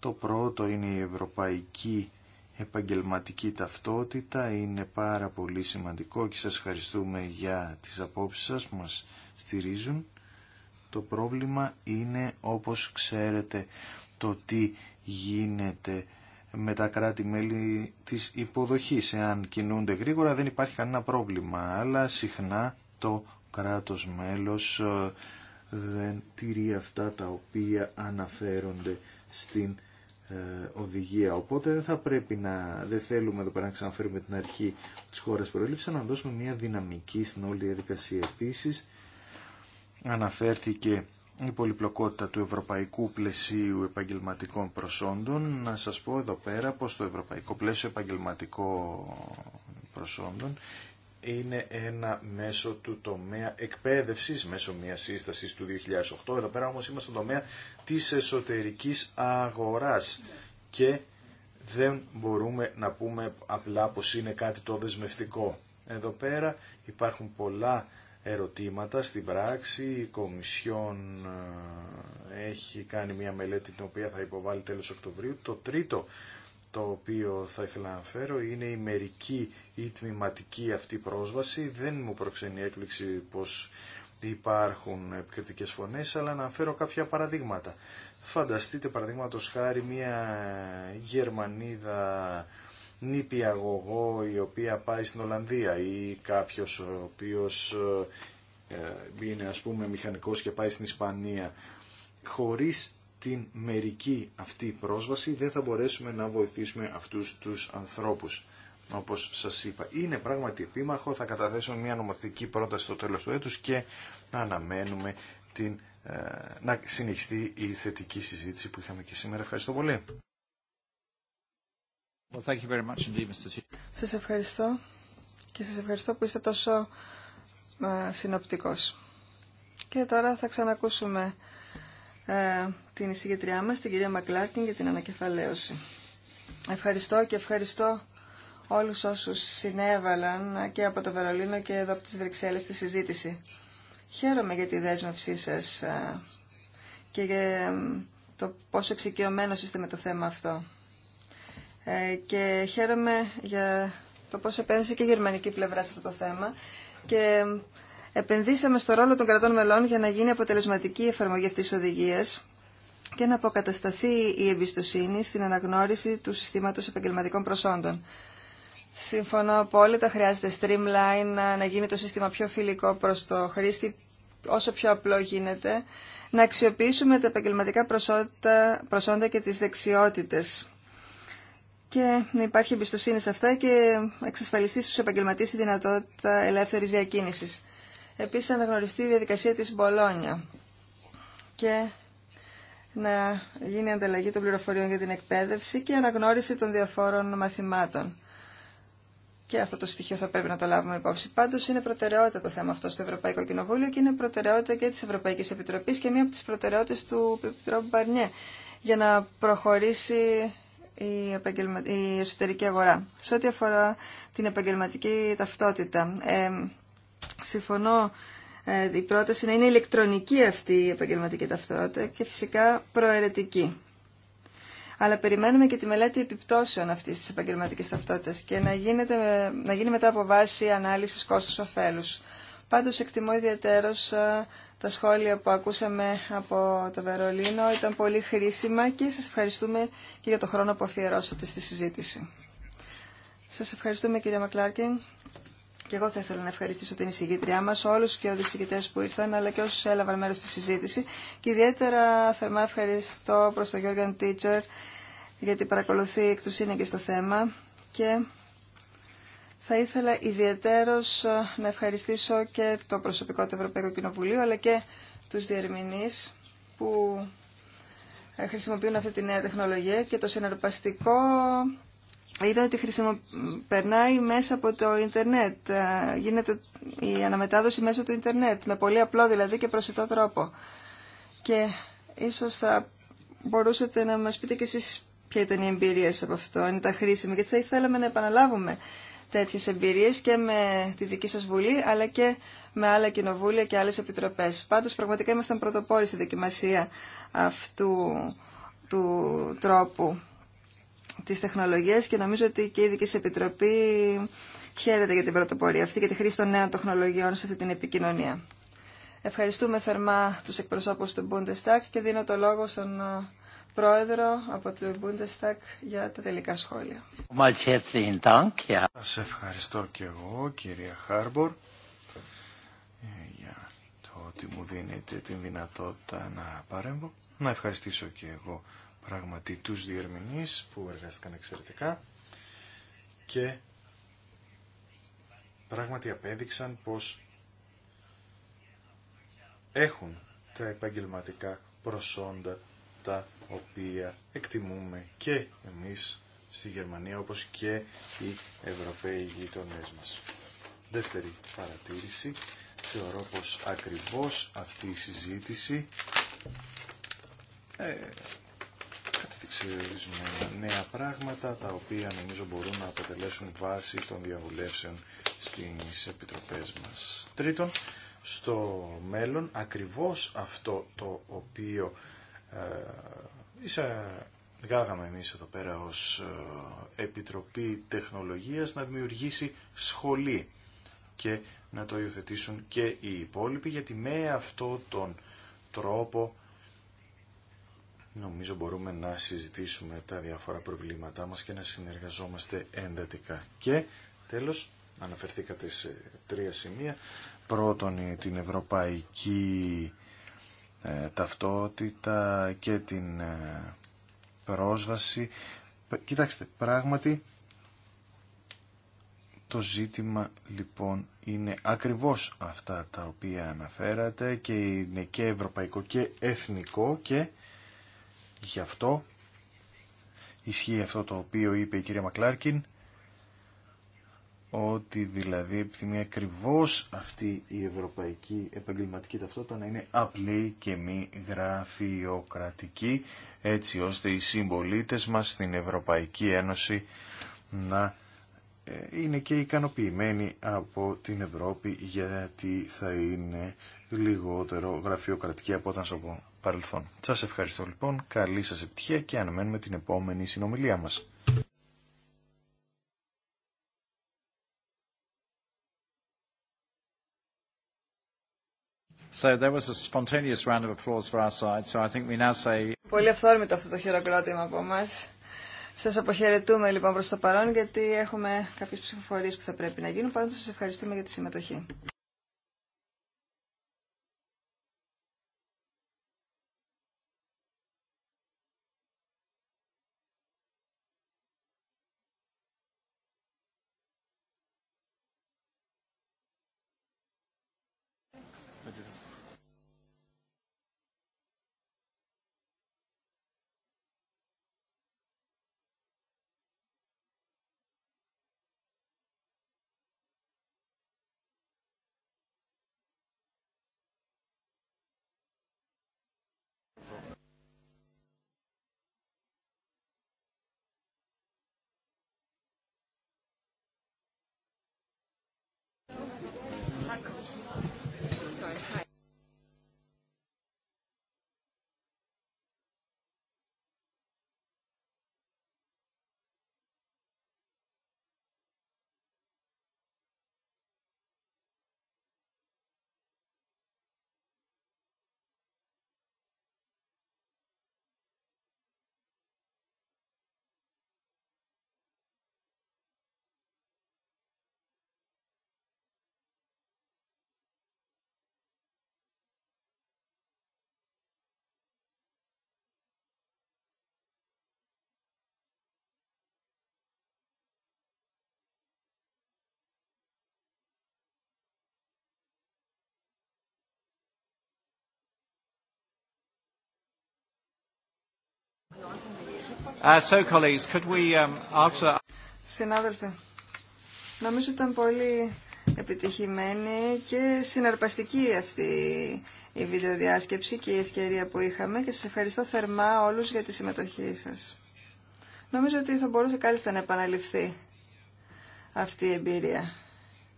Το πρώτο είναι η ευρωπαϊκή επαγγελματική ταυτότητα είναι πάρα πολύ σημαντικό και σας ευχαριστούμε για τις απόψεις σας που μας στηρίζουν. Το πρόβλημα είναι όπως ξέρετε το τι γίνεται με τα κράτη-μέλη της υποδοχής. Εάν κινούνται γρήγορα δεν υπάρχει κανένα πρόβλημα, αλλά συχνά το κράτος μέλος ε, δεν τηρεί αυτά τα οποία αναφέρονται στην ε, οδηγία. Οπότε δεν θα πρέπει να, δεν θέλουμε εδώ πέρα να ξαναφέρουμε την αρχή της χώρας προέλευσης, να δώσουμε μια δυναμική στην όλη διαδικασία. επίση αναφέρθηκε η πολυπλοκότητα του ευρωπαϊκού πλαισίου επαγγελματικών προσόντων. Να σας πω εδώ πέρα πως το ευρωπαϊκό πλαίσιο επαγγελματικών προσόντων είναι ένα μέσο του τομέα εκπαίδευσης μέσω μιας σύστασης του 2008. Εδώ πέρα όμως είμαστε στον τομέα της εσωτερικής αγοράς και δεν μπορούμε να πούμε απλά πως είναι κάτι το δεσμευτικό. Εδώ πέρα υπάρχουν πολλά ερωτήματα στην πράξη. Η Κομισιόν ε, έχει κάνει μια μελέτη την οποία θα υποβάλει τέλος Οκτωβρίου. Το τρίτο το οποίο θα ήθελα να αναφέρω είναι η μερική ή τμηματική αυτή πρόσβαση. Δεν μου προξενεί έκπληξη πως υπάρχουν επικριτικές φωνές, αλλά να αναφέρω κάποια παραδείγματα. Φανταστείτε παραδείγματο χάρη μια Γερμανίδα νηπιαγωγό η οποία πάει στην Ολλανδία ή κάποιος ο οποίος ε, είναι ας πούμε μηχανικός και πάει στην Ισπανία χωρίς την μερική αυτή πρόσβαση δεν θα μπορέσουμε να βοηθήσουμε αυτούς τους ανθρώπους. Όπως σας είπα, είναι πράγματι επίμαχο, θα καταθέσω μια νομοθετική πρόταση στο τέλος του έτους και να αναμένουμε την, ε, να συνεχιστεί η θετική συζήτηση που είχαμε και σήμερα. Ευχαριστώ πολύ. Well, thank you very much Mr. Σας ευχαριστώ και σας ευχαριστώ που είστε τόσο ε, συνοπτικός. Και τώρα θα ξανακούσουμε ε, την εισηγητριά μας, την κυρία Μακλάρκιν, για την ανακεφαλαίωση. Ευχαριστώ και ευχαριστώ όλους όσους συνέβαλαν και από το Βερολίνο και εδώ από τις Βρυξέλλες στη συζήτηση. Χαίρομαι για τη δέσμευσή σας ε, και για ε, το πόσο εξοικειωμένος είστε με το θέμα αυτό. Και χαίρομαι για το πώς επένδυσε και η γερμανική πλευρά σε αυτό το θέμα και επενδύσαμε στο ρόλο των κρατών μελών για να γίνει αποτελεσματική η εφαρμογή αυτής της οδηγίας και να αποκατασταθεί η εμπιστοσύνη στην αναγνώριση του συστήματος επαγγελματικών προσόντων. Συμφωνώ απόλυτα, χρειάζεται streamline να γίνει το σύστημα πιο φιλικό προς το χρήστη, όσο πιο απλό γίνεται, να αξιοποιήσουμε τα επαγγελματικά προσόντα, προσόντα και τις δεξιότητες και να υπάρχει εμπιστοσύνη σε αυτά και εξασφαλιστεί στους επαγγελματίες η δυνατότητα ελεύθερης διακίνησης επίσης αναγνωριστεί η διαδικασία της Μπολόνια και να γίνει ανταλλαγή των πληροφοριών για την εκπαίδευση και αναγνώριση των διαφόρων μαθημάτων. Και αυτό το στοιχείο θα πρέπει να το λάβουμε υπόψη. Πάντω είναι προτεραιότητα το θέμα αυτό στο Ευρωπαϊκό Κοινοβούλιο και είναι προτεραιότητα και τη Ευρωπαϊκή Επιτροπή και μία από τι προτεραιότητε του Επιτρόπου Μπαρνιέ για να προχωρήσει η, εσωτερική αγορά. Σε ό,τι αφορά την επαγγελματική ταυτότητα, ε, Συμφωνώ ε, η πρόταση να είναι ηλεκτρονική αυτή η επαγγελματική ταυτότητα και φυσικά προαιρετική. Αλλά περιμένουμε και τη μελέτη επιπτώσεων αυτή τη επαγγελματική ταυτότητα και να, γίνεται, να γίνει μετά από βάση ανάλυση κόστου-οφέλου. Πάντω, εκτιμώ ιδιαίτερω ε, τα σχόλια που ακούσαμε από το Βερολίνο. Ήταν πολύ χρήσιμα και σα ευχαριστούμε και για το χρόνο που αφιερώσατε στη συζήτηση. Σα ευχαριστούμε, κύριε Μακλάρκινγκ. Και εγώ θα ήθελα να ευχαριστήσω την εισηγήτριά μα, όλου και όλου του που ήρθαν, αλλά και όσου έλαβαν μέρο στη συζήτηση. Και ιδιαίτερα θερμά ευχαριστώ προ τον Γιώργαν Τίτσερ, γιατί παρακολουθεί εκ του και στο θέμα. Και θα ήθελα ιδιαίτερω να ευχαριστήσω και το προσωπικό του Ευρωπαϊκού Κοινοβουλίου, αλλά και του διερμηνεί που χρησιμοποιούν αυτή τη νέα τεχνολογία και το συναρπαστικό είναι ότι περνάει μέσα από το ίντερνετ. Ε, γίνεται η αναμετάδοση μέσω του ίντερνετ, με πολύ απλό δηλαδή και προσιτό τρόπο. Και ίσως θα μπορούσατε να μας πείτε κι εσείς ποια ήταν η εμπειρία από αυτό, είναι τα χρήσιμα, γιατί θα ήθελαμε να επαναλάβουμε τέτοιες εμπειρίες και με τη δική σας Βουλή, αλλά και με άλλα κοινοβούλια και άλλες επιτροπές. Πάντως πραγματικά ήμασταν πρωτοπόροι στη δοκιμασία αυτού του τρόπου τις τεχνολογίες και νομίζω ότι και η Ειδική Επιτροπή χαίρεται για την πρωτοπορία αυτή και τη χρήση των νέων τεχνολογιών σε αυτή την επικοινωνία. Ευχαριστούμε θερμά τους εκπροσώπους του Bundestag και δίνω το λόγο στον ε, πρόεδρο από το Bundestag για τα τελικά σχόλια. Σας ευχαριστώ και εγώ κυρία Χάρμπορ ε, για το ότι μου δίνετε την δυνατότητα να παρέμβω. Να ευχαριστήσω και εγώ πράγματι τους διερμηνείς που εργάστηκαν εξαιρετικά και πράγματι απέδειξαν πως έχουν τα επαγγελματικά προσόντα τα οποία εκτιμούμε και εμείς στη Γερμανία όπως και οι Ευρωπαίοι γειτονές μας. Δεύτερη παρατήρηση, θεωρώ πως ακριβώς αυτή η συζήτηση ε, σε νέα πράγματα τα οποία νομίζω μπορούν να αποτελέσουν βάση των διαβουλεύσεων στις επιτροπές μας. Τρίτον, στο μέλλον ακριβώς αυτό το οποίο ε, γάγαμε εμείς εδώ πέρα ως ε, Επιτροπή Τεχνολογίας να δημιουργήσει σχολή και να το υιοθετήσουν και οι υπόλοιποι γιατί με αυτό τον τρόπο νομίζω μπορούμε να συζητήσουμε τα διάφορα προβλήματά μας και να συνεργαζόμαστε εντατικά. Και τέλος, αναφερθήκατε σε τρία σημεία. Πρώτον, την ευρωπαϊκή ε, ταυτότητα και την ε, πρόσβαση. Κοιτάξτε, πράγματι το ζήτημα λοιπόν είναι ακριβώς αυτά τα οποία αναφέρατε και είναι και ευρωπαϊκό και εθνικό και Γι' αυτό ισχύει αυτό το οποίο είπε η κυρία Μακλάρκιν, ότι δηλαδή επιθυμεί ακριβώ αυτή η ευρωπαϊκή επαγγελματική ταυτότητα να είναι απλή και μη γραφειοκρατική, έτσι ώστε οι συμπολίτε μας στην Ευρωπαϊκή Ένωση να ε, είναι και ικανοποιημένοι από την Ευρώπη γιατί θα είναι λιγότερο γραφειοκρατική από όταν σου παρελθόν. Σας ευχαριστώ λοιπόν, καλή σας επιτυχία και αναμένουμε την επόμενη συνομιλία μας. Πολύ αυθόρμητο αυτό το χειροκρότημα από εμά. Σα αποχαιρετούμε λοιπόν προ το παρόν, γιατί έχουμε κάποιε ψηφοφορίε που θα πρέπει να γίνουν. Πάντω, σα ευχαριστούμε για τη συμμετοχή. Uh, um, Συνάδελφε, νομίζω ήταν πολύ επιτυχημένη και συναρπαστική αυτή η βιντεοδιάσκεψη και η ευκαιρία που είχαμε και σας ευχαριστώ θερμά όλους για τη συμμετοχή σας. Νομίζω ότι θα μπορούσε κάλλιστα να επαναληφθεί αυτή η εμπειρία.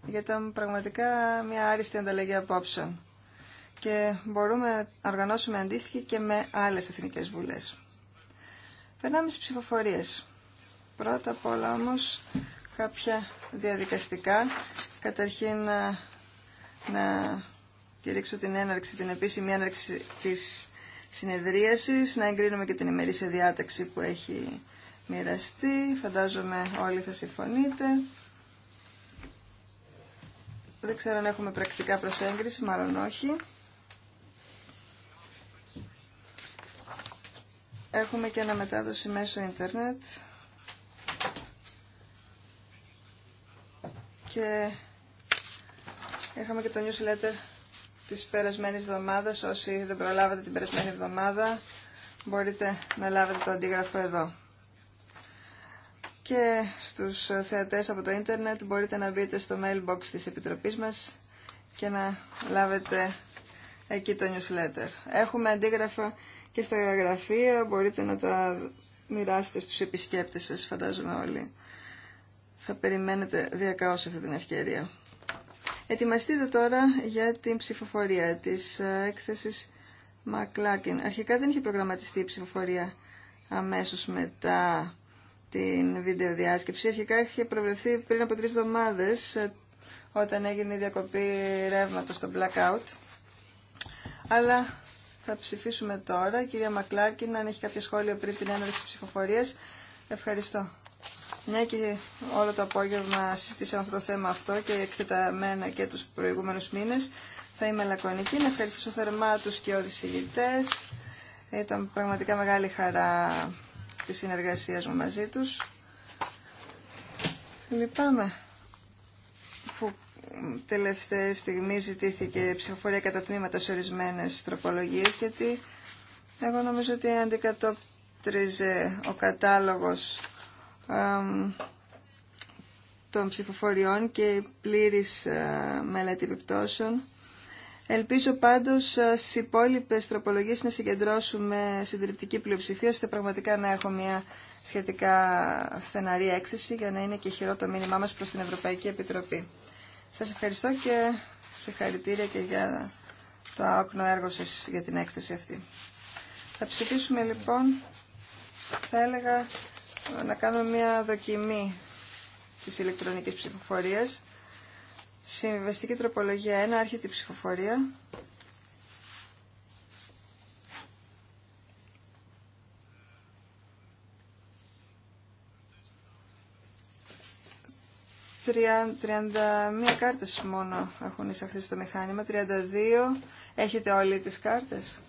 Γιατί ήταν πραγματικά μια άριστη ανταλλαγή απόψεων. Και μπορούμε να οργανώσουμε αντίστοιχη και με άλλες εθνικές βουλές. Περνάμε στις ψηφοφορίες. Πρώτα απ' όλα όμως κάποια διαδικαστικά. Καταρχήν να, ε, να κηρύξω την έναρξη, την επίσημη έναρξη της συνεδρίασης, να εγκρίνουμε και την ημερήσια διάταξη που έχει μοιραστεί. Φαντάζομαι όλοι θα συμφωνείτε. Δεν ξέρω αν έχουμε πρακτικά προσέγγιση, μάλλον όχι. Έχουμε και αναμετάδοση μέσω ίντερνετ και είχαμε και το newsletter της περασμένης εβδομάδας. Όσοι δεν προλάβατε την περασμένη εβδομάδα μπορείτε να λάβετε το αντίγραφο εδώ. Και στους θεατές από το ίντερνετ μπορείτε να μπείτε στο mailbox της Επιτροπής μας και να λάβετε εκεί το newsletter. Έχουμε αντίγραφο και στα γραφεία μπορείτε να τα μοιράσετε στους επισκέπτες σας, φαντάζομαι όλοι. Θα περιμένετε διακάως αυτή την ευκαιρία. Ετοιμαστείτε τώρα για την ψηφοφορία της ε, έκθεσης Μακλάκιν. Αρχικά δεν είχε προγραμματιστεί η ψηφοφορία αμέσως μετά την βίντεο διάσκεψη. Αρχικά είχε προβλεφθεί πριν από τρεις εβδομάδες ε, όταν έγινε η διακοπή ρεύματος στο blackout. Αλλά θα ψηφίσουμε τώρα. κυρία Μακλάρκιν, αν έχει κάποια σχόλια πριν την έναρξη της ψηφοφορίας. Ευχαριστώ. Μια και όλο το απόγευμα συζητήσαμε αυτό το θέμα αυτό και εκτεταμένα και τους προηγούμενους μήνες, θα είμαι λακωνική. Να ευχαριστήσω θερμά τους και ηγητές. Ήταν πραγματικά μεγάλη χαρά τη συνεργασία μου μαζί του. Λυπάμαι τελευταία στιγμή ζητήθηκε ψηφοφορία κατά τμήματα σε ορισμένε τροπολογίες, γιατί εγώ νομίζω ότι αντικατόπτριζε ο κατάλογος των ψηφοφοριών και η πλήρης ε, μελέτη επιπτώσεων. Ελπίζω πάντως ε, στι υπόλοιπε τροπολογίες να συγκεντρώσουμε συντριπτική πλειοψηφία ώστε πραγματικά να έχω μια σχετικά στεναρή έκθεση για να είναι και χειρό το μήνυμά μας προς την Ευρωπαϊκή Επιτροπή. Σας ευχαριστώ και συγχαρητήρια και για το άοκνο έργο σας για την έκθεση αυτή. Θα ψηφίσουμε λοιπόν, θα έλεγα να κάνουμε μια δοκιμή της ηλεκτρονικής ψηφοφορίας. Συμβιβαστική τροπολογία 1, άρχεται η ψηφοφορία. 31 κάρτες μόνο έχουν εισαχθεί στο μηχάνημα. 32. Έχετε όλοι τις κάρτες.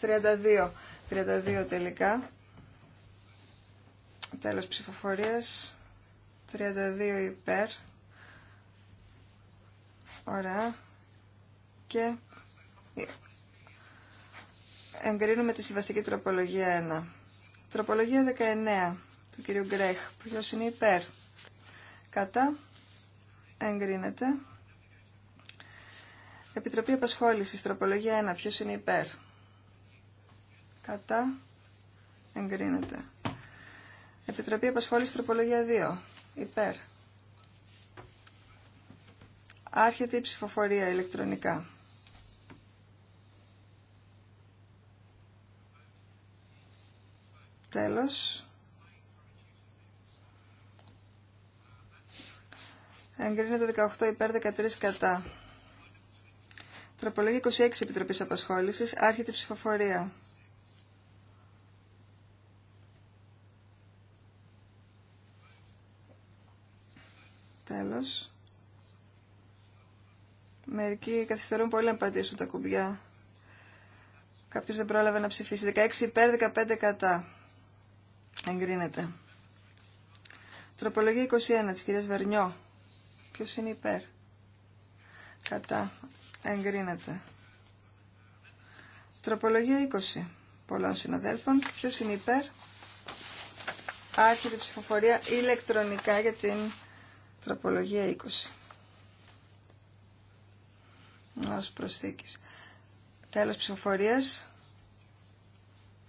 32. 32 τελικά. Τέλος ψηφοφορίας. 32 υπέρ. Ωραία. Και εγκρίνουμε τη συμβαστική τροπολογία 1. Τροπολογία 19 του κυρίου Γκρέχ. Ποιος είναι υπέρ κατά εγκρίνεται. Επιτροπή Απασχόλησης, τροπολογία 1, ποιος είναι υπέρ. Κατά εγκρίνεται. Επιτροπή Απασχόλησης, τροπολογία 2, υπέρ. Άρχεται η ψηφοφορία ηλεκτρονικά. Τέλος. Εγκρίνεται 18 υπέρ 13 κατά. Τροπολογία 26 Επιτροπής Απασχόλησης. Άρχεται η ψηφοφορία. Τέλος. Μερικοί καθυστερούν πολύ να πατήσουν τα κουμπιά. Κάποιος δεν πρόλαβε να ψηφίσει. 16 υπέρ 15 κατά. Εγκρίνεται. Τροπολογία 21 της κυρίας Βερνιό. Ποιος είναι υπέρ. Κατά. Εγκρίνεται. Τροπολογία 20 πολλών συναδέλφων. Ποιος είναι υπέρ. Άρχεται ψηφοφορία ηλεκτρονικά για την τροπολογία 20. Ως προσθήκης. Τέλος ψηφοφορίας.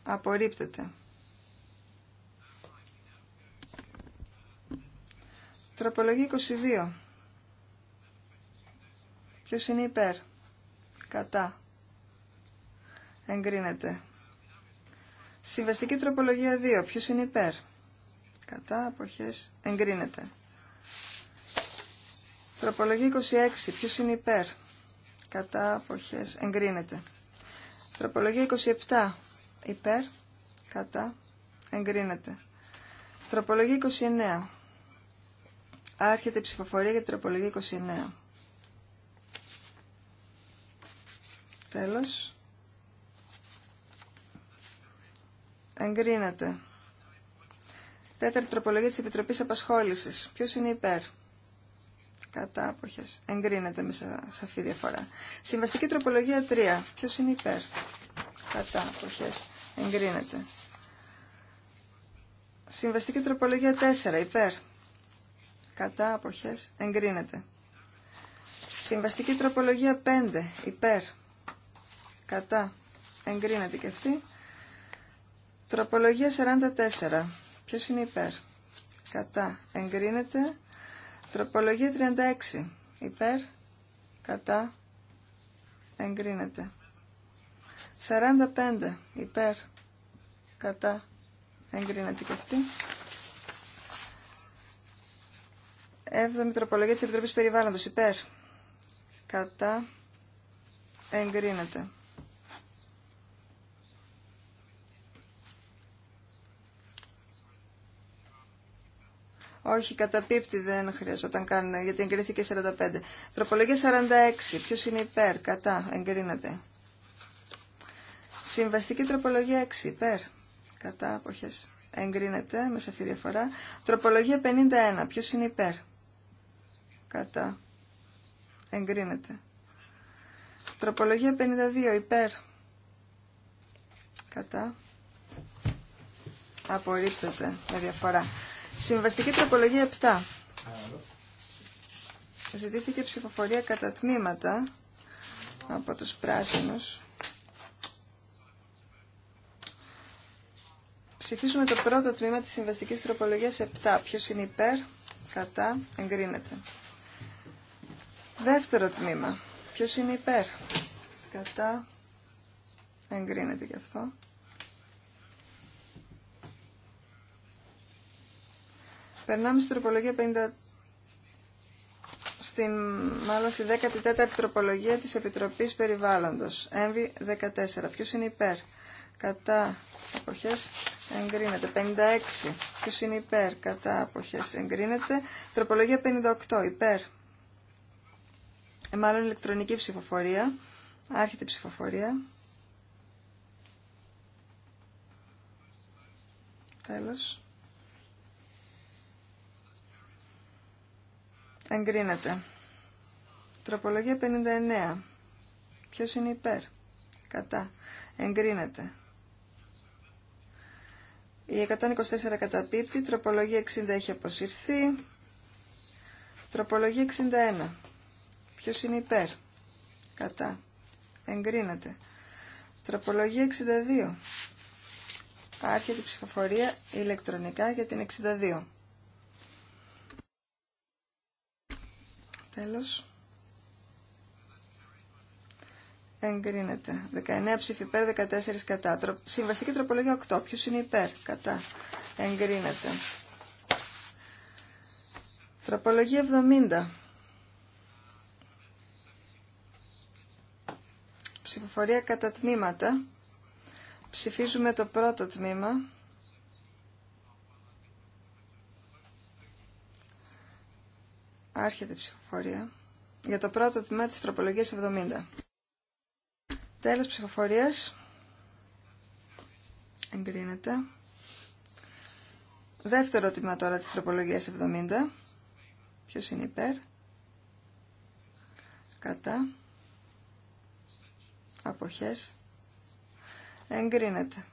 Απορρίπτεται. Τροπολογία 22. Ποιο είναι υπέρ. Κατά. Εγκρίνεται. Συμβαστική τροπολογία 2. Ποιο είναι υπέρ. Κατά. αποχέ. Εγκρίνεται. Τροπολογία 26. Ποιο είναι υπέρ. Κατά. Αποχέ. Εγκρίνεται. Τροπολογία 27. Υπέρ. Κατά. Εγκρίνεται. Τροπολογία 29. Άρχεται η ψηφοφορία για την τροπολογία 29. Τέλος. Εγκρίνεται. Τέταρτη τροπολογία της Επιτροπής Απασχόλησης. Ποιος είναι υπέρ. Κατά αποχές. Εγκρίνεται με σαφή διαφορά. Συμβαστική τροπολογία 3. Ποιος είναι υπέρ. Κατά αποχές. Εγκρίνεται. Συμβαστική τροπολογία 4. Υπέρ. Κατά αποχές. Εγκρίνεται. Συμβαστική τροπολογία 5. Υπέρ κατά εγκρίνεται και αυτή. Τροπολογία 44. Ποιος είναι υπέρ. Κατά εγκρίνεται. Τροπολογία 36. Υπέρ. Κατά εγκρίνεται. 45. Υπέρ. Κατά εγκρίνεται και αυτή. τροπολογία της Επιτροπής Περιβάλλοντος. Υπέρ. Κατά εγκρίνεται. Όχι, καταπίπτει δεν χρειαζόταν καν, γιατί εγκρίθηκε 45. Τροπολογία 46. Ποιο είναι υπέρ, κατά, εγκρίνεται. Συμβαστική τροπολογία 6. Υπέρ, κατά, αποχές, εγκρίνεται, με σαφή διαφορά. Τροπολογία 51. ποιο είναι υπέρ, κατά, εγκρίνεται. Τροπολογία 52. Υπέρ, κατά, απορρίπτεται με διαφορά. Συμβαστική τροπολογία 7. Ζητήθηκε ψηφοφορία κατά τμήματα από τους πράσινους. Ψηφίσουμε το πρώτο τμήμα της συμβαστικής τροπολογίας 7. Ποιος είναι υπέρ, κατά, εγκρίνεται. Δεύτερο τμήμα. Ποιος είναι υπέρ, κατά, εγκρίνεται γι' αυτό. Περνάμε στην τροπολογία 50... Στην, μάλλον στη 14η τροπολογία της Επιτροπής Περιβάλλοντος. Έμβη 14. Ποιος είναι υπέρ. Κατά αποχές εγκρίνεται. 56. Ποιος είναι υπέρ. Κατά αποχές εγκρίνεται. Τροπολογία 58. Υπέρ. Ε, μάλλον ηλεκτρονική ψηφοφορία. άρχιτη ψηφοφορία. Τέλος. Εγκρίνεται. Τροπολογία 59. Ποιος είναι υπέρ. Κατά. Εγκρίνεται. Η 124 καταπίπτει. Τροπολογία 60 έχει αποσυρθεί. Τροπολογία 61. Ποιος είναι υπέρ. Κατά. Εγκρίνεται. Τροπολογία 62. Άρχεται η ψηφοφορία ηλεκτρονικά για την 62. Τέλος. Εγκρίνεται. 19 ψήφι υπέρ, 14 κατά. Συμβαστική τροπολογία 8. Ποιος είναι υπέρ, κατά. Εγκρίνεται. Τροπολογία 70. Ψηφοφορία κατά τμήματα. Ψηφίζουμε το πρώτο τμήμα. Άρχεται η ψηφοφορία. Για το πρώτο τμήμα της τροπολογίας 70. Τέλος ψηφοφορίας. Εγκρίνεται. Δεύτερο τμήμα τώρα της τροπολογίας 70. Ποιος είναι υπέρ. Κατά. Αποχές. Εγκρίνεται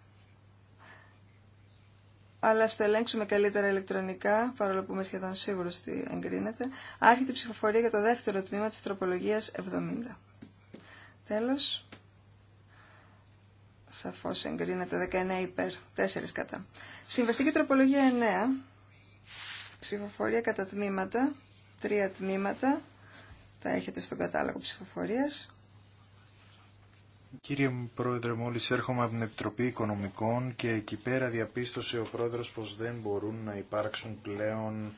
αλλά στο ελέγξουμε καλύτερα ηλεκτρονικά, παρόλο που είμαι σχεδόν σίγουρο ότι εγκρίνεται, άρχεται η ψηφοφορία για το δεύτερο τμήμα της τροπολογίας 70. Τέλος, σαφώς εγκρίνεται 19 υπέρ, 4 κατά. Συμβαστική τροπολογία 9, ψηφοφορία κατά τμήματα, τρία τμήματα, τα έχετε στον κατάλογο ψηφοφορίας. Κύριε Πρόεδρε, μόλις έρχομαι από την Επιτροπή Οικονομικών και εκεί πέρα διαπίστωσε ο Πρόεδρος πως δεν μπορούν να υπάρξουν πλέον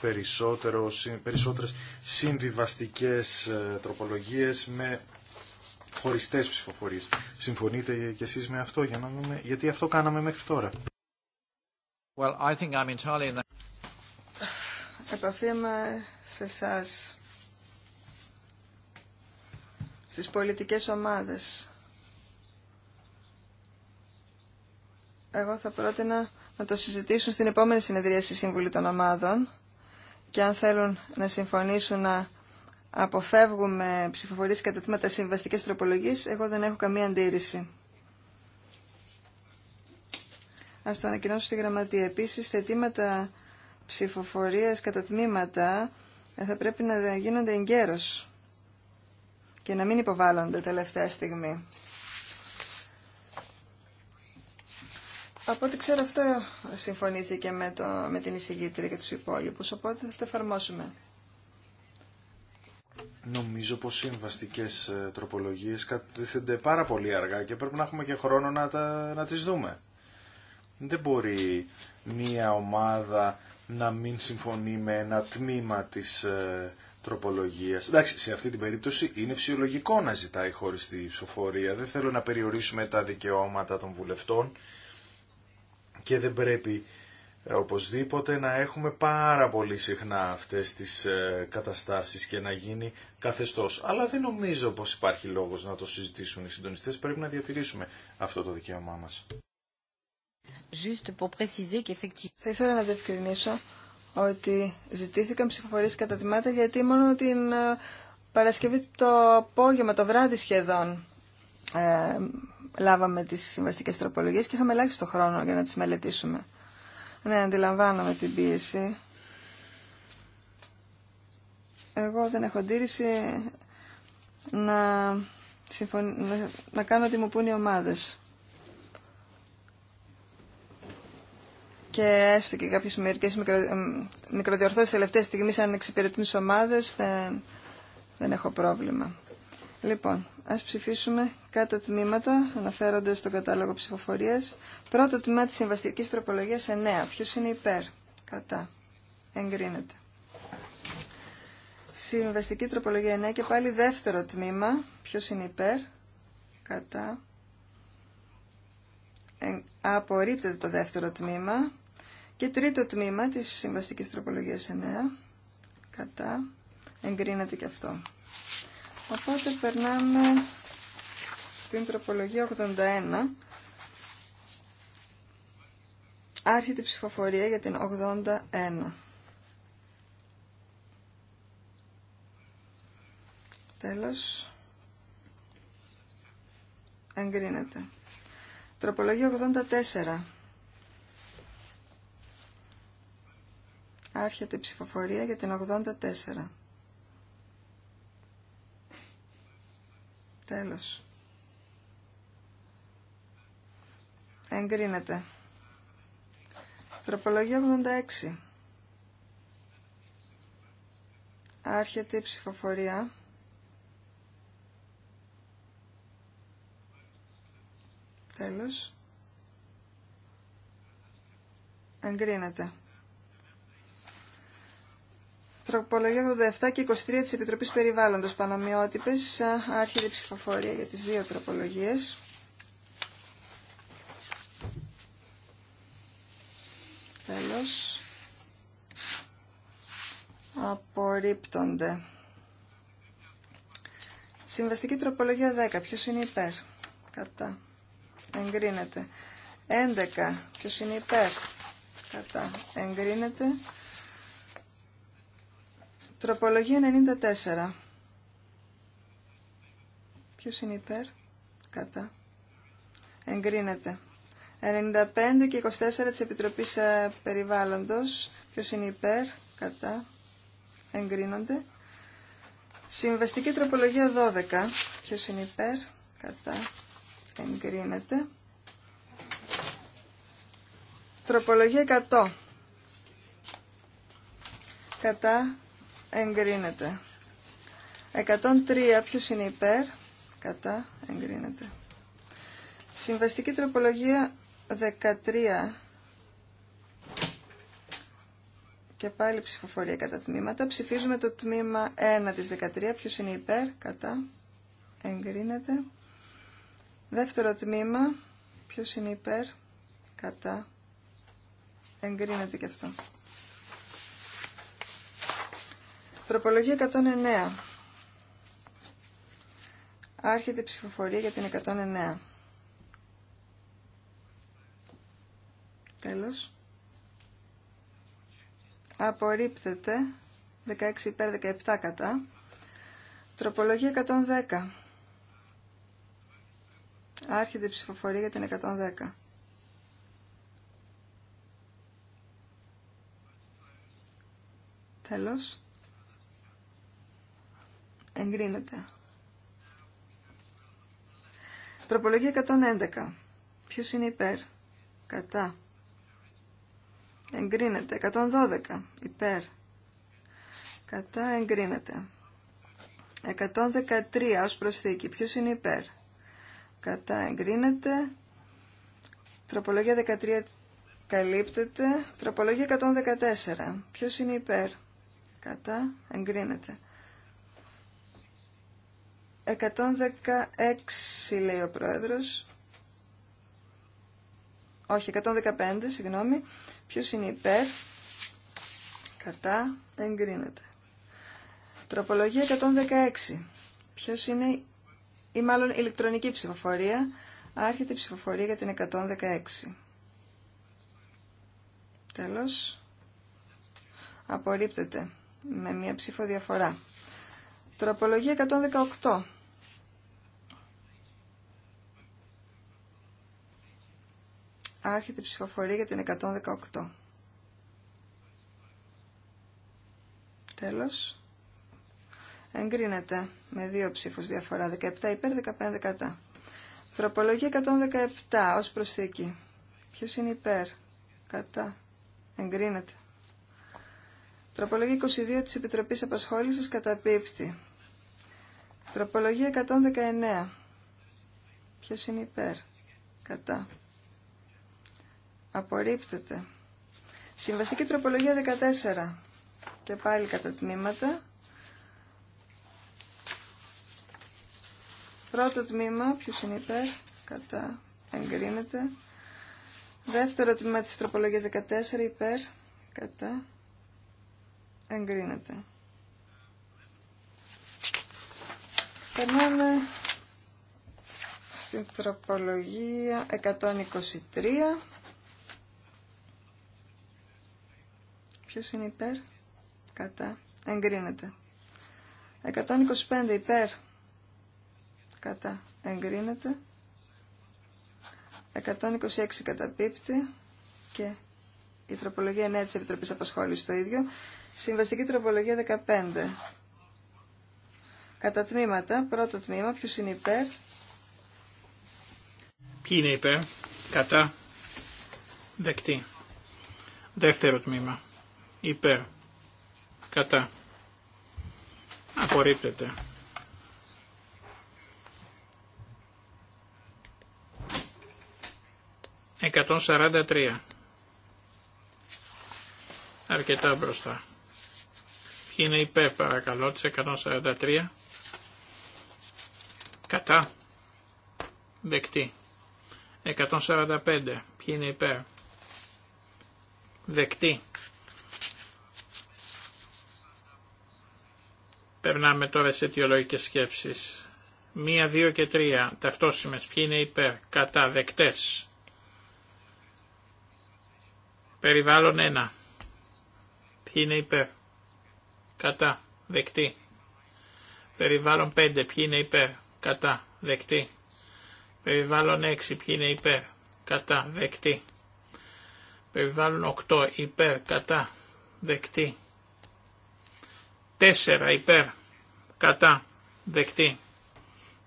περισσότερο, περισσότερες συμβιβαστικές ε, τροπολογίες με χωριστές ψηφοφορίες. Συμφωνείτε κι εσείς με αυτό για να δούμε, γιατί αυτό κάναμε μέχρι τώρα. Well, I think I'm entirely... σε εσά στις πολιτικές ομάδες. εγώ θα πρότεινα να το συζητήσουν στην επόμενη συνεδρίαση Σύμβουλη των Ομάδων και αν θέλουν να συμφωνήσουν να αποφεύγουμε ψηφοφορίες κατά τμήματα συμβαστικές τροπολογίες, εγώ δεν έχω καμία αντίρρηση. Ας το ανακοινώσω στη γραμματεία. Επίσης, αιτήματα ψηφοφορίας κατά τμήματα ε, θα πρέπει να γίνονται εγκαίρως και να μην υποβάλλονται τελευταία στιγμή. Από ό,τι ξέρω αυτό συμφωνήθηκε με, το, με την εισηγήτρια και τους υπόλοιπους, οπότε θα το εφαρμόσουμε. Νομίζω πως οι εμβαστικές ε, τροπολογίες κατευθύνται πάρα πολύ αργά και πρέπει να έχουμε και χρόνο να, τα, να τις δούμε. Δεν μπορεί μία ομάδα να μην συμφωνεί με ένα τμήμα της ε, τροπολογίας. Εντάξει, σε αυτή την περίπτωση είναι φυσιολογικό να ζητάει χωριστή ψηφοφορία. Δεν θέλω να περιορίσουμε τα δικαιώματα των βουλευτών και δεν πρέπει ε, οπωσδήποτε να έχουμε πάρα πολύ συχνά αυτές τις ε, καταστάσεις και να γίνει καθεστώς. Αλλά δεν νομίζω πως υπάρχει λόγος να το συζητήσουν οι συντονιστές. Πρέπει να διατηρήσουμε αυτό το δικαίωμά μας. Θα ήθελα να διευκρινίσω ότι ζητήθηκαν ψηφοφορίες κατά τη μάτα γιατί μόνο την ε, Παρασκευή το απόγευμα, το βράδυ σχεδόν, λάβαμε τις συμβαστικές τροπολογίες και είχαμε ελάχιστο χρόνο για να τις μελετήσουμε. Ναι, αντιλαμβάνομαι την πίεση. Εγώ δεν έχω τήρηση να, να κάνω ότι μου πούν οι ομάδες. Και έστω και κάποιες μερικές μικρο... Ε, μικροδιορθώσεις τελευταίες στιγμής αν εξυπηρετούν τις ομάδες δεν έχω πρόβλημα. Λοιπόν, ας ψηφίσουμε κατά τμήματα, αναφέροντας στον κατάλογο ψηφοφορίας. Πρώτο τμήμα της συμβαστικής τροπολογίας 9. Ποιος είναι υπέρ. Κατά. Εγκρίνεται. Συμβαστική τροπολογία 9 και πάλι δεύτερο τμήμα. Ποιος είναι υπέρ. Κατά. Ε, απορρίπτεται το δεύτερο τμήμα. Και τρίτο τμήμα της συμβαστικής τροπολογίας 9. Κατά. Εγκρίνεται και αυτό. Οπότε περνάμε στην τροπολογία 81. Άρχεται η ψηφοφορία για την 81. Τέλος. Εγκρίνεται. Τροπολογία 84. Άρχεται η ψηφοφορία για την 84. Τέλος. Εγκρίνεται. Τροπολογία 86. Άρχεται η ψηφοφορία. Τέλος. Εγκρίνεται. Τροπολογία 87 και 23 της Επιτροπής Περιβάλλοντος Πανομοιότυπες. Άρχιδη ψηφοφορία για τις δύο τροπολογίες. Τέλος. Απορρίπτονται. Συμβαστική τροπολογία 10. Ποιος είναι υπέρ. Κατά. Εγκρίνεται. 11. Ποιος είναι υπέρ. Κατά. Εγκρίνεται. Τροπολογία 94. Ποιος είναι υπέρ? Κατά. Εγκρίνεται. 95 και 24 της Επιτροπής ε, Περιβάλλοντος. Ποιος είναι υπέρ? Κατά. Εγκρίνονται. Συμβαστική τροπολογία 12. Ποιος είναι υπέρ? Κατά. Εγκρίνεται. Τροπολογία 100. Κατά εγκρίνεται. 103 ποιος είναι υπέρ, κατά, εγκρίνεται. Συμβαστική τροπολογία 13 και πάλι ψηφοφορία κατά τμήματα. Ψηφίζουμε το τμήμα 1 της 13, ποιος είναι υπέρ, κατά, εγκρίνεται. Δεύτερο τμήμα, ποιος είναι υπέρ, κατά, εγκρίνεται και αυτό. Τροπολογία 109. Άρχεται η ψηφοφορία για την 109. Τέλος. Απορρίπτεται. 16 υπέρ 17 κατά. Τροπολογία 110. Άρχεται η ψηφοφορία για την 110. Τέλος. Εγκρίνεται. Τροπολογία 111. Ποιος είναι υπέρ. Κατά. Εγκρίνεται. 112. Υπέρ. Κατά. Εγκρίνεται. 113 ως προσθήκη. Ποιος είναι υπέρ. Κατά. Εγκρίνεται. Τροπολογία 13 καλύπτεται. Τροπολογία 114. Ποιος είναι υπέρ. Κατά. Εγκρίνεται. 116 λέει ο πρόεδρος. Όχι, 115, συγγνώμη. Ποιος είναι υπέρ. Κατά. Εγκρίνεται. Τροπολογία 116. Ποιος είναι ή μάλλον ηλεκτρονική ψηφοφορία. Άρχεται η ψηφοφορία για την 116. Τέλος. Απορρίπτεται με μία ψήφο διαφορά. Τροπολογία 118. Άρχεται ψηφοφορία για την 118. Τέλος. Εγκρίνεται με δύο ψήφους διαφορά. 17 υπέρ, 15 κατά. Τροπολογία 117 ως προσθήκη. Ποιος είναι υπέρ, κατά. Εγκρίνεται. Τροπολογία 22 της Επιτροπής Απασχόλησης καταπίπτει. Τροπολογία 119. Ποιος είναι υπέρ. Κατά. Απορρίπτεται. Συμβαστική τροπολογία 14. Και πάλι κατά τμήματα. Πρώτο τμήμα, ποιος είναι υπέρ, κατά, εγκρίνεται. Δεύτερο τμήμα της τροπολογίας 14, υπέρ, κατά, εγκρίνεται. Περνάμε στην τροπολογία 123. Ποιος είναι υπέρ? Κατά. Εγκρίνεται. 125 υπέρ. Κατά. Εγκρίνεται. 126 καταπίπτει και η τροπολογία 9 της Επιτροπής Απασχόλησης το ίδιο. Συμβαστική τροπολογία 15. Κατά τμήματα, πρώτο τμήμα, ποιος είναι υπέρ. Ποιοι είναι υπέρ, κατά, δεκτή. Δεύτερο τμήμα, υπέρ, κατά, απορρίπτεται. Εκατόν σαράντα τρία. Αρκετά μπροστά. Ποιοι είναι υπέρ παρακαλώ της 143. Κατά. δεκτεί. 145. Ποιοι είναι υπέρ. Δεκτή. Περνάμε τώρα σε αιτιολογικές σκέψεις. 1, 2 και 3, Ταυτόσιμες. Ποιοι είναι υπέρ. Κατά. Δεκτές. Περιβάλλον 1. Ποιοι είναι υπέρ. Κατά. Δεκτή. Περιβάλλον 5. Ποιοι είναι υπέρ κατά, δεκτή. Περιβάλλον 6, ποιοι είναι υπέρ, κατά, δεκτή. Περιβάλλον 8, υπέρ, κατά, δεκτή. 4, υπέρ, κατά, δεκτή.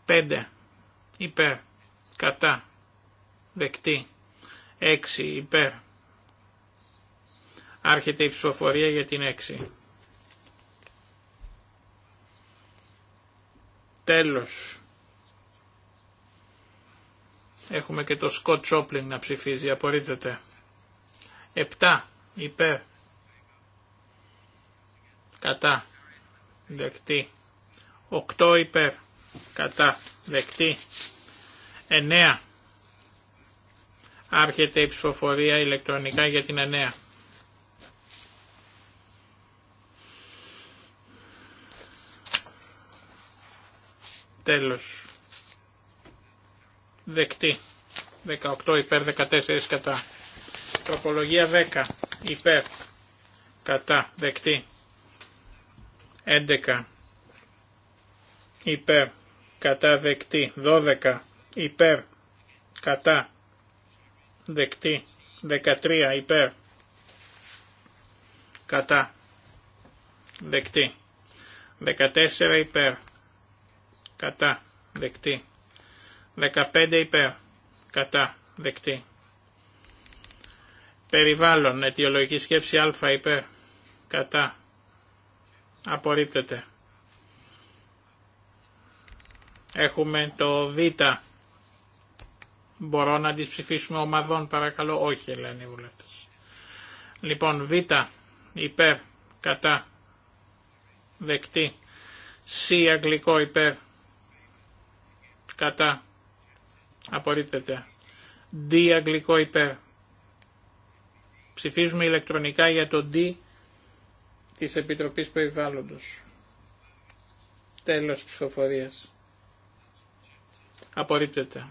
5, υπέρ, κατά, δεκτή. 6, υπέρ. Άρχεται η ψηφοφορία για την 6. Τέλος. Έχουμε και το Σκοτ Σόπλινγκ να ψηφίζει, απορρίπτεται. 7 υπέρ. Κατά. Δεκτή. 8 υπέρ. Κατά. Δεκτή. 9. Άρχεται η ψηφοφορία ηλεκτρονικά για την 9. Τέλος. Δεκτή. 18 υπέρ 14 κατά. Τροπολογία 10 υπέρ κατά. Δεκτή. 11 υπέρ κατά. Δεκτή. 12 υπέρ κατά. Δεκτή. 13 υπέρ κατά. Δεκτή. 14 υπέρ κατά. Δεκτή. 15 υπέρ. Κατά. Δεκτή. Περιβάλλον. Αιτιολογική σκέψη α υπέρ. Κατά. Απορρίπτεται. Έχουμε το β. Μπορώ να τις ψηφίσουμε ομαδών παρακαλώ. Όχι λένε οι βουλευτές. Λοιπόν β. Υπέρ. Κατά. Δεκτή. Σ αγγλικό υπέρ. Κατά Απορρίπτεται. D αγγλικό υπέρ. Ψηφίζουμε ηλεκτρονικά για το D της Επιτροπής Περιβάλλοντος. Τέλος ψηφοφορίας. Απορρίπτεται.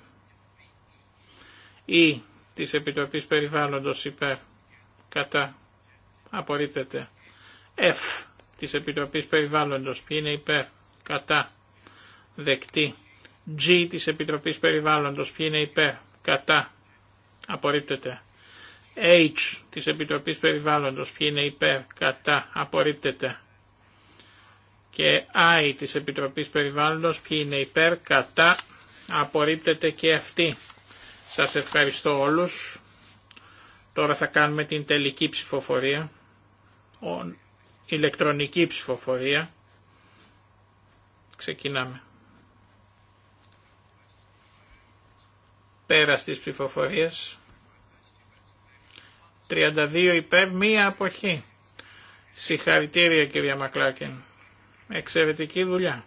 Ή e, της Επιτροπής Περιβάλλοντος υπέρ. Κατά. Απορρίπτεται. F της Επιτροπής Περιβάλλοντος. Ποιοι είναι υπέρ. Κατά. Δεκτή. G της Επιτροπής Περιβάλλοντος. Ποιοι είναι υπέρ, κατά, απορρίπτεται. H της Επιτροπής Περιβάλλοντος. Ποιοι είναι υπέρ, κατά, απορρίπτεται. Και I της Επιτροπής Περιβάλλοντος. Ποιοι είναι υπέρ, κατά, απορρίπτεται και αυτή. Σας ευχαριστώ όλους. Τώρα θα κάνουμε την τελική ψηφοφορία, ηλεκτρονική ψηφοφορία. Ξεκινάμε. Πέρα στις ψηφοφορίες. 32 υπέρ, μία αποχή. Συγχαρητήρια κυρία Μακλάκεν. Εξαιρετική δουλειά.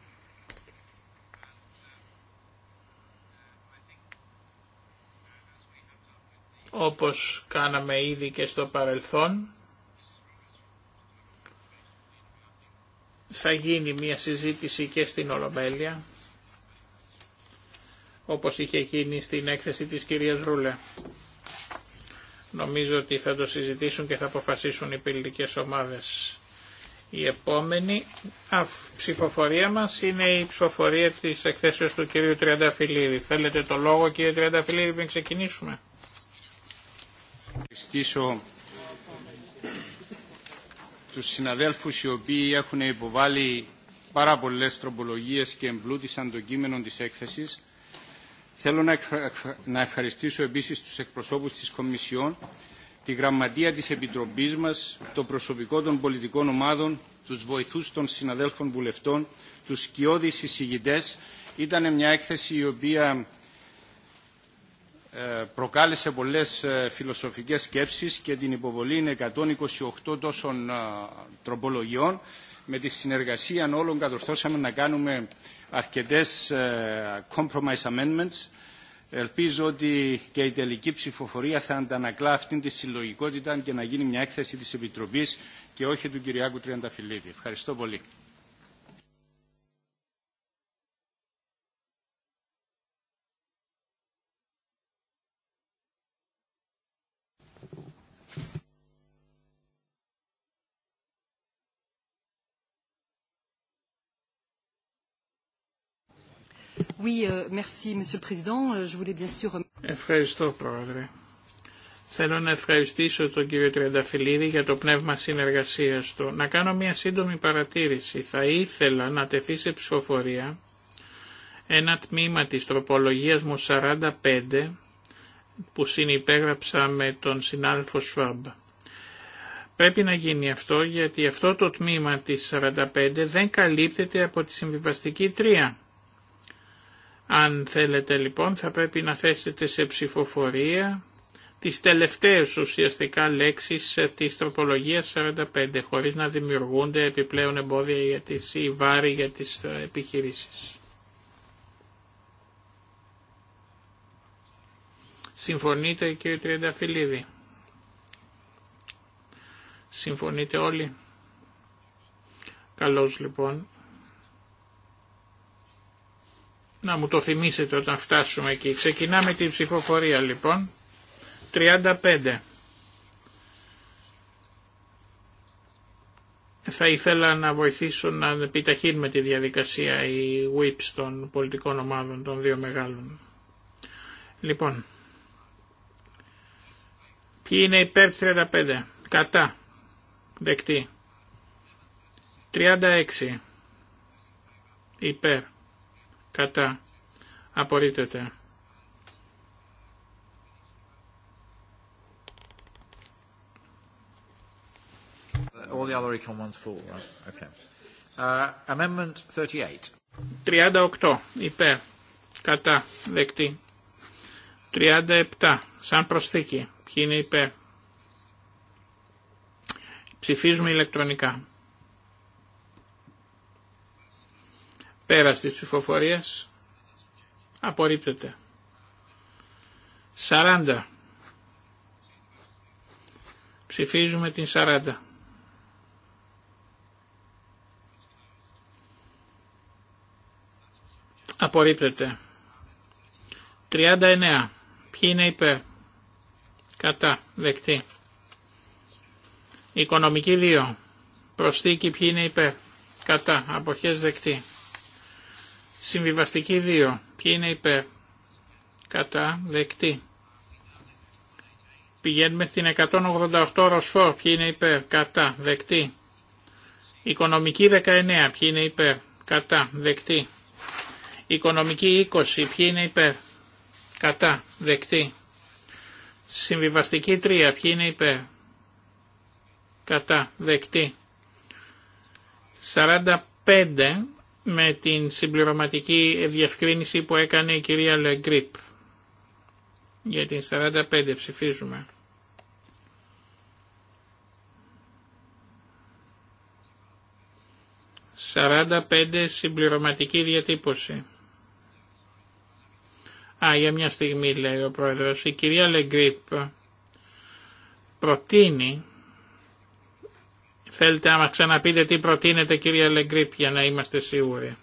Όπως κάναμε ήδη και στο παρελθόν, θα γίνει μια συζήτηση και στην Ολομέλεια όπως είχε γίνει στην έκθεση της κυρίας Ρούλε. Νομίζω ότι θα το συζητήσουν και θα αποφασίσουν οι πολιτικές ομάδες. Η επόμενη ψηφοφορία μας είναι η ψηφοφορία της εκθέσεως του κυρίου Τριανταφυλλίδη. Θέλετε το λόγο κύριε Τριανταφυλλίδη πριν ξεκινήσουμε. Ευχαριστήσω τους συναδέλφους οι οποίοι έχουν υποβάλει πάρα πολλές τροπολογίες και εμπλούτησαν το κείμενο της έκθεσης. Θέλω να ευχαριστήσω επίσης τους εκπροσώπους της Κομισιόν, τη Γραμματεία της Επιτροπής μας, το προσωπικό των πολιτικών ομάδων, τους βοηθούς των συναδέλφων βουλευτών, τους σκιώδης εισηγητές. Ήταν μια έκθεση η οποία ε, προκάλεσε πολλές ε, φιλοσοφικές σκέψεις και την υποβολή είναι 128 τόσων ε, τροπολογιών με τη συνεργασία όλων κατορθώσαμε να κάνουμε αρκετές ε, compromise amendments. Ελπίζω ότι και η τελική ψηφοφορία θα αντανακλά αυτήν τη συλλογικότητα και να γίνει μια έκθεση της Επιτροπής και όχι του Κυριάκου Τριανταφυλλίδη. Ευχαριστώ πολύ. Ευχαριστώ, Πρόεδρε. Θέλω να ευχαριστήσω τον κύριο Τριανταφυλλίδη για το πνεύμα συνεργασία του. Να κάνω μια σύντομη παρατήρηση. Θα ήθελα να τεθεί σε ψηφοφορία ένα τμήμα τη τροπολογία μου 45 που συνυπέγραψα με τον συνάδελφο Σφάμπ. Πρέπει να γίνει αυτό γιατί αυτό το τμήμα της 45 δεν καλύπτεται από τη συμβιβαστική 3. Αν θέλετε λοιπόν θα πρέπει να θέσετε σε ψηφοφορία τις τελευταίες ουσιαστικά λέξεις της τροπολογίας 45 χωρίς να δημιουργούνται επιπλέον εμπόδια για τις, ή βάρη για τις ε, επιχειρήσεις. Συμφωνείτε κύριε Τριανταφυλλίδη. Συμφωνείτε όλοι. Καλώς λοιπόν. Να μου το θυμίσετε όταν φτάσουμε εκεί. Ξεκινάμε την ψηφοφορία λοιπόν. 35. Θα ήθελα να βοηθήσω να επιταχύνουμε τη διαδικασία οι WIPs των πολιτικών ομάδων των δύο μεγάλων. Λοιπόν, ποιοι είναι υπέρ 35, κατά, δεκτή, 36, υπέρ, κατά απορρίτεται. All the other ones fall, Okay. Uh, amendment 38. 38 υπέρ κατά δεκτή. 37 σαν προσθήκη. Ποιοι είναι υπέρ. Ψηφίζουμε ηλεκτρονικά. Πέρας της ψηφοφορίας απορρίπτεται. 40. Ψηφίζουμε την 40. Απορρίπτεται. 39. Ποιοι είναι υπέρ. Κατά. Δεκτή. Οικονομική 2. Προσθήκη ποιοι είναι υπέρ. Κατά. Αποχές δεκτή. Συμβιβαστική 2. Ποιοι είναι υπέρ. Κατά. Δεκτή. Πηγαίνουμε στην 188 Ροσφόρ. Ποιοι είναι υπέρ. Κατά. Δεκτή. Οικονομική 19. Ποιοι είναι υπέρ. Κατά. Δεκτή. Οικονομική 20. Ποιοι είναι υπέρ. Κατά. Δεκτή. Συμβιβαστική 3. Ποιοι είναι υπέρ. Κατά. Δεκτή. 45 με την συμπληρωματική διευκρίνηση που έκανε η κυρία Λεγκρίπ. Για την 45 ψηφίζουμε. 45 συμπληρωματική διατύπωση. Α, για μια στιγμή λέει ο πρόεδρος. Η κυρία Λεγκρίπ προτείνει Θέλετε άμα ξαναπείτε τι προτείνετε κυρία Λεγκρίπ για να είμαστε σίγουροι.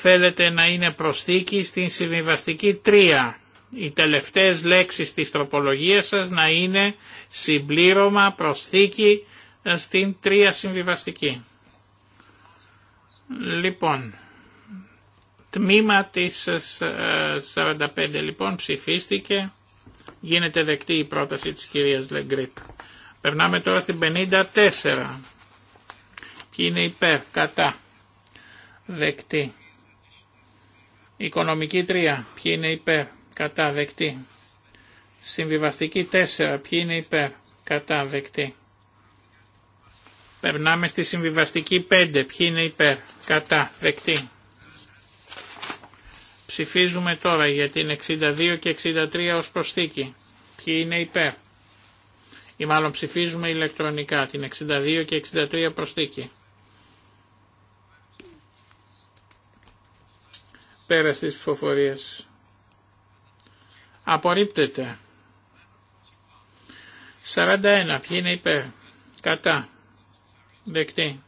Θέλετε να είναι προσθήκη στην συμβιβαστική 3. Οι τελευταίες λέξεις της τροπολογίας σας να είναι συμπλήρωμα προσθήκη ε, στην 3 συμβιβαστική. Λοιπόν, τμήμα της 45 ε, ε, λοιπόν ψηφίστηκε Γίνεται δεκτή η πρόταση της κυρίας Λεγκρίπ. Περνάμε τώρα στην 54. Ποιοι είναι υπέρ, κατά, δεκτή. Οικονομική 3. Ποιοι είναι υπέρ, κατά, δεκτή. Συμβιβαστική 4. Ποιοι είναι υπέρ, κατά, δεκτή. Περνάμε στη συμβιβαστική 5. Ποιοι είναι υπέρ, κατά, δεκτή. Ψηφίζουμε τώρα για την 62 και 63 ως προσθήκη. Ποιοι είναι υπέρ. Ή μάλλον ψηφίζουμε ηλεκτρονικά την 62 και 63 προσθήκη. Πέρα στις ψηφοφορίες. Απορρίπτεται. 41. Ποιοι είναι υπέρ. Κατά. Δεκτή.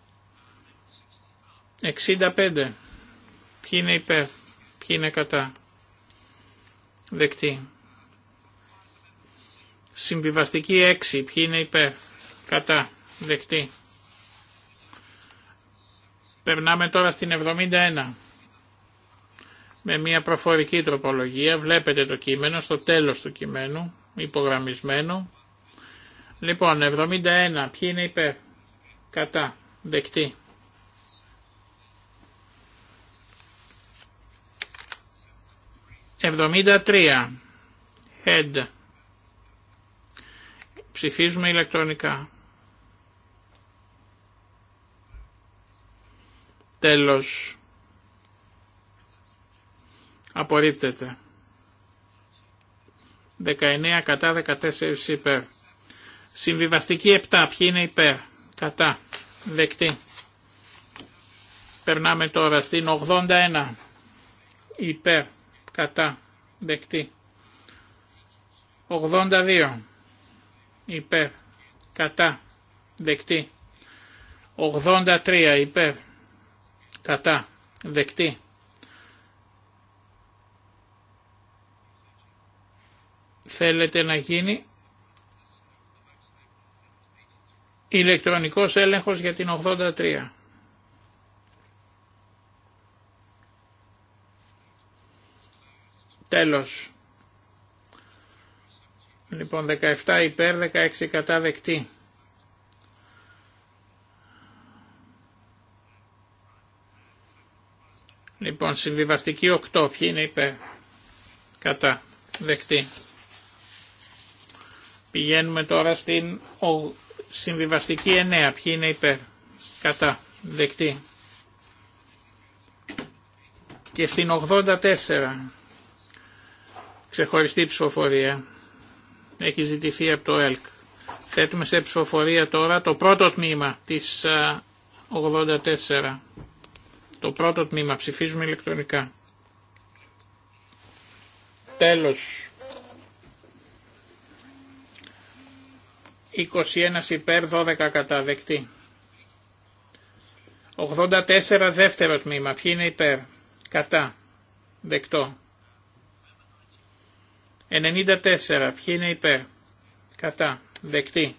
65. Ποιοι είναι υπέρ ποιοι είναι κατά. Δεκτή. Συμβιβαστική 6. Ποιοι είναι υπέρ. Κατά. Δεκτή. Περνάμε τώρα στην 71. Με μια προφορική τροπολογία. Βλέπετε το κείμενο στο τέλος του κειμένου. Υπογραμμισμένο. Λοιπόν, 71. Ποιοι είναι υπέρ. Κατά. Δεκτή. 73. Head. Ψηφίζουμε ηλεκτρονικά. Τέλος. Απορρίπτεται. 19 κατά 14 υπέρ. Συμβιβαστική 7. Ποιοι είναι υπέρ. Κατά. Δεκτή. Περνάμε τώρα στην 81. Υπέρ κατά δεκτή. 82 υπέρ κατά δεκτή. 83 υπέρ κατά δεκτή. Θέλετε να γίνει ηλεκτρονικός έλεγχος για την 83. Τέλος. Λοιπόν, 17 υπέρ, 16 κατά δεκτή. Λοιπόν, συμβιβαστική 8, ποιοι είναι υπέρ, κατά, δεκτή. Πηγαίνουμε τώρα στην συμβιβαστική 9, ποιοι είναι υπέρ, κατά, δεκτή. Και στην 84, Ξεχωριστή ψηφοφορία. Έχει ζητηθεί από το ΕΛΚ. Θέτουμε σε ψηφοφορία τώρα το πρώτο τμήμα της 84. Το πρώτο τμήμα. Ψηφίζουμε ηλεκτρονικά. Τέλος. 21 υπέρ 12 κατά δεκτή. 84 δεύτερο τμήμα. Ποιοι είναι υπέρ. Κατά. Δεκτό. 94. Ποιοι είναι υπέρ. Κατά. Δεκτή.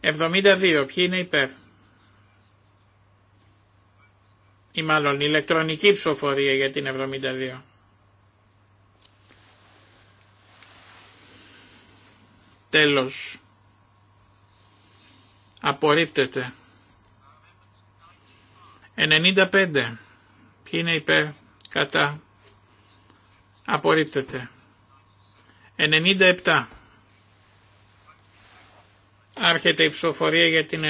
72. Ποιοι είναι υπέρ. Ή μάλλον ηλεκτρονική ψηφοφορία για την 72. Τέλος. Απορρίπτεται. 95. Ποιοι είναι υπέρ. Κατά. Απορρίπτεται. 97. Άρχεται η ψηφοφορία για την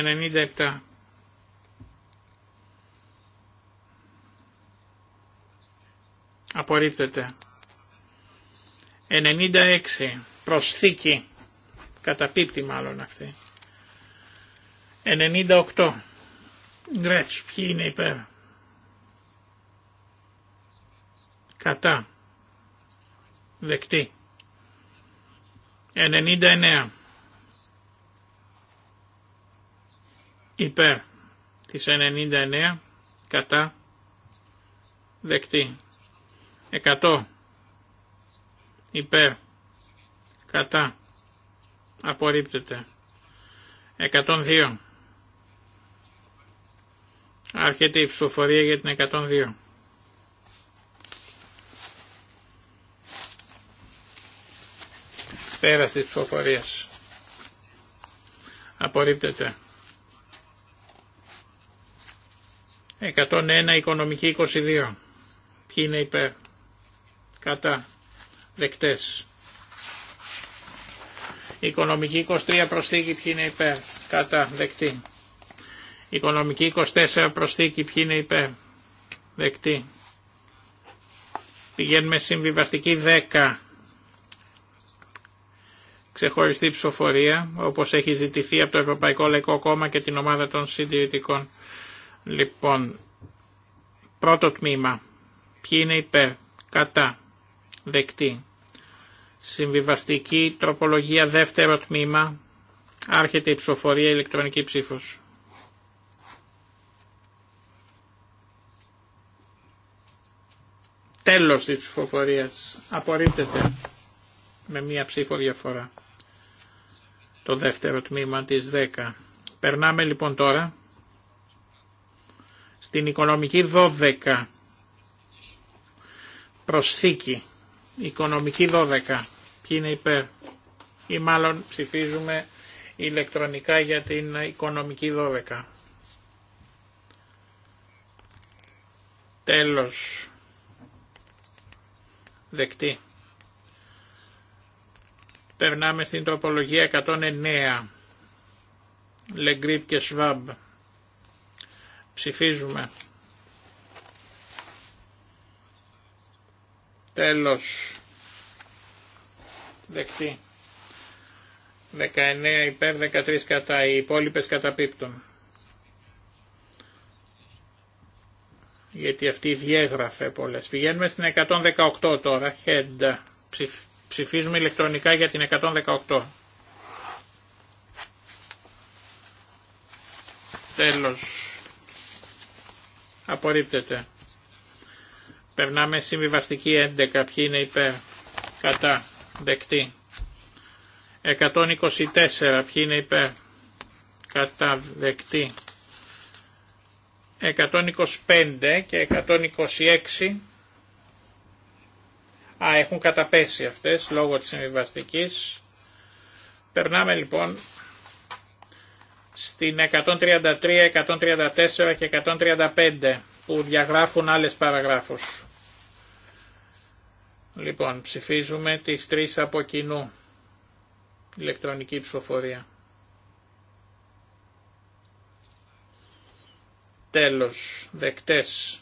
97. Απορρίπτεται. 96. Προσθήκη. Καταπίπτει μάλλον αυτή. 98. Γκρέτς. Ποιοι είναι υπέρ. Κατά. Δεκτή. 99 υπέρ της 99 κατά δεκτή 100 υπέρ κατά απορρίπτεται 102 Άρχεται η ψηφοφορία για την 102. Πέρας της Απορρίπτεται. 101 οικονομική 22. Ποιοι είναι υπέρ. Κατά. Δεκτές. Οικονομική 23 προσθήκη ποιοι είναι υπέρ. Κατά. Δεκτή. Οικονομική 24 προσθήκη ποιοι είναι υπέρ. Δεκτή. Πηγαίνουμε συμβιβαστική 10 Ξεχωριστή ψηφοφορία, όπως έχει ζητηθεί από το Ευρωπαϊκό Λαϊκό Κόμμα και την ομάδα των συντηρητικών. Λοιπόν, πρώτο τμήμα. Ποιοι είναι υπέρ, κατά, δεκτή. Συμβιβαστική τροπολογία δεύτερο τμήμα. Άρχεται η ψηφοφορία ηλεκτρονική ψήφος. Τέλος της ψηφοφορίας. Απορρίπτεται με μία ψήφο διαφορά το δεύτερο τμήμα της 10. Περνάμε λοιπόν τώρα στην οικονομική 12. Προσθήκη. Οικονομική 12. Ποιοι είναι υπέρ. Ή μάλλον ψηφίζουμε ηλεκτρονικά για την οικονομική 12. Τέλος. Δεκτή. Περνάμε στην τροπολογία 109. Λεγκρίπ και Σβάμπ. Ψηφίζουμε. Τέλος. Δεκτή. 19 υπέρ 13 κατά. Οι υπόλοιπες καταπίπτουν. Γιατί αυτή διέγραφε πολλές. Πηγαίνουμε στην 118 τώρα. Head. Ψηφίζουμε ηλεκτρονικά για την 118. Τέλος. Απορρίπτεται. Περνάμε συμβιβαστική 11. Ποιοι είναι υπέρ. Κατά. Δεκτή. 124. Ποιοι είναι υπέρ. Κατά. Δεκτή. 125 και 126 Α, έχουν καταπέσει αυτές λόγω της συμβιβαστική. Περνάμε λοιπόν στην 133, 134 και 135 που διαγράφουν άλλες παραγράφους. Λοιπόν, ψηφίζουμε τις τρεις από κοινού. Ηλεκτρονική ψηφοφορία. Τέλος, δεκτές.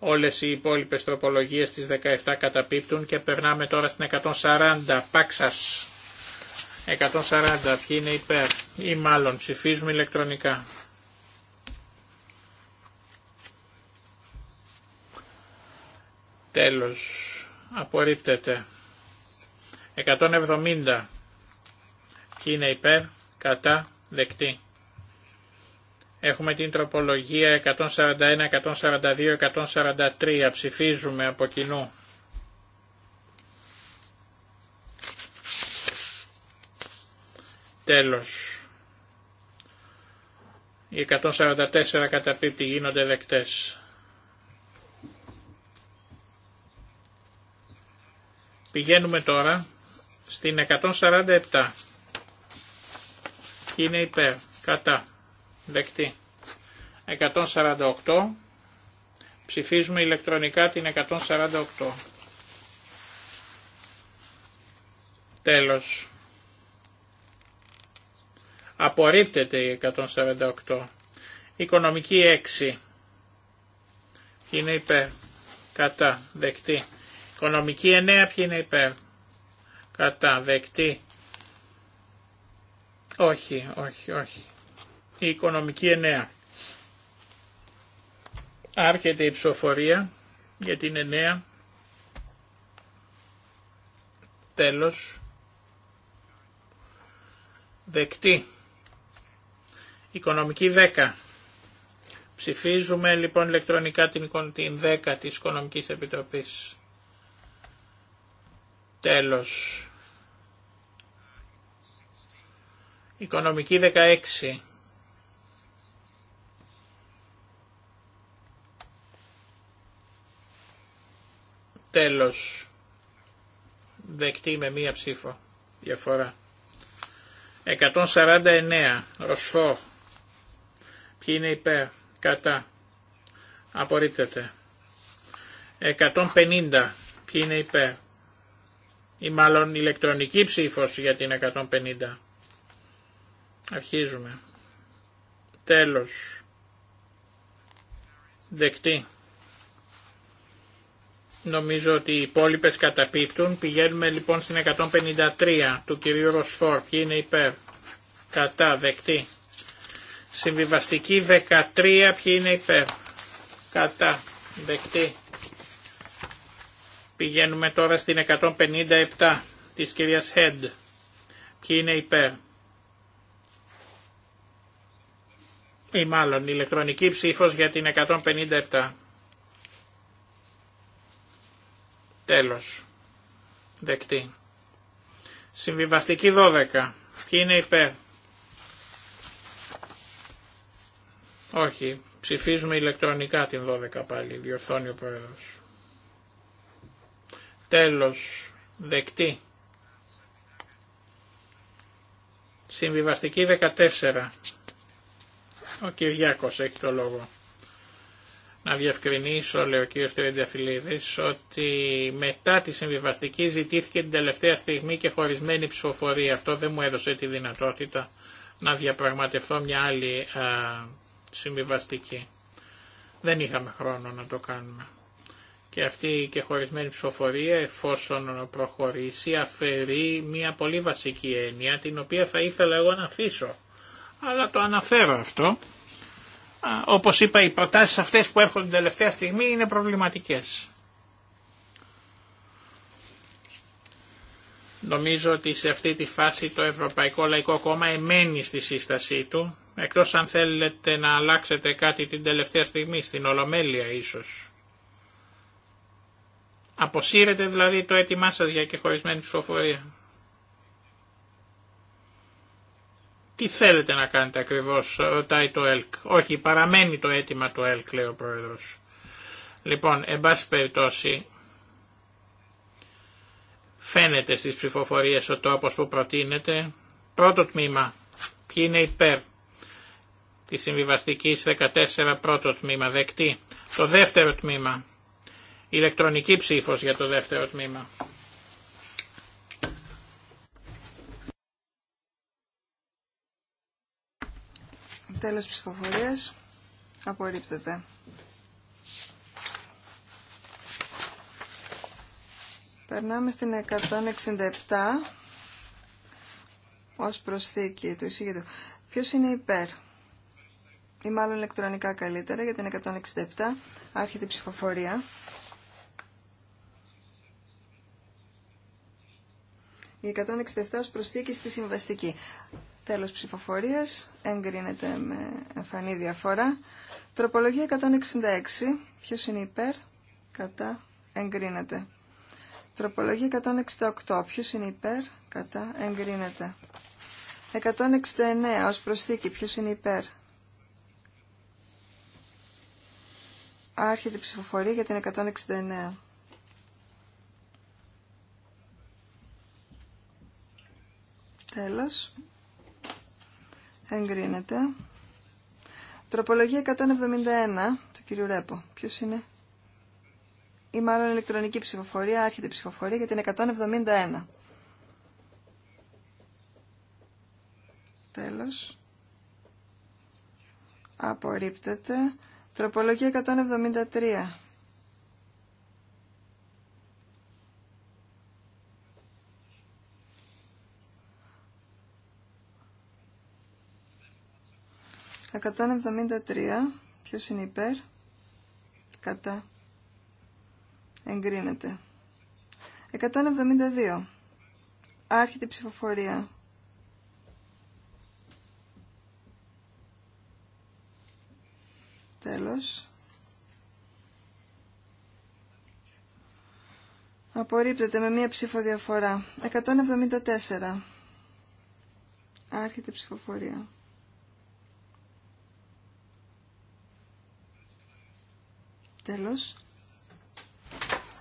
Όλες οι υπόλοιπες τροπολογίες της 17 καταπίπτουν και περνάμε τώρα στην 140. Πάξας. 140. Ποιοι είναι υπέρ ή μάλλον ψηφίζουμε ηλεκτρονικά. Τέλος. Απορρίπτεται. 170. Ποιοι είναι υπέρ. Κατά. Δεκτή. Έχουμε την τροπολογία 141, 142, 143. Ψηφίζουμε από κοινού. Τέλος. Οι 144 καταπίπτει γίνονται δεκτές. Πηγαίνουμε τώρα στην 147. Είναι υπέρ, κατά. Δεκτή. 148. Ψηφίζουμε ηλεκτρονικά την 148. Τέλος. Απορρίπτεται η 148. Οικονομική 6. είναι υπέρ. Κατά. Δεκτή. Οικονομική 9. Ποιοι είναι υπέρ. Κατά. Δεκτή. Όχι, όχι, όχι. Η οικονομική 9. Άρχεται η ψηφοφορία για την 9. Τέλος. Δεκτή. Οικονομική 10. Ψηφίζουμε λοιπόν ηλεκτρονικά την 10 της Οικονομικής Επιτροπής. Τέλος. Οικονομική 16. Τέλος. Δεκτή με μία ψήφο. Διαφορά. 149. Ροσφό. Ποιοι είναι υπέρ. Κατά. Απορρίπτεται. 150. Ποιοι είναι υπέρ. Ή μάλλον ηλεκτρονική ψήφος για την 150. Αρχίζουμε. Τέλος. Δεκτή νομίζω ότι οι υπόλοιπε καταπίπτουν. Πηγαίνουμε λοιπόν στην 153 του κυρίου Ροσφόρ. Ποιοι είναι υπέρ. Κατά. Δεκτή. Συμβιβαστική 13. Ποιοι είναι υπέρ. Κατά. Δεκτή. Πηγαίνουμε τώρα στην 157 της κυρίας Head. Ποιοι είναι υπέρ. Ή μάλλον ηλεκτρονική ψήφος για την 157. Τέλος. Δεκτή. Συμβιβαστική 12. Ποιοι είναι υπέρ. Όχι. Ψηφίζουμε ηλεκτρονικά την 12 πάλι. Διορθώνει ο πρόεδρος. Τέλος. Δεκτή. Συμβιβαστική 14. Ο Κυριάκος έχει το λόγο να διευκρινίσω, λέει ο κ. Τριανταφυλλίδης, ότι μετά τη συμβιβαστική ζητήθηκε την τελευταία στιγμή και χωρισμένη ψηφοφορία. Αυτό δεν μου έδωσε τη δυνατότητα να διαπραγματευτώ μια άλλη συμβιβαστική. Δεν είχαμε χρόνο να το κάνουμε. Και αυτή και χωρισμένη ψηφοφορία, εφόσον προχωρήσει, αφαιρεί μια πολύ βασική έννοια, την οποία θα ήθελα εγώ να αφήσω. Αλλά το αναφέρω αυτό όπως είπα οι προτάσεις αυτές που έρχονται την τελευταία στιγμή είναι προβληματικές. Νομίζω ότι σε αυτή τη φάση το Ευρωπαϊκό Λαϊκό Κόμμα εμένει στη σύστασή του, εκτός αν θέλετε να αλλάξετε κάτι την τελευταία στιγμή, στην Ολομέλεια ίσως. Αποσύρετε δηλαδή το έτοιμά σας για και χωρισμένη ψηφοφορία. Τι θέλετε να κάνετε ακριβώς, ρωτάει το ΕΛΚ. Όχι, παραμένει το αίτημα του ΕΛΚ, λέει ο Πρόεδρος. Λοιπόν, εν πάση περιπτώσει, φαίνεται στις ψηφοφορίες ο τόπος που προτείνεται. Πρώτο τμήμα, ποιοι είναι υπέρ τη συμβιβαστική 14 πρώτο τμήμα, δεκτή. Το δεύτερο τμήμα, ηλεκτρονική ψήφος για το δεύτερο τμήμα. Τέλος ψηφοφορίας. Απορρίπτεται. Περνάμε στην 167 ως προσθήκη του εισηγητού. Ποιος είναι υπέρ ή μάλλον ηλεκτρονικά καλύτερα για την 167 άρχεται ψηφοφορία. Η 167 ως προσθήκη στη συμβαστική. Τέλος ψηφοφορίας. Εγκρίνεται με εμφανή διαφορά. Τροπολογία 166. Ποιος είναι υπέρ. Κατά. Εγκρίνεται. Τροπολογία 168. Ποιος είναι υπέρ. Κατά. Εγκρίνεται. 169. Ως προσθήκη. Ποιος είναι υπέρ. Άρχεται η ψηφοφορία για την 169. Τέλος. Εγκρίνεται. Τροπολογία 171 του κυρίου Ρέπο. Ποιος είναι? Ή μάλλον ηλεκτρονική ψηφοφορία, άρχεται ψηφοφορία για την 171. Τέλος. Απορρίπτεται. Τροπολογία 173. 173. Ποιος είναι υπέρ. Κατά. Εγκρίνεται. 172. Άρχεται η ψηφοφορία. Τέλος. Απορρίπτεται με μία ψήφο διαφορά. 174. Άρχεται η ψηφοφορία. Τέλος.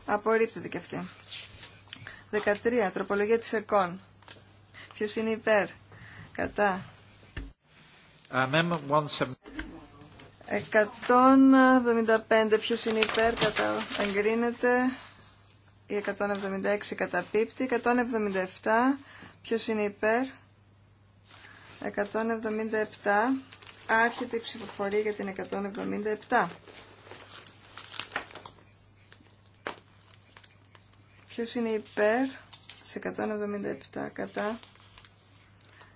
Απορρίπτεται και αυτή. 13. Τροπολογία της ΕΚΟΝ. Ποιος είναι υπέρ. Κατά. 175. Ποιος είναι υπέρ. Κατά. Εγκρίνεται. Η 176 καταπίπτει. 177. Ποιος είναι υπέρ. 177. Άρχεται η ψηφοφορία για την 177. Ποιος είναι υπέρ σε 177 κατά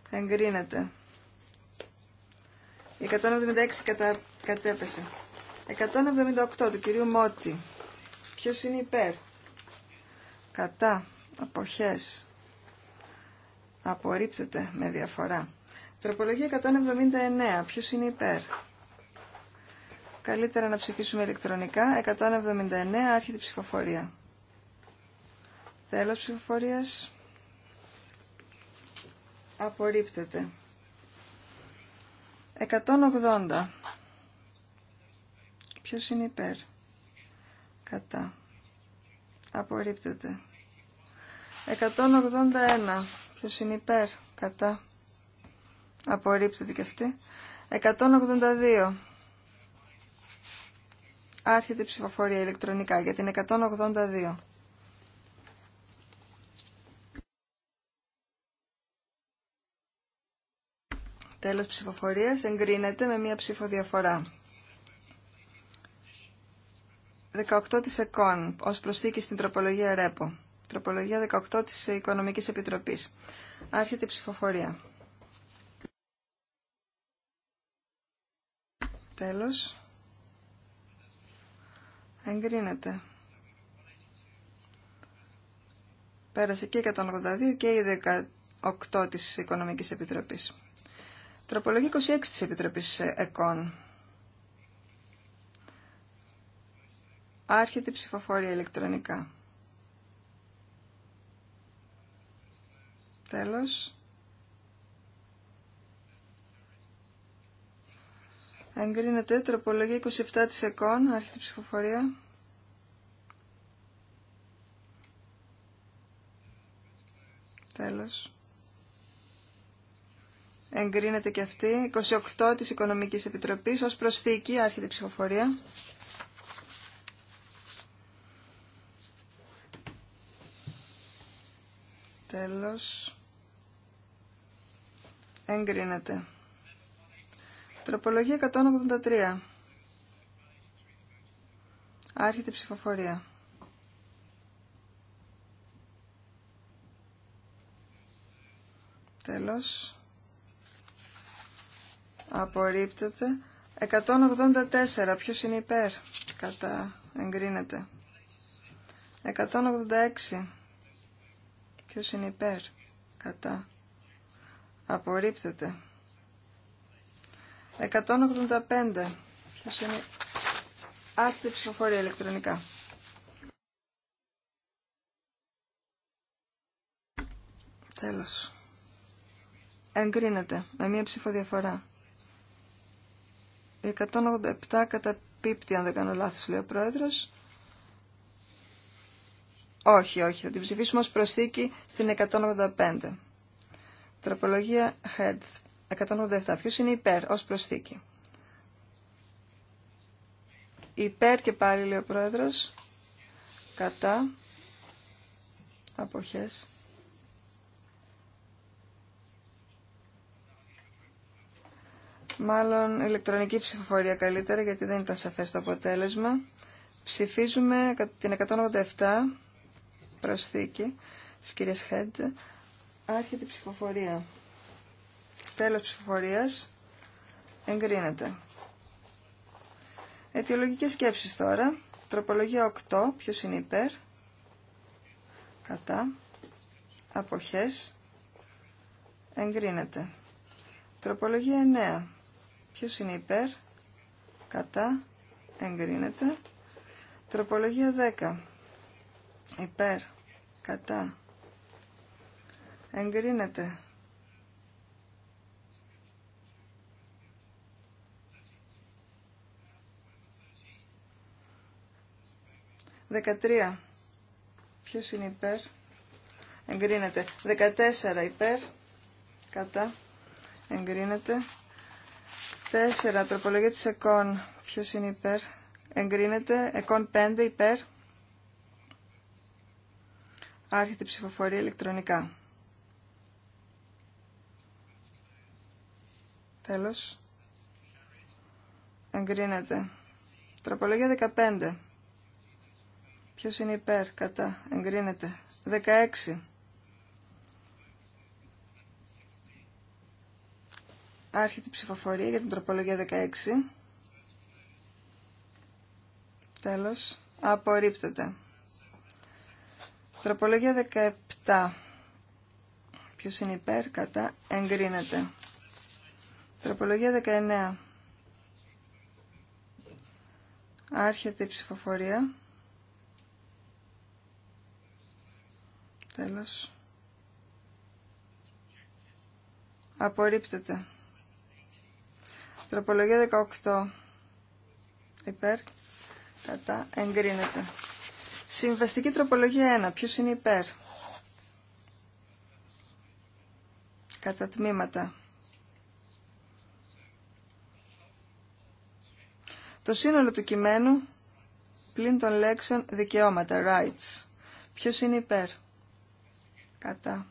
εγκρίνεται. Η 176 κατα... κατέπεσε. 178 του κυρίου Μότι. Ποιος είναι υπέρ. Κατά. Αποχές. Απορρίπτεται με διαφορά. Τροπολογία 179. Ποιος είναι υπέρ. Καλύτερα να ψηφίσουμε ηλεκτρονικά. 179 άρχεται η ψηφοφορία. Τέλος ψηφοφορίας. Απορρίπτεται. 180. Ποιος είναι υπέρ. Κατά. Απορρίπτεται. 181. Ποιος είναι υπέρ. Κατά. Απορρίπτεται και αυτή. 182. Άρχεται η ψηφοφορία ηλεκτρονικά για την 182. Τέλος ψηφοφορίας εγκρίνεται με μία ψηφοδιαφορά. 18 της ΕΚΟΝ ως προσθήκη στην τροπολογία ΡΕΠΟ. Τροπολογία 18 της Οικονομικής Επιτροπής. Άρχεται η ψηφοφορία. Τέλος. Εγκρίνεται. Πέρασε και η 182 και η 18 της Οικονομικής Επιτροπής. Τροπολογία 26 της Επιτροπής ΕΚΟΝ. Άρχεται η ψηφοφορία ηλεκτρονικά. Τέλος. Εγκρίνεται τροπολογία 27 της ΕΚΟΝ. Άρχεται η ψηφοφορία. Τέλος εγκρίνεται και αυτή. 28 της Οικονομικής Επιτροπής ως προσθήκη άρχεται η ψηφοφορία. Τέλος. Εγκρίνεται. Τροπολογία 183. Άρχεται η ψηφοφορία. Τέλος απορρίπτεται. 184, ποιος είναι υπέρ, κατά, εγκρίνεται. 186, ποιος είναι υπέρ, κατά, απορρίπτεται. 185, ποιος είναι άκτη ψηφοφορία ηλεκτρονικά. Τέλος. Εγκρίνεται με μία ψηφοδιαφορά. 187 κατά πίπτη, αν δεν κάνω λάθος, λέει ο Πρόεδρος. Όχι, όχι, θα την ψηφίσουμε ως προσθήκη στην 185. Τροπολογία Head, 187. Ποιος είναι υπέρ, ως προσθήκη. Υπέρ και πάλι, λέει ο Πρόεδρος, κατά αποχές Μάλλον ηλεκτρονική ψηφοφορία καλύτερα γιατί δεν ήταν σαφές το αποτέλεσμα. Ψηφίζουμε την 187 προσθήκη της κυρίας Χέντ. Άρχεται η ψηφοφορία. Τέλος ψηφοφορίας. Εγκρίνεται. Αιτιολογικές σκέψεις τώρα. Τροπολογία 8. Ποιος είναι υπέρ. Κατά. Αποχές. Εγκρίνεται. Τροπολογία 9. Ποιος είναι υπέρ, κατά, εγκρίνεται. Τροπολογία 10. Υπέρ, κατά, εγκρίνεται. Δεκατρία. Ποιος είναι υπέρ. Εγκρίνεται. Δεκατέσσερα υπέρ. Κατά. Εγκρίνεται. 4. Τροπολογία της ΕΚΟΝ. Ποιος είναι υπέρ. Εγκρίνεται. ΕΚΟΝ 5 υπέρ. Άρχεται η ψηφοφορία ηλεκτρονικά. Τέλος. Εγκρίνεται. Τροπολογία 15. Ποιος είναι υπέρ, κατά, εγκρίνεται. 16. Άρχεται η ψηφοφορία για την τροπολογία 16. Τέλος. Απορρίπτεται. Τροπολογία 17. Ποιος είναι υπέρ, κατά, εγκρίνεται. Τροπολογία 19. Άρχεται η ψηφοφορία. Τέλος. Απορρίπτεται. Τροπολογία 18. Υπέρ. Κατά. Εγκρίνεται. Συμβαστική τροπολογία 1. Ποιος είναι υπέρ. Κατά τμήματα. Το σύνολο του κειμένου πλην των λέξεων δικαιώματα, rights. Ποιος είναι υπέρ. Κατά.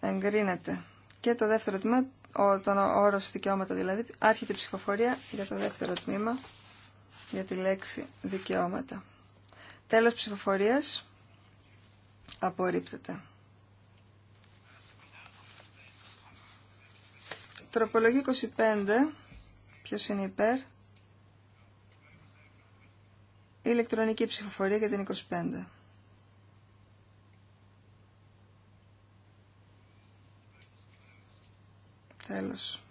Εγκρίνεται. Και το δεύτερο τμήμα, ο, τον όρο δικαιώματα δηλαδή, άρχεται η ψηφοφορία για το δεύτερο τμήμα, για τη λέξη δικαιώματα. Τέλος ψηφοφορίας, απορρίπτεται. Τροπολογή 25, ποιος είναι υπέρ, ηλεκτρονική ψηφοφορία για την 25. Τέλος.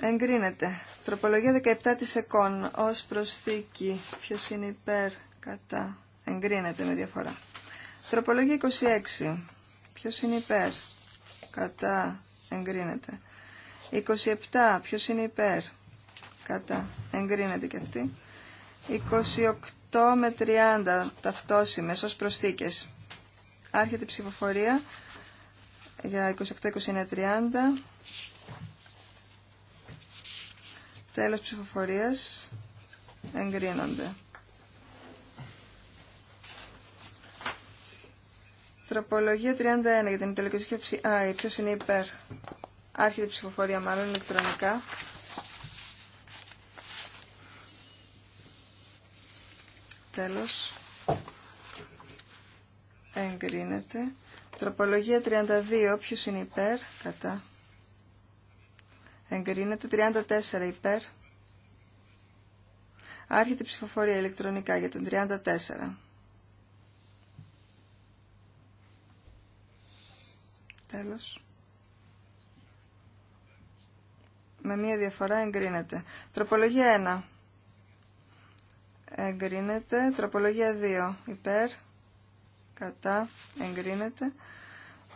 Εγκρίνεται. Τροπολογία 17 της ΕΚΟΝ ως προσθήκη. Ποιος είναι υπέρ, κατά. Εγκρίνεται με διαφορά. Τροπολογία 26. Ποιος είναι υπέρ, κατά. Εγκρίνεται. 27. Ποιος είναι υπέρ, κατά. Εγκρίνεται και αυτή. 28 με 30 ταυτόσημες ως προσθήκες. Άρχεται η ψηφοφορία για 28-29-30. Τέλος ψηφοφορίας. Εγκρίνονται. Τροπολογία 31 για την τελική σκέψη. Α, ποιος είναι υπέρ. Άρχεται ψηφοφορία μάλλον ηλεκτρονικά. Τέλος. Εγκρίνεται. Τροπολογία 32, όποιο είναι υπέρ, κατά. Εγκρίνεται 34 υπέρ. Άρχεται η ψηφοφορία ηλεκτρονικά για τον 34. Τέλος. Με μία διαφορά εγκρίνεται. Τροπολογία 1. Εγκρίνεται. Τροπολογία 2. Υπέρ κατά, εγκρίνεται.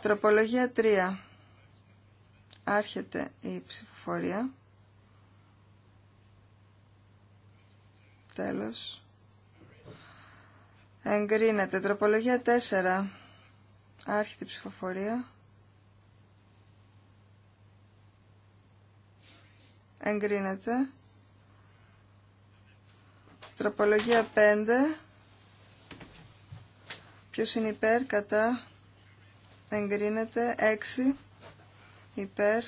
Τροπολογία 3. Άρχεται η ψηφοφορία. Τέλος. Εγκρίνεται. Τροπολογία 4. Άρχεται η ψηφοφορία. Εγκρίνεται. Τροπολογία 5. Ποιος είναι υπέρ, κατά, εγκρίνεται. 6 υπέρ,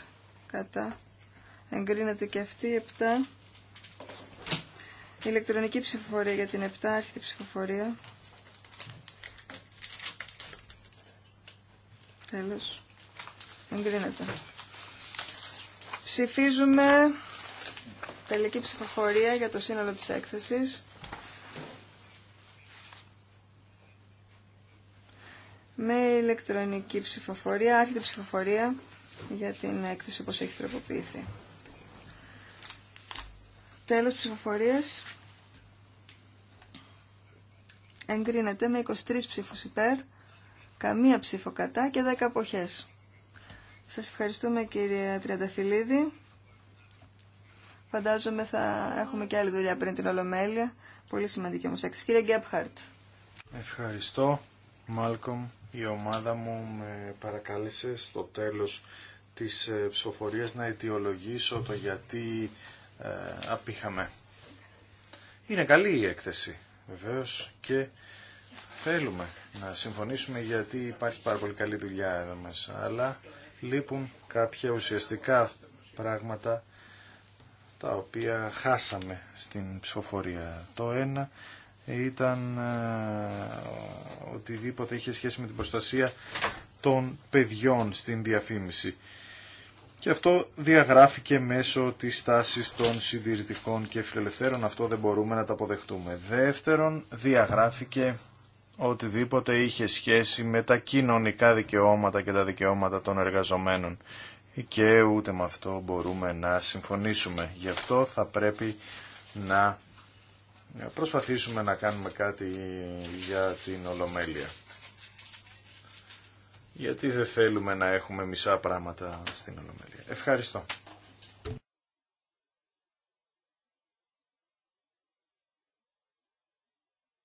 κατά, εγκρίνεται και αυτή. 7 ηλεκτρονική ψηφοφορία για την 7 άρχιτη ψηφοφορία. Τέλος. Εγκρίνεται. Ψηφίζουμε τελική ψηφοφορία για το σύνολο της έκθεσης. ηλεκτρονική ψηφοφορία, άρχιτη ψηφοφορία για την έκθεση όπως έχει τροποποιηθεί. Τέλος ψηφοφορίας. Εγκρίνεται με 23 ψήφους υπέρ, καμία ψήφο κατά και 10 αποχές. Σας ευχαριστούμε κύριε Τριανταφυλλίδη. Φαντάζομαι θα έχουμε και άλλη δουλειά πριν την Ολομέλεια. Πολύ σημαντική όμως έκθεση. Κύριε Γκέπχαρτ. Ευχαριστώ, Μάλκομ η ομάδα μου με παρακάλεσε στο τέλος της ε, ψηφοφορίας να αιτιολογήσω το γιατί ε, απήχαμε. Είναι καλή η έκθεση βεβαίως και θέλουμε να συμφωνήσουμε γιατί υπάρχει πάρα πολύ καλή δουλειά εδώ μέσα αλλά λείπουν κάποια ουσιαστικά πράγματα τα οποία χάσαμε στην ψηφοφορία. Το ένα ήταν ε, οτιδήποτε είχε σχέση με την προστασία των παιδιών στην διαφήμιση. Και αυτό διαγράφηκε μέσω της τάσης των συντηρητικών και φιλελευθέρων. Αυτό δεν μπορούμε να το αποδεχτούμε. Δεύτερον, διαγράφηκε οτιδήποτε είχε σχέση με τα κοινωνικά δικαιώματα και τα δικαιώματα των εργαζομένων. Και ούτε με αυτό μπορούμε να συμφωνήσουμε. Γι' αυτό θα πρέπει να ε, προσπαθήσουμε να κάνουμε κάτι για την Ολομέλεια. Γιατί δεν θέλουμε να έχουμε μισά πράγματα στην Ολομέλεια. Ευχαριστώ.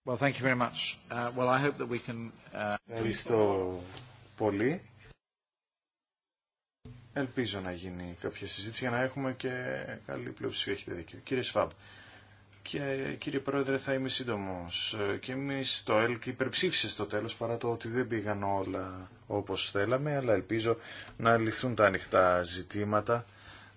Well, thank you very much. Uh, well, I hope that we can. Uh, Ευχαριστώ πολύ. Ελπίζω να γίνει κάποια συζήτηση για να έχουμε και καλή πλειοψηφία. Έχετε δίκιο. Κύριε Σφάμπ. Και κύριε Πρόεδρε θα είμαι σύντομο. Και εμείς το ΕΛΚ υπερψήφισε στο τέλος παρά το ότι δεν πήγαν όλα όπως θέλαμε, αλλά ελπίζω να λυθούν τα ανοιχτά ζητήματα.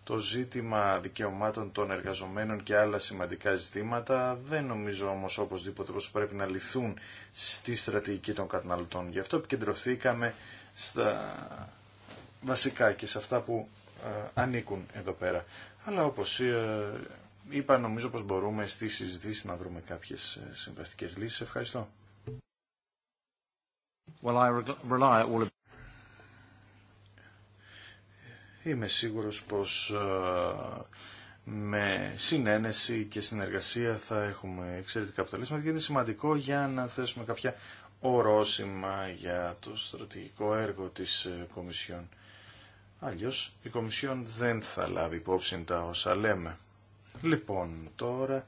Το ζήτημα δικαιωμάτων των εργαζομένων και άλλα σημαντικά ζητήματα δεν νομίζω όμως οπωσδήποτε πως πρέπει να λυθούν στη στρατηγική των καταναλωτών. Γι' αυτό επικεντρωθήκαμε στα βασικά και σε αυτά που ε, ανήκουν εδώ πέρα. Αλλά όπως ε, είπα νομίζω πως μπορούμε στη συζήτηση να βρούμε κάποιες ε, συμβαστικές λύσεις. Ευχαριστώ. Well, I rely all... Είμαι σίγουρος πως ε, με συνένεση και συνεργασία θα έχουμε εξαιρετικά αποτελέσματα και είναι σημαντικό για να θέσουμε κάποια ορόσημα για το στρατηγικό έργο της ε, Κομισιόν. Αλλιώς η Κομισιόν δεν θα λάβει υπόψη τα όσα λέμε. Λοιπόν, τώρα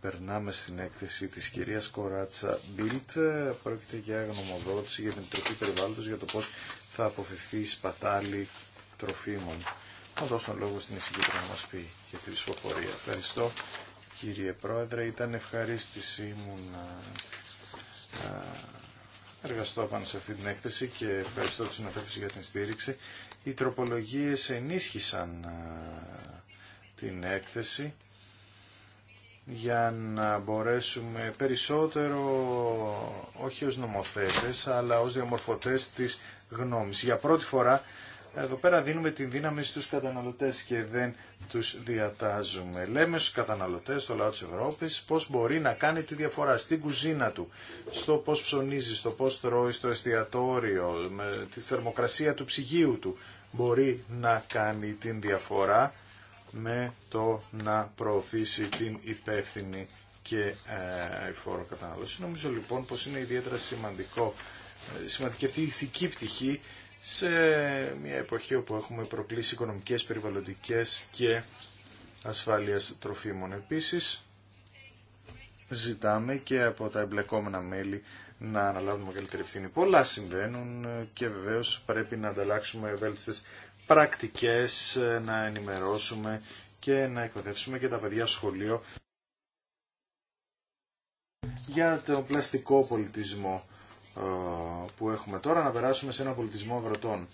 περνάμε στην έκθεση της κυρίας Κοράτσα Μπίλτ. Πρόκειται για γνωμοδότηση για την τροφή Περιβάλλοντος για το πώς θα αποφευθεί η σπατάλη τροφίμων. Θα δώσω λόγο στην εισηγήτρια να μας πει για τη ψηφοφορία. Ευχαριστώ κύριε Πρόεδρε. Ήταν ευχαρίστησή μου να εργαστώ πάνω σε αυτή την έκθεση και ευχαριστώ τους συναδέλφους για την στήριξη. Οι τροπολογίες ενίσχυσαν ε, την έκθεση για να μπορέσουμε περισσότερο, όχι ως νομοθέτες, αλλά ως διαμορφωτές της γνώμης. Για πρώτη φορά, εδώ πέρα δίνουμε τη δύναμη στους καταναλωτές και δεν τους διατάζουμε. Λέμε στους καταναλωτές, στο λαό της Ευρώπης, πώς μπορεί να κάνει τη διαφορά στην κουζίνα του, στο πώς ψωνίζει, στο πώς τρώει, στο εστιατόριο, τη θερμοκρασία του ψυγείου του. Μπορεί να κάνει την διαφορά με το να προωθήσει την υπεύθυνη και ε, φόρο κατανάλωση. Νομίζω λοιπόν πως είναι ιδιαίτερα σημαντικό, ε, σημαντική αυτή η ηθική πτυχή σε μια εποχή όπου έχουμε προκλήσει οικονομικές, περιβαλλοντικές και ασφάλειας τροφίμων. Επίσης, ζητάμε και από τα εμπλεκόμενα μέλη να αναλάβουμε μεγαλύτερη ευθύνη. Πολλά συμβαίνουν και βεβαίως πρέπει να ανταλλάξουμε ευέλτιστες πρακτικές ε, να ενημερώσουμε και να εκπαιδεύσουμε και τα παιδιά σχολείο για τον πλαστικό πολιτισμό ε, που έχουμε τώρα, να περάσουμε σε ένα πολιτισμό αγροτών.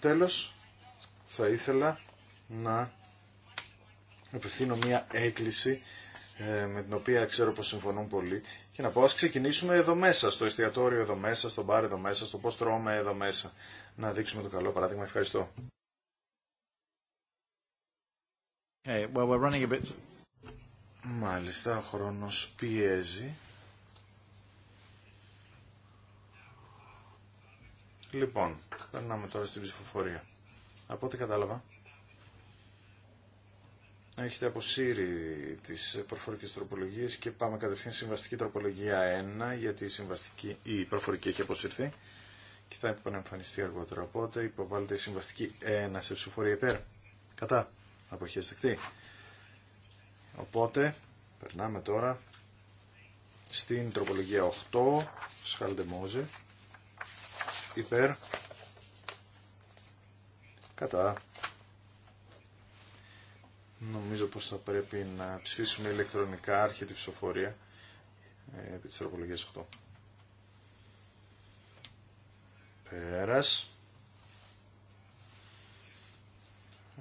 Τέλος, θα ήθελα να επιθύνω μία έκκληση ε, με την οποία ξέρω πως συμφωνούν πολλοί και να πω ας ξεκινήσουμε εδώ μέσα, στο εστιατόριο εδώ μέσα, στο μπαρ εδώ μέσα, στο πώς τρώμε εδώ μέσα να δείξουμε το καλό παράδειγμα. Ευχαριστώ. Okay, well, we're running a bit... Μάλιστα, ο χρόνος πιέζει. Λοιπόν, περνάμε τώρα στην ψηφοφορία. Από ό,τι κατάλαβα, έχετε αποσύρει τις προφορικές τροπολογίες και πάμε κατευθείαν συμβαστική τροπολογία 1, γιατί η, η προφορική έχει αποσυρθεί και θα επανεμφανιστεί αργότερα. Οπότε υποβάλλεται η συμβαστική 1 σε ψηφοφορία υπέρ. Κατά. Αποχές Οπότε περνάμε τώρα στην τροπολογία 8. Σχάλτε μόζε. Υπέρ. Κατά. Νομίζω πως θα πρέπει να ψηφίσουμε ηλεκτρονικά άρχη ψηφοφορία ε, επί της τροπολογίας 8. Πέρας.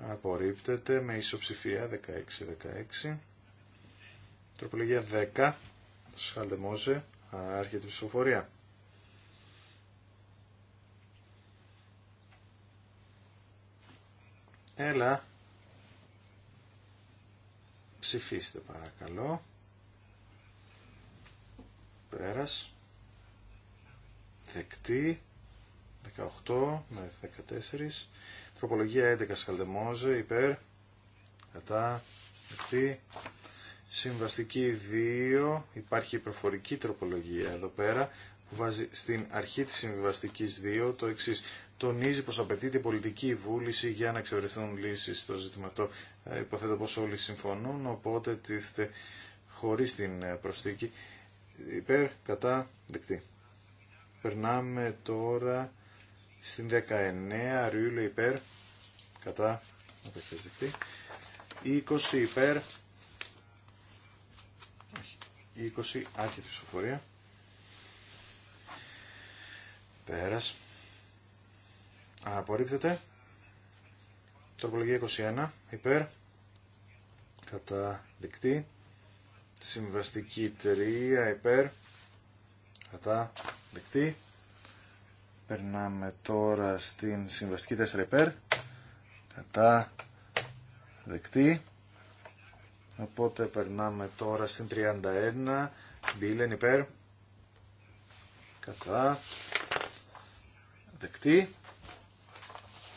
Απορρίπτεται με ισοψηφία 16-16. Τροπολογία 10. Σχαλτεμόζε Άρχεται η ψηφοφορία. Έλα. Ψηφίστε παρακαλώ. Πέρας. Δεκτή. 18 με 14. Τροπολογία 11 Σκαλτεμόζε υπέρ. Κατά. Δεκτή. Συμβαστική 2. Υπάρχει η προφορική τροπολογία εδώ πέρα που βάζει στην αρχή της συμβαστική 2 το εξή. Τονίζει πως απαιτείται πολιτική βούληση για να εξευρεθούν λύσεις στο ζήτημα αυτό. Ε, υποθέτω πως όλοι συμφωνούν, οπότε τίθεται χωρίς την ε, προσθήκη υπέρ, κατά, δεκτή. Περνάμε τώρα στην 19 Ριούλε υπέρ κατά αποχές 20 υπέρ 20 άρχεται ψηφοφορία. Πέρας. Απορρίπτεται. Τροπολογία 21 υπέρ κατά δεκτή. Συμβαστική 3 υπέρ κατά δεκτή. Περνάμε τώρα στην συμβαστική 4 υπέρ. Κατά. Δεκτή. Οπότε περνάμε τώρα στην 31. Μπίλεν υπέρ. Κατά. Δεκτή.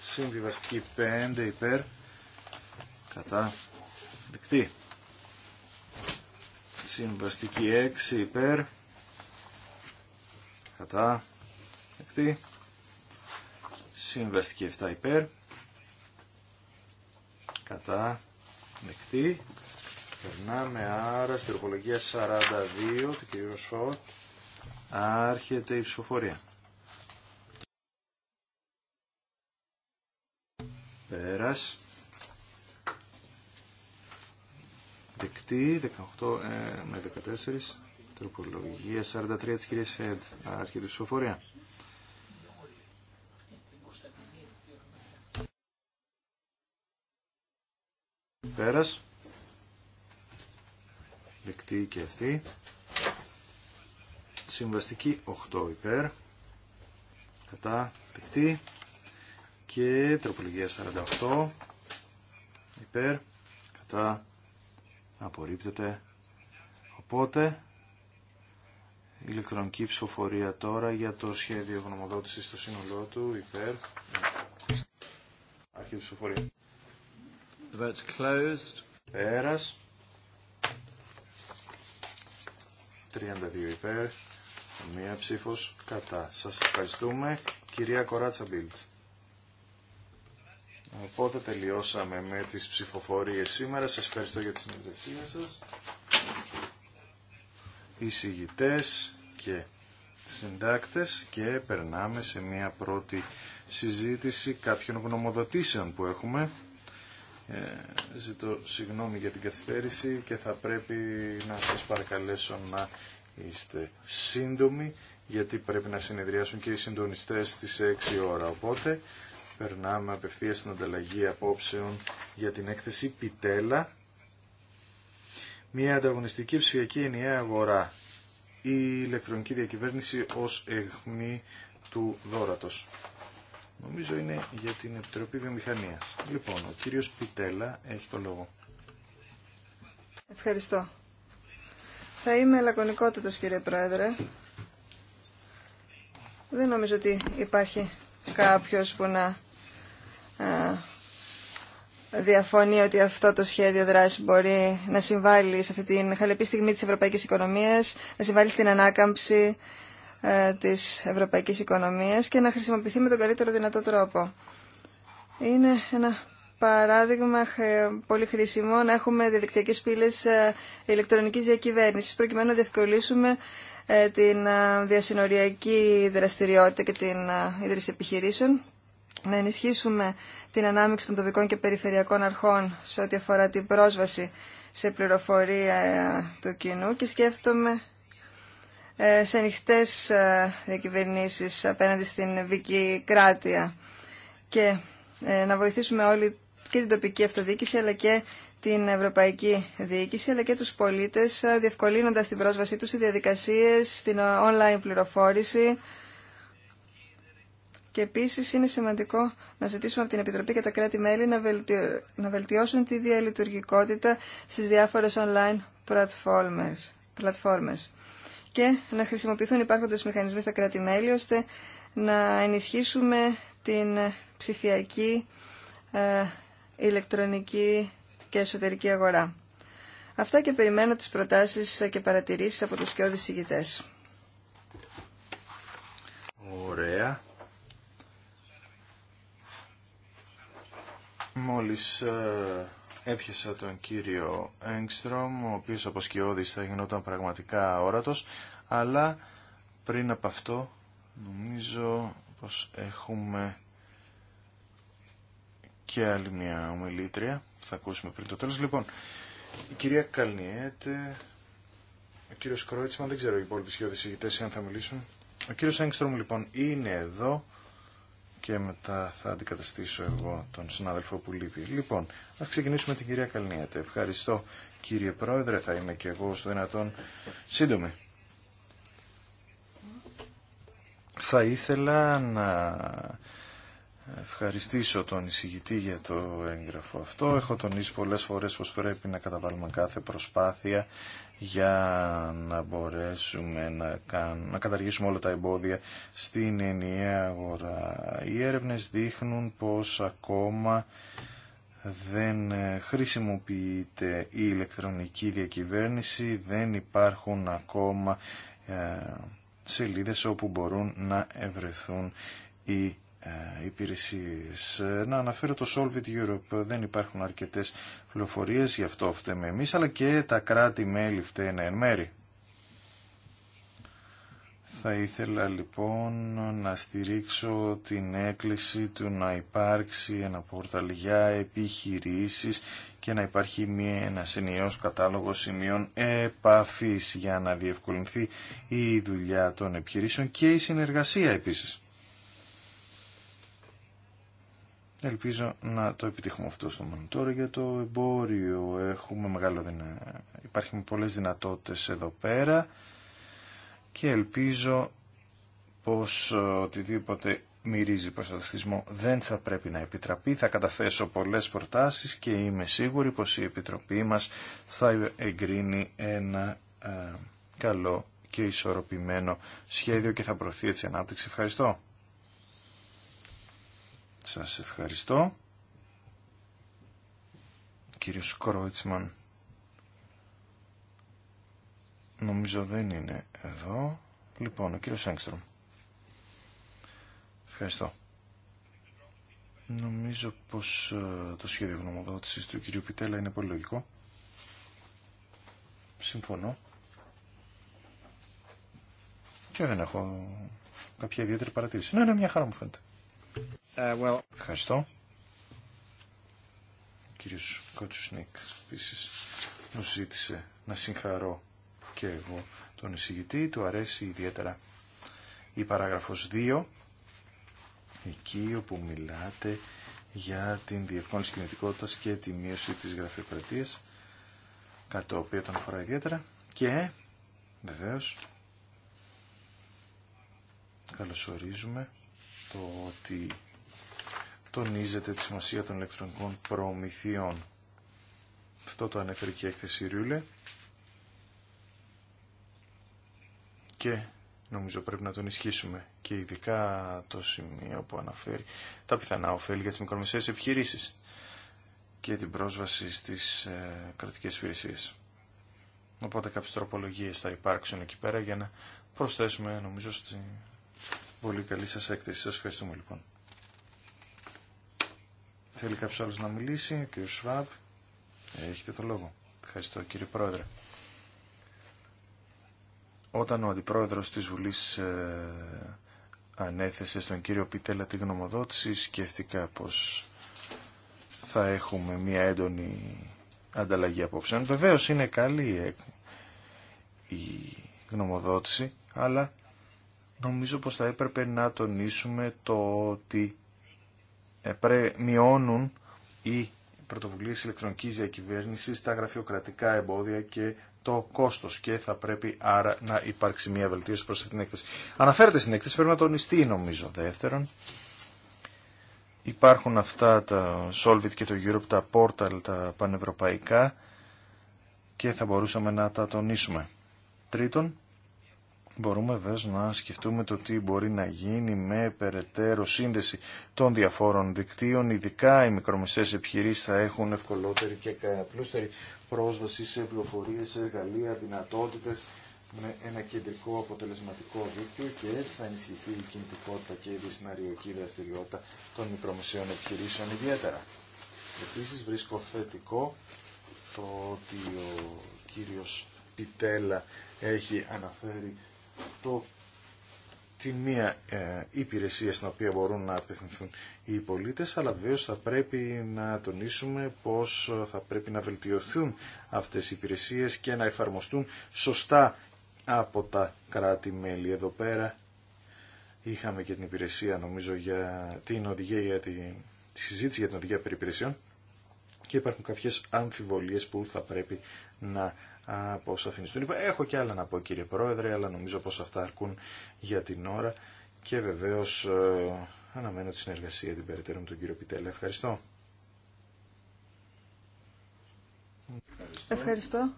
Συμβιβαστική 5 υπέρ. Κατά. Δεκτή. Συμβαστική 6 υπέρ. Κατά. Δεκτή. Συμβαστική 7 υπέρ. Κατά. Δεκτή. Περνάμε άρα στην τροπολογία 42 του κ. Σφότ. Άρχεται η ψηφοφορία. Πέρας. Δεκτή, 18 ε, με 14. Τροπολογία 43 της κυρίας Φέντ, Άρχεται η ψηφοφορία. Πέρας. Δεκτή και αυτή. Συμβαστική 8 υπέρ. Κατά. Δεκτή. Και τροπολογία 48 υπέρ. Κατά. Απορρίπτεται. Οπότε ηλεκτρονική ψηφοφορία τώρα για το σχέδιο γνωμοδότησης στο σύνολό του υπέρ. Αρχή ψηφοφορία. The vote's Πέρας. 32 υπέρ. Μία ψήφος κατά. Σας ευχαριστούμε. Κυρία Κοράτσα Μπίλτ. Οπότε τελειώσαμε με τις ψηφοφορίες σήμερα. Σας ευχαριστώ για τη συνεργασία σας. Εισηγητές και συντάκτες και περνάμε σε μια πρώτη συζήτηση κάποιων γνωμοδοτήσεων που έχουμε. Ε, ζητώ συγγνώμη για την καθυστέρηση και θα πρέπει να σας παρακαλέσω να είστε σύντομοι γιατί πρέπει να συνεδριάσουν και οι συντονιστές στις 6 ώρα. Οπότε περνάμε απευθείας στην ανταλλαγή απόψεων για την έκθεση Πιτέλα. Μια ανταγωνιστική ψηφιακή ενιαία αγορά. Η ηλεκτρονική διακυβέρνηση ως εχμή του δόρατος. Νομίζω είναι για την Επιτροπή Βιομηχανίας. Λοιπόν, ο κύριος Πιτέλα έχει το λόγο. Ευχαριστώ. Θα είμαι λακωνικότατος κύριε Πρόεδρε. Δεν νομίζω ότι υπάρχει κάποιος που να ε, διαφωνεί ότι αυτό το σχέδιο δράση μπορεί να συμβάλλει σε αυτή την χαλεπή στιγμή της ευρωπαϊκής οικονομίας, να συμβάλλει στην ανάκαμψη ε, της ευρωπαϊκής οικονομίας και να χρησιμοποιηθεί με τον καλύτερο δυνατό τρόπο. Είναι ένα παράδειγμα πολύ χρήσιμο να έχουμε διαδικτυακές πύλες ε, ηλεκτρονικής διακυβέρνησης προκειμένου να διευκολύσουμε ε, την διασυνοριακή δραστηριότητα και την ίδρυση επιχειρήσεων να ενισχύσουμε την ανάμειξη των τοπικών και περιφερειακών αρχών σε ό,τι αφορά την πρόσβαση σε πληροφορία του κοινού και σκέφτομαι ε, σε ανοιχτέ ε, διακυβερνήσει απέναντι στην βική κράτεια και ε, να βοηθήσουμε όλοι και την τοπική αυτοδιοίκηση αλλά και την ευρωπαϊκή διοίκηση αλλά και τους πολίτες διευκολύνοντας την πρόσβασή τους σε διαδικασίες, στην online πληροφόρηση και επίσης είναι σημαντικό να ζητήσουμε από την Επιτροπή και τα κράτη-μέλη να βελτιώσουν τη διαλειτουργικότητα στις διάφορες online πλατφόρμες και να χρησιμοποιηθούν υπάρχοντες μηχανισμοί στα κράτη-μέλη ώστε να ενισχύσουμε την ψηφιακή ε, ηλεκτρονική και εσωτερική αγορά. Αυτά και περιμένω τις προτάσεις και παρατηρήσεις από τους κοιόδης συγητές. Ωραία. Μόλις ε, έπιασα τον κύριο Έγκστρομ, ο οποίος από σκιώδης θα γινόταν πραγματικά όρατος, αλλά πριν από αυτό νομίζω πως έχουμε και άλλη μια ομιλήτρια που θα ακούσουμε πριν το τέλος. Λοιπόν, η κυρία Καλνιέτε, ο κύριος Κρόιτσμαν, δεν ξέρω οι υπόλοιποι σκιώδης ηγητές αν θα μιλήσουν. Ο κύριος Έγκστρομ λοιπόν είναι εδώ και μετά θα αντικαταστήσω εγώ τον συνάδελφο που λείπει. Λοιπόν, ας ξεκινήσουμε την κυρία Καλνίατε. Ευχαριστώ κύριε Πρόεδρε, θα είμαι και εγώ στο δυνατόν σύντομη. Θα ήθελα να ευχαριστήσω τον εισηγητή για το έγγραφο αυτό. Έχω τονίσει πολλές φορές πως πρέπει να καταβάλουμε κάθε προσπάθεια για να μπορέσουμε να, καν, να καταργήσουμε όλα τα εμπόδια στην ενιαία αγορά. Οι έρευνες δείχνουν πως ακόμα δεν ε, χρησιμοποιείται η ηλεκτρονική διακυβέρνηση, δεν υπάρχουν ακόμα ε, σελίδες όπου μπορούν να ευρεθούν οι ε, υπηρεσίες. Να αναφέρω το Solvit Europe. Δεν υπάρχουν αρκετές πληροφορίες, γι' αυτό φταίμε εμείς, αλλά και τα κράτη-μέλη φταίνε εν μέρη. Θα ήθελα λοιπόν να στηρίξω την έκκληση του να υπάρξει ένα πόρταλ για επιχειρήσεις και να υπάρχει μία, ένας ενιαίος κατάλογος σημείων επαφής για να διευκολυνθεί η δουλειά των επιχειρήσεων και η συνεργασία επίσης. Ελπίζω να το επιτύχουμε αυτό στο μόνο για το εμπόριο έχουμε μεγάλο δυνα... υπάρχουν πολλές δυνατότητες εδώ πέρα και ελπίζω πως ε, οτιδήποτε μυρίζει προστατευτισμό δεν θα πρέπει να επιτραπεί. Θα καταθέσω πολλές προτάσεις και είμαι σίγουρη πως η Επιτροπή μας θα εγκρίνει ένα ε, καλό και ισορροπημένο σχέδιο και θα προωθεί έτσι ανάπτυξη. Ευχαριστώ. Σας ευχαριστώ. Κύριος Κρόιτσμαν. Νομίζω δεν είναι εδώ. Λοιπόν, ο κύριος Έγκστρομ. Ευχαριστώ. Νομίζω πως ε, το σχέδιο γνωμοδότησης του κυρίου Πιτέλα είναι πολύ λογικό. Συμφωνώ. Και δεν έχω κάποια ιδιαίτερη παρατήρηση. Ναι, ναι, μια χαρά μου φαίνεται. Ε, Ευχαριστώ. Ο κύριος Κότσουσνικ επίσης μου ζήτησε να συγχαρώ και εγώ τον εισηγητή. Του αρέσει ιδιαίτερα η παράγραφος 2 εκεί όπου μιλάτε για την διευκόλυνση κινητικότητας και τη μείωση της γραφειοκρατίας, κάτι το οποίο τον αφορά ιδιαίτερα. Και βεβαίως καλωσορίζουμε το ότι τονίζεται τη σημασία των ηλεκτρονικών προμηθειών. Αυτό το ανέφερε και η έκθεση Ριούλε. Και νομίζω πρέπει να τον ισχύσουμε και ειδικά το σημείο που αναφέρει τα πιθανά ωφέλη για τις μικρομεσαίες επιχειρήσεις και την πρόσβαση στις ε, κρατικές υπηρεσίες. Οπότε κάποιες τροπολογίες θα υπάρξουν εκεί πέρα για να προσθέσουμε νομίζω στην πολύ καλή σας έκθεση. Σας ευχαριστούμε λοιπόν. Θέλει κάποιο άλλο να μιλήσει. Ο κύριος Έχετε το λόγο. Ευχαριστώ κύριε Πρόεδρε. Όταν ο Αντιπρόεδρος της Βουλής ε, ανέθεσε στον κύριο Πιτέλα τη γνωμοδότηση, σκέφτηκα πως θα έχουμε μια έντονη ανταλλαγή απόψεων. Βεβαίως είναι καλή ε, η γνωμοδότηση, αλλά νομίζω πως θα έπρεπε να τονίσουμε το ότι μειώνουν οι πρωτοβουλίες ηλεκτρονικής διακυβέρνησης, τα γραφειοκρατικά εμπόδια και το κόστος και θα πρέπει άρα να υπάρξει μια βελτίωση προς αυτή την έκθεση. Αναφέρεται στην έκθεση, πρέπει να τονιστεί νομίζω δεύτερον. Υπάρχουν αυτά τα Solvit και το Europe, τα Portal, τα πανευρωπαϊκά και θα μπορούσαμε να τα τονίσουμε. Τρίτον, Μπορούμε βέβαια να σκεφτούμε το τι μπορεί να γίνει με περαιτέρω σύνδεση των διαφόρων δικτύων. Ειδικά οι μικρομεσαίες επιχειρήσεις θα έχουν ευκολότερη και απλούστερη πρόσβαση σε πληροφορίες, σε εργαλεία, δυνατότητες με ένα κεντρικό αποτελεσματικό δίκτυο και έτσι θα ενισχυθεί η κινητικότητα και η δυσναριακή δραστηριότητα των μικρομεσαίων επιχειρήσεων ιδιαίτερα. Επίσης βρίσκω θετικό το ότι ο κύριος Πιτέλα έχει αναφέρει το, τη μία ε, υπηρεσία στην οποία μπορούν να απευθυνθούν οι πολίτες, αλλά βεβαίως θα πρέπει να τονίσουμε πώς θα πρέπει να βελτιωθούν αυτές οι υπηρεσίες και να εφαρμοστούν σωστά από τα κράτη-μέλη. Εδώ πέρα είχαμε και την υπηρεσία, νομίζω, για την οδηγία, για τη, τη συζήτηση για την οδηγία περί και υπάρχουν κάποιες αμφιβολίες που θα πρέπει να από όσα Έχω και άλλα να πω κύριε Πρόεδρε, αλλά νομίζω πως αυτά αρκούν για την ώρα και βεβαίως ε, αναμένω τη συνεργασία την περαιτέρω με τον κύριο Πιτέλα. Ευχαριστώ. Ευχαριστώ.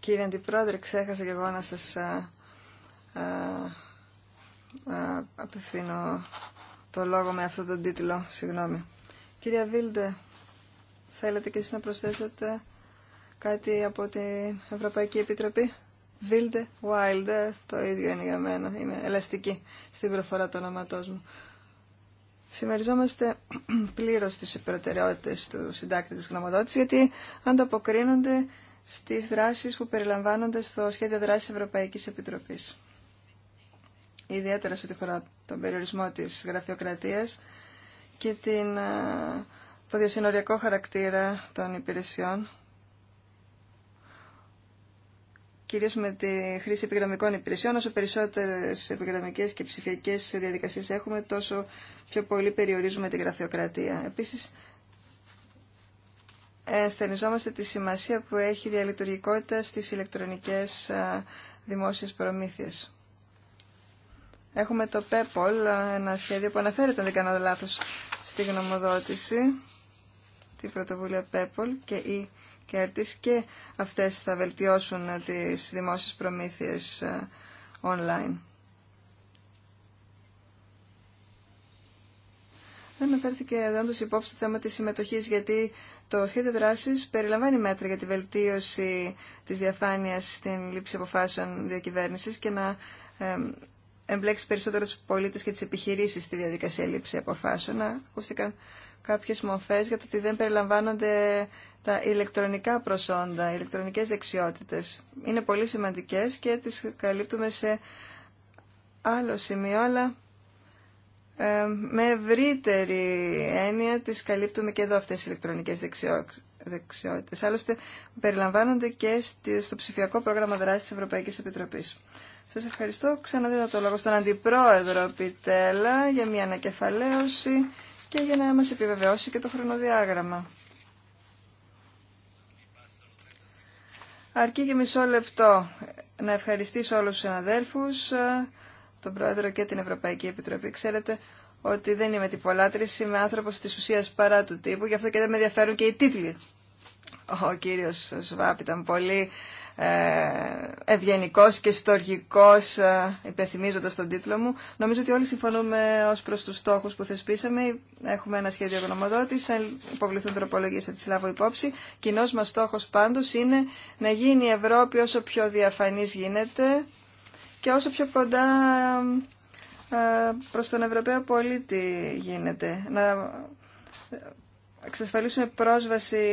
Κύριε Αντιπρόεδρε, ξέχασα και εγώ να σας ε, ε, απευθύνω το λόγο με αυτόν τον τίτλο. Συγγνώμη. Κύριε Βίλντε, θέλετε και εσείς να προσθέσετε κάτι από την Ευρωπαϊκή Επιτροπή. Βίλτε, Wilde, το ίδιο είναι για μένα. Είμαι ελαστική στην προφορά του όνοματό μου. Συμμεριζόμαστε πλήρω τις προτεραιότητε του συντάκτη τη γνωμοδότηση, γιατί ανταποκρίνονται στις δράσεις που περιλαμβάνονται στο σχέδιο δράσης Ευρωπαϊκής Επιτροπής. Ιδιαίτερα σε ό,τι φορά τον περιορισμό τη γραφειοκρατίας και την, ε, το διασυνοριακό χαρακτήρα των υπηρεσιών κυρίως με τη χρήση επιγραμμικών υπηρεσιών. Όσο περισσότερες επιγραμμικές και ψηφιακές διαδικασίες έχουμε, τόσο πιο πολύ περιορίζουμε την γραφειοκρατία. Επίσης, στενιζόμαστε τη σημασία που έχει η διαλειτουργικότητα στις ηλεκτρονικές δημόσιες προμήθειες. Έχουμε το PEPOL, ένα σχέδιο που αναφέρεται, αν δεν κάνω λάθος, στη γνωμοδότηση, την πρωτοβουλία PEPOL και η και αυτές θα βελτιώσουν τις δημόσιες προμήθειες ε, online. Δεν αναφέρθηκε φέρθηκε τους υπόψη το θέμα της συμμετοχής γιατί το σχέδιο δράσης περιλαμβάνει μέτρα για τη βελτίωση της διαφάνειας στην λήψη αποφάσεων διακυβέρνησης και να εμπλέξει περισσότερο του πολίτες και τις επιχειρήσεις στη διαδικασία λήψη αποφάσεων κάποιες μορφές για το ότι δεν περιλαμβάνονται τα ηλεκτρονικά προσόντα, ηλεκτρονικές δεξιότητες. Είναι πολύ σημαντικές και τις καλύπτουμε σε άλλο σημείο, αλλά ε, με ευρύτερη έννοια τις καλύπτουμε και εδώ αυτές οι ηλεκτρονικές δεξιότητες. Άλλωστε περιλαμβάνονται και στο ψηφιακό πρόγραμμα δράσης της Ευρωπαϊκής Επιτροπής. Σας ευχαριστώ. Ξαναδίδω το λόγο στον Αντιπρόεδρο Πιτέλα για μια ανακεφαλαίωση και για να μας επιβεβαιώσει και το χρονοδιάγραμμα. Αρκεί και μισό λεπτό να ευχαριστήσω όλους τους συναδέλφους, τον Πρόεδρο και την Ευρωπαϊκή Επιτροπή. Ξέρετε ότι δεν είμαι τυπολάτρης, είμαι άνθρωπος της ουσίας παρά του τύπου, γι' αυτό και δεν με ενδιαφέρουν και οι τίτλοι. Ο κύριος Σβάπ ήταν πολύ ε, ευγενικός και στοργικό, ε, υπεθυμίζοντας τον τίτλο μου. Νομίζω ότι όλοι συμφωνούμε ως προς τους στόχους που θεσπίσαμε. Έχουμε ένα σχέδιο γνωμοδότης, αν υποβληθούν τροπολογίες θα τις λάβω υπόψη. Κοινό μας στόχος πάντως είναι να γίνει η Ευρώπη όσο πιο διαφανής γίνεται και όσο πιο κοντά ε, προς τον Ευρωπαίο πολίτη γίνεται. Να εξασφαλίσουμε πρόσβαση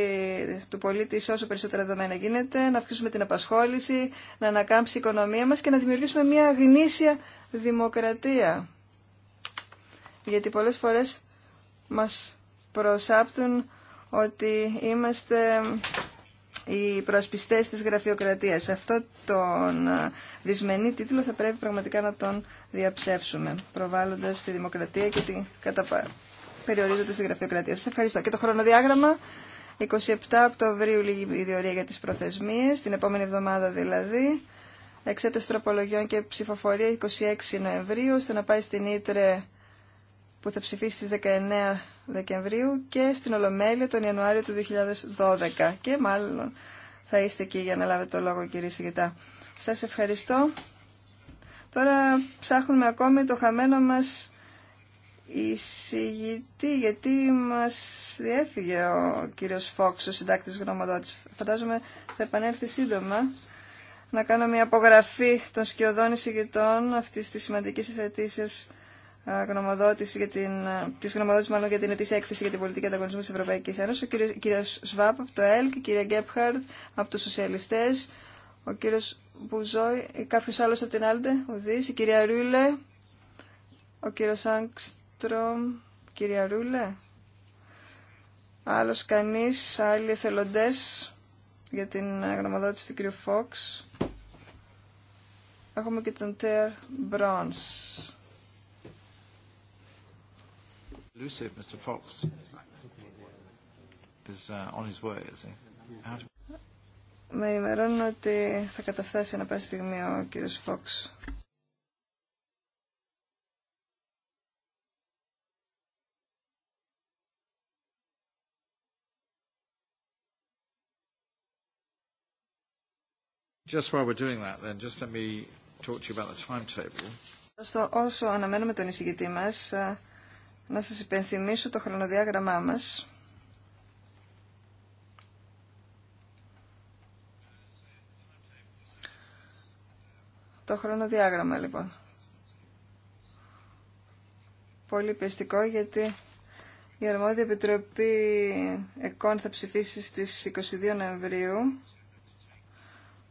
του πολίτη σε όσο περισσότερα δεδομένα γίνεται, να αυξήσουμε την απασχόληση, να ανακάμψει η οικονομία μας και να δημιουργήσουμε μια γνήσια δημοκρατία. Γιατί πολλές φορές μας προσάπτουν ότι είμαστε οι προασπιστές της γραφειοκρατίας. Αυτό τον ε, δυσμενή τίτλο θα πρέπει πραγματικά να τον διαψεύσουμε, προβάλλοντας τη δημοκρατία και την καταπάρα περιορίζονται στην γραφειοκρατία. Σα ευχαριστώ. Και το χρονοδιάγραμμα 27 Οκτωβρίου λίγη η διορία για τις προθεσμίες, την επόμενη εβδομάδα δηλαδή. Εξέταση τροπολογιών και ψηφοφορία 26 Νοεμβρίου, ώστε να πάει στην Ήτρε που θα ψηφίσει στις 19 Δεκεμβρίου και στην Ολομέλεια τον Ιανουάριο του 2012. Και μάλλον θα είστε εκεί για να λάβετε το λόγο κύριε Σιγητά. Σας ευχαριστώ. Τώρα ψάχνουμε ακόμη το χαμένο μας εισηγητή, γιατί μας διέφυγε ο κύριος Φόξ, ο συντάκτης γνωμοδότη. Φαντάζομαι θα επανέλθει σύντομα να κάνω μια απογραφή των σκιωδών εισηγητών αυτή τη σημαντική αιτήσια γνωμοδότηση για την, της μάλλον για την ετήσια έκθεση για την πολιτική ανταγωνισμού της Ευρωπαϊκής Ένωσης, ο κύριος, Σβάπ από το ΕΛΚ, η κυρία Γκέπχαρντ από τους Σοσιαλιστές, ο κύριος Μπουζόη, κάποιος άλλος από την Άλντε, ουδής, η κυρία Ρούλε, ο κύριος Άγκστ Κύριε κυρία Ρούλε. Άλλος κανείς, άλλοι εθελοντές για την γνωμοδότηση του κύριου Φόξ. Έχουμε και τον Τέρ Μπρόνς. Με ενημερώνουν ότι θα καταφτάσει ένα πάει στιγμή ο κύριος Φόξ. Just while we're doing that, then, just me talk to you about the timetable. Στο όσο αναμένουμε τον εισηγητή μας, ε, να σας υπενθυμίσω το χρονοδιάγραμμά μας. Το χρονοδιάγραμμα λοιπόν. Πολύ πιστικό, γιατί η αρμόδια επιτροπή ΕΚΟΝ θα ψηφίσει στις 22 Νοεμβρίου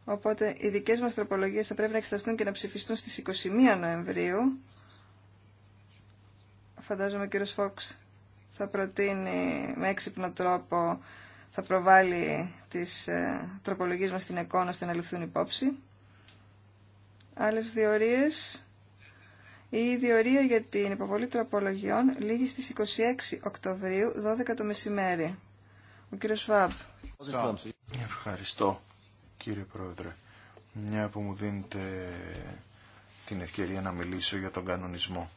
Οπότε οι δικές μας τροπολογίες θα πρέπει να εξεταστούν και να ψηφιστούν στις 21 Νοεμβρίου. Φαντάζομαι ο κύριος Φόξ θα προτείνει με έξυπνο τρόπο, θα προβάλλει τις ε, τροπολογίες μας στην εικόνα ώστε να ληφθούν υπόψη. Άλλες διορίες. Η διορία για την υποβολή τροπολογιών λήγει στις 26 Οκτωβρίου, 12 το μεσημέρι. Ο κύριος Φάμπ. Ευχαριστώ κύριε Πρόεδρε. Μια που μου δίνετε την ευκαιρία να μιλήσω για τον κανονισμό.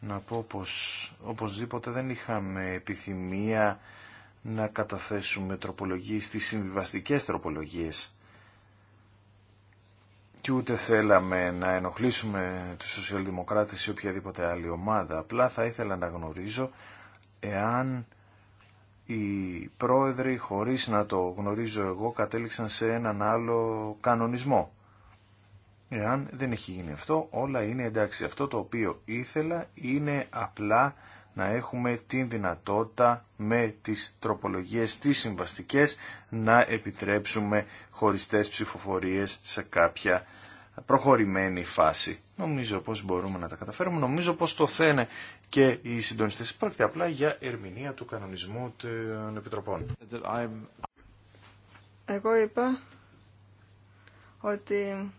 Να πω πως οπωσδήποτε δεν είχαμε επιθυμία να καταθέσουμε τροπολογίες στις συμβιβαστικές τροπολογίες. Και ούτε θέλαμε να ενοχλήσουμε τους σοσιαλδημοκράτες ή οποιαδήποτε άλλη ομάδα. Απλά θα ήθελα να γνωρίζω εάν οι πρόεδροι, χωρίς να το γνωρίζω εγώ, κατέληξαν σε έναν άλλο κανονισμό. Εάν δεν έχει γίνει αυτό, όλα είναι εντάξει. Αυτό το οποίο ήθελα είναι απλά να έχουμε την δυνατότητα με τις τροπολογίες, τις συμβαστικές, να επιτρέψουμε χωριστές ψηφοφορίες σε κάποια προχωρημένη φάση. Νομίζω πως μπορούμε να τα καταφέρουμε, νομίζω πως το θένε και οι συντονιστές. Πρόκειται απλά για ερμηνεία του κανονισμού των Επιτροπών. Εγώ είπα ότι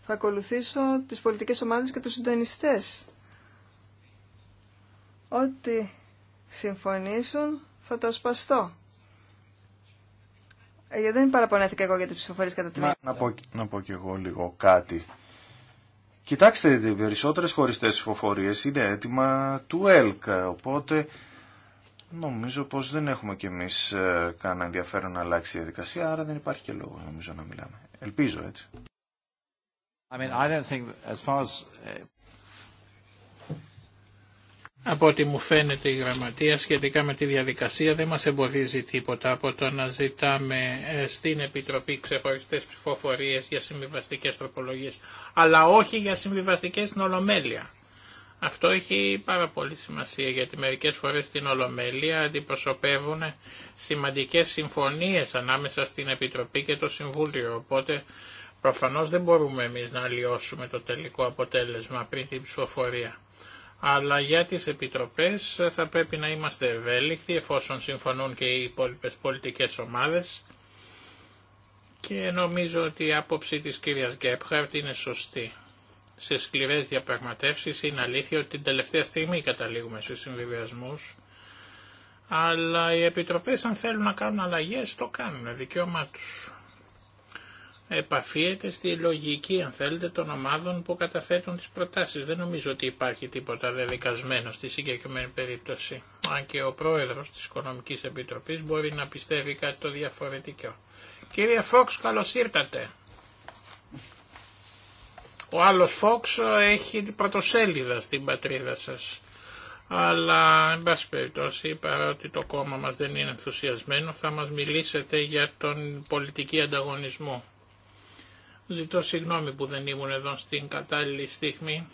θα ακολουθήσω τις πολιτικές ομάδες και τους συντονιστές. Ό,τι συμφωνήσουν θα το σπαστώ. Ε, δεν παραπονέθηκα εγώ για τις ψηφοφορίες κατά τη Να, να πω και εγώ λίγο κάτι. Κοιτάξτε, οι περισσότερες χωριστές ψηφοφορίες είναι έτοιμα του ΕΛΚ, οπότε νομίζω πως δεν έχουμε κι εμείς ε, κανένα ενδιαφέρον να αλλάξει η διαδικασία, άρα δεν υπάρχει και λόγο νομίζω να μιλάμε. Ελπίζω έτσι. I mean, I don't think as far as... Ε, από ό,τι μου φαίνεται η γραμματεία σχετικά με τη διαδικασία δεν μας εμποδίζει τίποτα από το να ζητάμε ε, στην Επιτροπή ξεχωριστές ψηφοφορίες για συμβιβαστικές τροπολογίες, αλλά όχι για συμβιβαστικές στην Ολομέλεια. Αυτό έχει πάρα πολύ σημασία γιατί μερικές φορές στην Ολομέλεια αντιπροσωπεύουν σημαντικές συμφωνίες ανάμεσα στην Επιτροπή και το Συμβούλιο, οπότε προφανώς δεν μπορούμε εμείς να αλλοιώσουμε το τελικό αποτέλεσμα πριν την ψηφοφορία αλλά για τις επιτροπές θα πρέπει να είμαστε ευέλικτοι εφόσον συμφωνούν και οι υπόλοιπε πολιτικές ομάδες και νομίζω ότι η άποψη της κυρίας Γκέπχαρτ είναι σωστή. Σε σκληρές διαπραγματεύσεις είναι αλήθεια ότι την τελευταία στιγμή καταλήγουμε σε συμβιβασμούς, αλλά οι επιτροπές αν θέλουν να κάνουν αλλαγές το κάνουν, δικαίωμά τους επαφίεται στη λογική, αν θέλετε, των ομάδων που καταθέτουν τις προτάσεις. Δεν νομίζω ότι υπάρχει τίποτα δεδικασμένο στη συγκεκριμένη περίπτωση. Αν και ο πρόεδρος της Οικονομικής Επιτροπής μπορεί να πιστεύει κάτι το διαφορετικό. Κύριε Φόξ, καλώς ήρθατε. Ο άλλος Φόξ έχει πρωτοσέλιδα στην πατρίδα σας. Αλλά, εν πάση περιπτώσει, παρότι το κόμμα μας δεν είναι ενθουσιασμένο, θα μας μιλήσετε για τον πολιτική ανταγωνισμό. Ζητώ συγγνώμη που δεν ήμουν εδώ στην κατάλληλη στιγμή.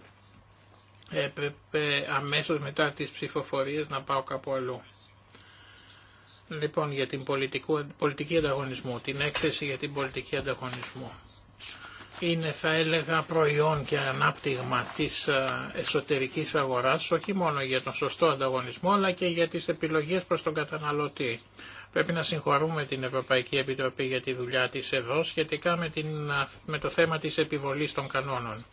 Έπρεπε αμέσως μετά τις ψηφοφορίες να πάω κάπου αλλού. Λοιπόν, για την πολιτική ανταγωνισμού, την έκθεση για την πολιτική ανταγωνισμού. Είναι, θα έλεγα, προϊόν και ανάπτυγμα της ε, εσωτερικής αγοράς, όχι μόνο για τον σωστό ανταγωνισμό, αλλά και για τις επιλογές προς τον καταναλωτή. Πρέπει να συγχωρούμε την Ευρωπαϊκή Επιτροπή για τη δουλειά της εδώ σχετικά με, την, με το θέμα της επιβολής των κανόνων.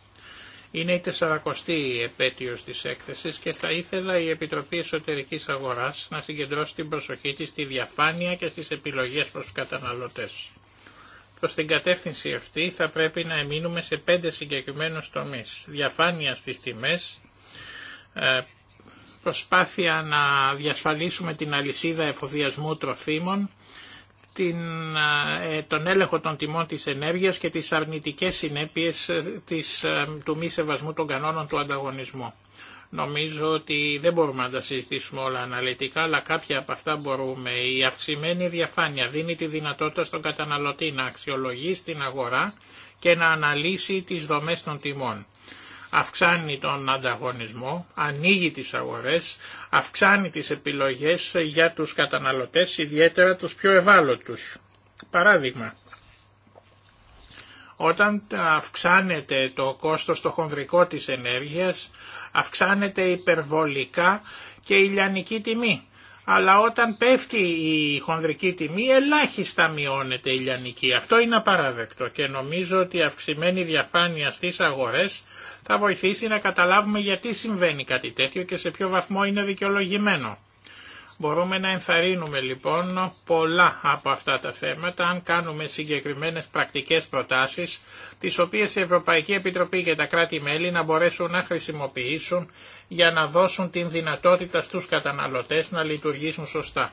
Είναι η 40η επέτειος της έκθεσης και θα ήθελα η Επιτροπή Εσωτερικής Αγοράς να συγκεντρώσει την προσοχή της στη διαφάνεια και στις επιλογές προς τους καταναλωτές. Προς την κατεύθυνση αυτή θα πρέπει να εμείνουμε σε πέντε συγκεκριμένους τομείς. Διαφάνεια στις τιμές, ε, προσπάθεια να διασφαλίσουμε την αλυσίδα εφοδιασμού τροφίμων, την, ε, τον έλεγχο των τιμών της ενέργειας και τις αρνητικές συνέπειες ε, της, ε, του μη σεβασμού των κανόνων του ανταγωνισμού. Νομίζω ότι δεν μπορούμε να τα συζητήσουμε όλα αναλυτικά, αλλά κάποια από αυτά μπορούμε. Η αυξημένη διαφάνεια δίνει τη δυνατότητα στον καταναλωτή να αξιολογεί στην αγορά και να αναλύσει τις δομές των τιμών αυξάνει τον ανταγωνισμό, ανοίγει τις αγορές, αυξάνει τις επιλογές για τους καταναλωτές, ιδιαίτερα τους πιο ευάλωτους. Παράδειγμα, όταν αυξάνεται το κόστος το χονδρικό της ενέργειας, αυξάνεται υπερβολικά και η λιανική τιμή αλλά όταν πέφτει η χονδρική τιμή ελάχιστα μειώνεται η λιανική. Αυτό είναι απαραδεκτό και νομίζω ότι η αυξημένη διαφάνεια στις αγορές θα βοηθήσει να καταλάβουμε γιατί συμβαίνει κάτι τέτοιο και σε ποιο βαθμό είναι δικαιολογημένο. Μπορούμε να ενθαρρύνουμε λοιπόν πολλά από αυτά τα θέματα αν κάνουμε συγκεκριμένες πρακτικές προτάσεις τις οποίες η Ευρωπαϊκή Επιτροπή και τα κράτη-μέλη να μπορέσουν να χρησιμοποιήσουν για να δώσουν την δυνατότητα στους καταναλωτές να λειτουργήσουν σωστά.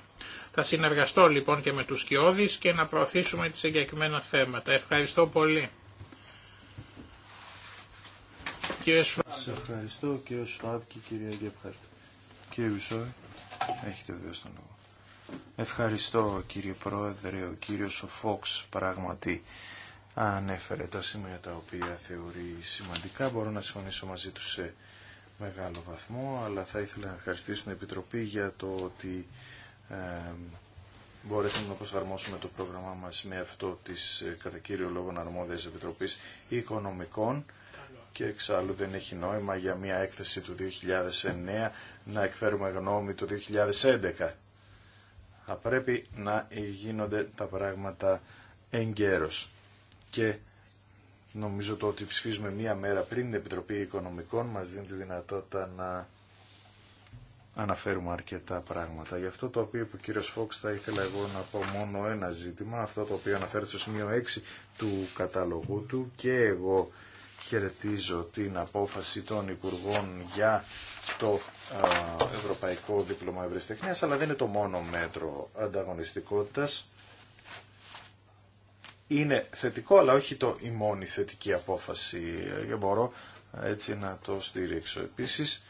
Θα συνεργαστώ λοιπόν και με τους Κιώδης και να προωθήσουμε τις συγκεκριμένα θέματα. Ευχαριστώ πολύ. Σας ευχαριστώ κύριε και κύριε Κύριε Έχετε τον λόγο. Ευχαριστώ κύριε Πρόεδρε, ο κύριος Φόξ πράγματι ανέφερε τα σημεία τα οποία θεωρεί σημαντικά. Μπορώ να συμφωνήσω μαζί του σε μεγάλο βαθμό, αλλά θα ήθελα να ευχαριστήσω την Επιτροπή για το ότι ε, μπορέσαμε να προσαρμόσουμε το πρόγραμμά μας με αυτό της ε, κατά κύριο λόγο αρμόδιας Επιτροπής Οικονομικών και εξάλλου δεν έχει νόημα για μια έκθεση του 2009 να εκφέρουμε γνώμη το 2011. Θα πρέπει να γίνονται τα πράγματα εγκαίρως. Και νομίζω το ότι ψηφίζουμε μία μέρα πριν την Επιτροπή Οικονομικών μας δίνει τη δυνατότητα να αναφέρουμε αρκετά πράγματα. Γι' αυτό το οποίο είπε ο κύριος Φόξ θα ήθελα εγώ να πω μόνο ένα ζήτημα, αυτό το οποίο αναφέρεται στο σημείο 6 του καταλογού του και εγώ χαιρετίζω την απόφαση των Υπουργών για το ευρωπαϊκό δίπλωμα ευρεσιτεχνίας, αλλά δεν είναι το μόνο μέτρο ανταγωνιστικότητας. Είναι θετικό, αλλά όχι το η μόνη θετική απόφαση. Για ε, μπορώ ε, έτσι να το στηρίξω. Επίσης,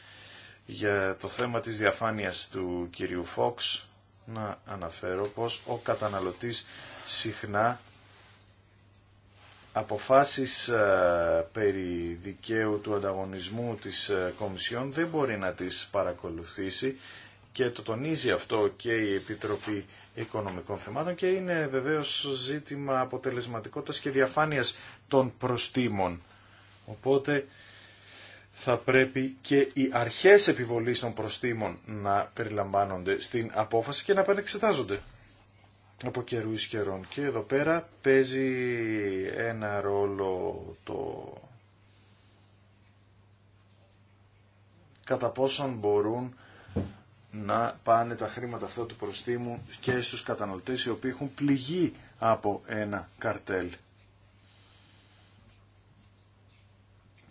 για το θέμα της διαφάνειας του κυρίου Φόξ, να αναφέρω πως ο καταναλωτής συχνά αποφάσεις ε, περί δικαίου του ανταγωνισμού της ε, Κομισιόν δεν μπορεί να τις παρακολουθήσει και το τονίζει αυτό και η Επιτροπή Οικονομικών Θεμάτων και είναι βεβαίως ζήτημα αποτελεσματικότητας και διαφάνειας των προστήμων. Οπότε θα πρέπει και οι αρχές επιβολής των προστήμων να περιλαμβάνονται στην απόφαση και να επανεξετάζονται από καιρού καιρών. Και εδώ πέρα παίζει ένα ρόλο το κατά πόσον μπορούν να πάνε τα χρήματα αυτά του προστίμου και στους καταναλωτές οι οποίοι έχουν πληγεί από ένα καρτέλ.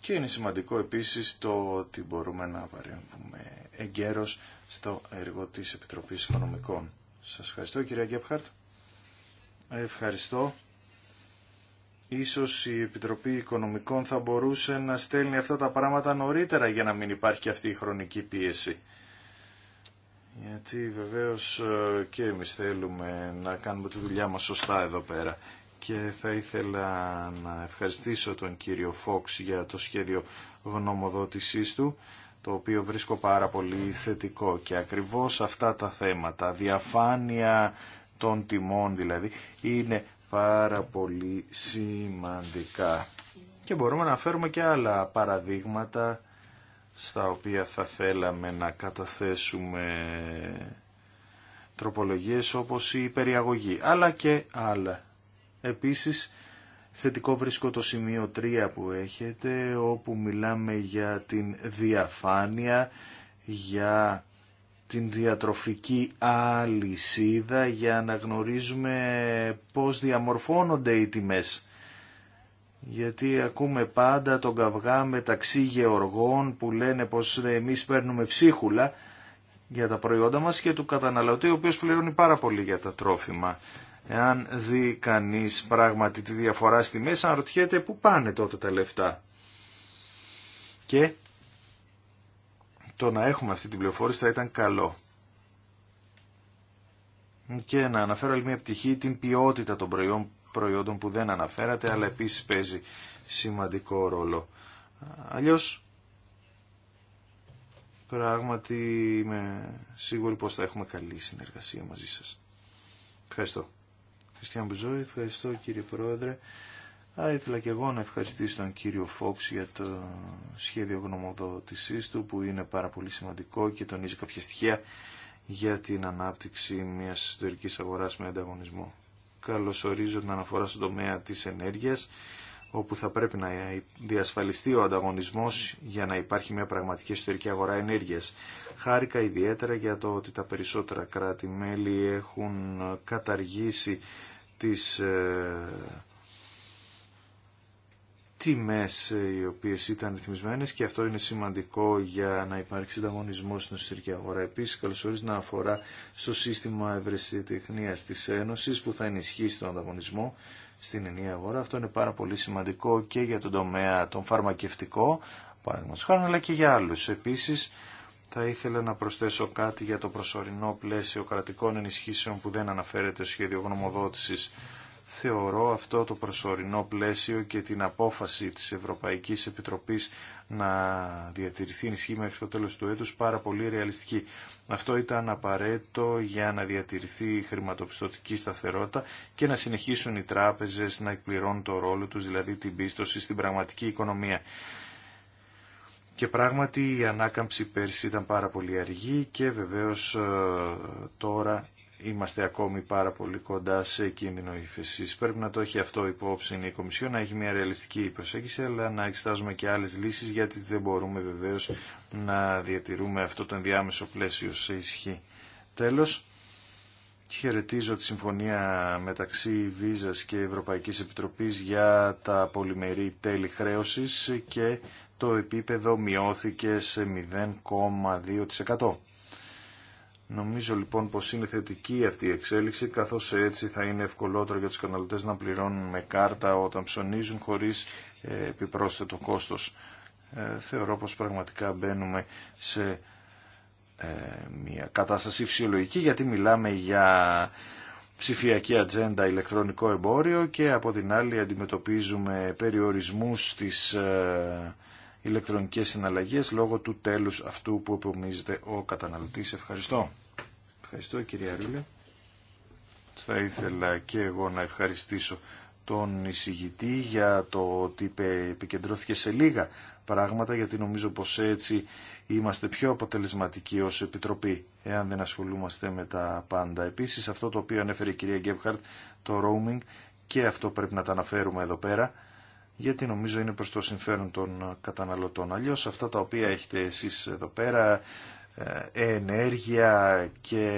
Και είναι σημαντικό επίσης το ότι μπορούμε να παρέμβουμε εγκαίρως στο έργο της Επιτροπής Οικονομικών. Σας ευχαριστώ κυρία Γκέπχαρτ. Ευχαριστώ. Ίσως η Επιτροπή Οικονομικών θα μπορούσε να στέλνει αυτά τα πράγματα νωρίτερα για να μην υπάρχει αυτή η χρονική πίεση. Γιατί βεβαίως ε, και εμείς θέλουμε να κάνουμε τη δουλειά μας σωστά εδώ πέρα. Και θα ήθελα να ευχαριστήσω τον κύριο Φόξ για το σχέδιο γνωμοδότησής του, το οποίο βρίσκω πάρα πολύ θετικό. Και ακριβώς αυτά τα θέματα, διαφάνεια των τιμών δηλαδή είναι πάρα πολύ σημαντικά. Και μπορούμε να φέρουμε και άλλα παραδείγματα στα οποία θα θέλαμε να καταθέσουμε τροπολογίες όπως η περιαγωγή, αλλά και άλλα. Επίσης, θετικό βρίσκω το σημείο 3 που έχετε, όπου μιλάμε για την διαφάνεια, για την διατροφική αλυσίδα για να γνωρίζουμε πώς διαμορφώνονται οι τιμές. Γιατί ακούμε πάντα τον καυγά μεταξύ γεωργών που λένε πως εμείς παίρνουμε ψίχουλα για τα προϊόντα μας και του καταναλωτή ο οποίος πληρώνει πάρα πολύ για τα τρόφιμα. Εάν δει κανείς πράγματι τη διαφορά στη μέσα, ρωτιέται πού πάνε τότε τα λεφτά. Και το να έχουμε αυτή την πληροφόρηση θα ήταν καλό. Και να αναφέρω άλλη μια πτυχή, την ποιότητα των προϊόν, προϊόντων που δεν αναφέρατε, αλλά επίσης παίζει σημαντικό ρόλο. Αλλιώς, πράγματι είμαι σίγουρη πως θα έχουμε καλή συνεργασία μαζί σας. Ευχαριστώ. Χριστιαν Μπουζόη, ευχαριστώ κύριε Πρόεδρε. Θα ήθελα και εγώ να ευχαριστήσω τον κύριο Φόξ για το σχέδιο γνωμοδοτησή του που είναι πάρα πολύ σημαντικό και τονίζει κάποια στοιχεία για την ανάπτυξη μιας ιστορικής αγοράς με ανταγωνισμό. Καλωσορίζω την αναφορά στον τομέα της ενέργειας όπου θα πρέπει να διασφαλιστεί ο ανταγωνισμός για να υπάρχει μια πραγματική ιστορική αγορά ενέργειας. Χάρηκα ιδιαίτερα για το ότι τα περισσότερα κράτη-μέλη έχουν καταργήσει τις ε, τιμές ε, οι οποίες ήταν ρυθμισμένες και αυτό είναι σημαντικό για να υπάρξει ανταγωνισμό στην εσωτερική αγορά. Επίσης, ορίζει να αφορά στο σύστημα ευρεσιτεχνίας της Ένωσης που θα ενισχύσει τον ανταγωνισμό στην ενιαία αγορά. Αυτό είναι πάρα πολύ σημαντικό και για τον τομέα τον φαρμακευτικό, παραδείγματος χάρη, αλλά και για άλλους. Επίσης, θα ήθελα να προσθέσω κάτι για το προσωρινό πλαίσιο κρατικών ενισχύσεων που δεν αναφέρεται στο σχέδιο γνωμοδότησης θεωρώ αυτό το προσωρινό πλαίσιο και την απόφαση της Ευρωπαϊκής Επιτροπής να διατηρηθεί ενισχύ μέχρι το τέλος του έτους πάρα πολύ ρεαλιστική. Αυτό ήταν απαραίτητο για να διατηρηθεί η χρηματοπιστωτική σταθερότητα και να συνεχίσουν οι τράπεζες να εκπληρώνουν το ρόλο τους, δηλαδή την πίστοση στην πραγματική οικονομία. Και πράγματι η ανάκαμψη πέρσι ήταν πάρα πολύ αργή και βεβαίως ε, τώρα είμαστε ακόμη πάρα πολύ κοντά σε κίνδυνο ύφεση. Πρέπει να το έχει αυτό υπόψη η Κομισιόν, να έχει μια ρεαλιστική προσέγγιση, αλλά να εξετάζουμε και άλλε λύσει, γιατί δεν μπορούμε βεβαίω να διατηρούμε αυτό το ενδιάμεσο πλαίσιο σε ισχύ. Τέλο, χαιρετίζω τη συμφωνία μεταξύ Βίζα και Ευρωπαϊκή Επιτροπή για τα πολυμερή τέλη χρέωση και το επίπεδο μειώθηκε σε 0,2%. Νομίζω λοιπόν πως είναι θετική αυτή η εξέλιξη, καθώς έτσι θα είναι ευκολότερο για τους καταναλωτές να πληρώνουν με κάρτα όταν ψωνίζουν χωρίς ε, επιπρόσθετο κόστος. Ε, θεωρώ πως πραγματικά μπαίνουμε σε ε, μια κατάσταση φυσιολογική, γιατί μιλάμε για ψηφιακή ατζέντα, ηλεκτρονικό εμπόριο και από την άλλη αντιμετωπίζουμε περιορισμούς στις ηλεκτρονικές συναλλαγές λόγω του τέλους αυτού που επομίζεται ο καταναλωτής. Ευχαριστώ. Ευχαριστώ κύριε Ρούλε. Θα ήθελα και εγώ να ευχαριστήσω τον εισηγητή για το ότι επικεντρώθηκε σε λίγα πράγματα γιατί νομίζω πως έτσι είμαστε πιο αποτελεσματικοί ως Επιτροπή εάν δεν ασχολούμαστε με τα πάντα. Επίσης αυτό το οποίο ανέφερε η κυρία Γκέμπχαρτ, το roaming και αυτό πρέπει να τα αναφέρουμε εδώ πέρα γιατί νομίζω είναι προς το συμφέρον των καταναλωτών. Αλλιώς αυτά τα οποία έχετε εσείς εδώ πέρα ε, ενέργεια και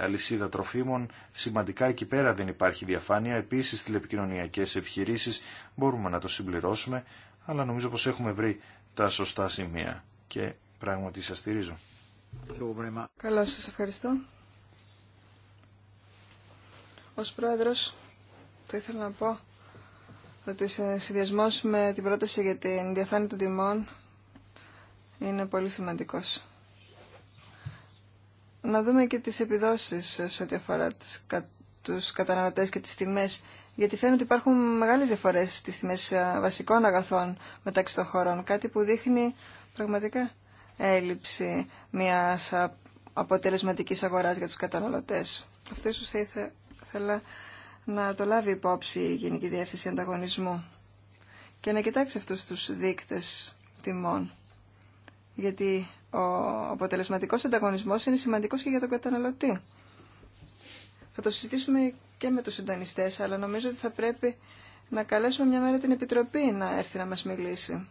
αλυσίδα τροφίμων. Σημαντικά εκεί πέρα δεν υπάρχει διαφάνεια. Επίσης τηλεπικοινωνιακές επιχειρήσεις μπορούμε να το συμπληρώσουμε, αλλά νομίζω πως έχουμε βρει τα σωστά σημεία και πράγματι σας στηρίζω. Καλά σας ευχαριστώ. Ως πρόεδρος θα ήθελα να πω ότι ο συνδυασμός με την πρόταση για την διαφάνεια των τιμών είναι πολύ σημαντικός να δούμε και τις επιδόσεις σε ό,τι αφορά τις, κα, τους καταναλωτές και τις τιμές, γιατί φαίνεται ότι υπάρχουν μεγάλες διαφορές στις τιμές ε, βασικών αγαθών μεταξύ των χωρών, κάτι που δείχνει πραγματικά έλλειψη μιας αποτελεσματικής αγοράς για τους καταναλωτές. Αυτό ίσως θα ήθελα να το λάβει υπόψη η Γενική Διεύθυνση Ανταγωνισμού και να κοιτάξει αυτούς τους δείκτες τιμών γιατί ο αποτελεσματικός ανταγωνισμός είναι σημαντικός και για τον καταναλωτή. Θα το συζητήσουμε και με τους συντονιστές, αλλά νομίζω ότι θα πρέπει να καλέσουμε μια μέρα την Επιτροπή να έρθει να μας μιλήσει.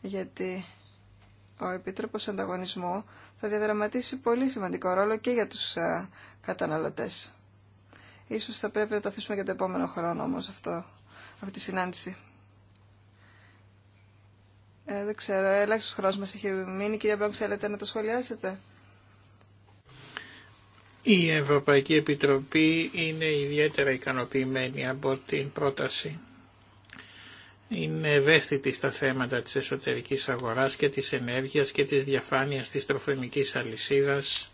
Γιατί ο Επίτροπος Ανταγωνισμού θα διαδραματίσει πολύ σημαντικό ρόλο και για τους καταναλωτές. Ίσως θα πρέπει να το αφήσουμε για το επόμενο χρόνο όμως αυτή τη συνάντηση. Ε, δεν ξέρω, ελάχιστο χρόνο μα έχει μείνει. Κυρία Μπρόγκ, θέλετε να το σχολιάσετε. Η Ευρωπαϊκή Επιτροπή είναι ιδιαίτερα ικανοποιημένη από την πρόταση. Είναι ευαίσθητη στα θέματα της εσωτερικής αγοράς και της ενέργειας και της διαφάνειας της τροφιμικής αλυσίδας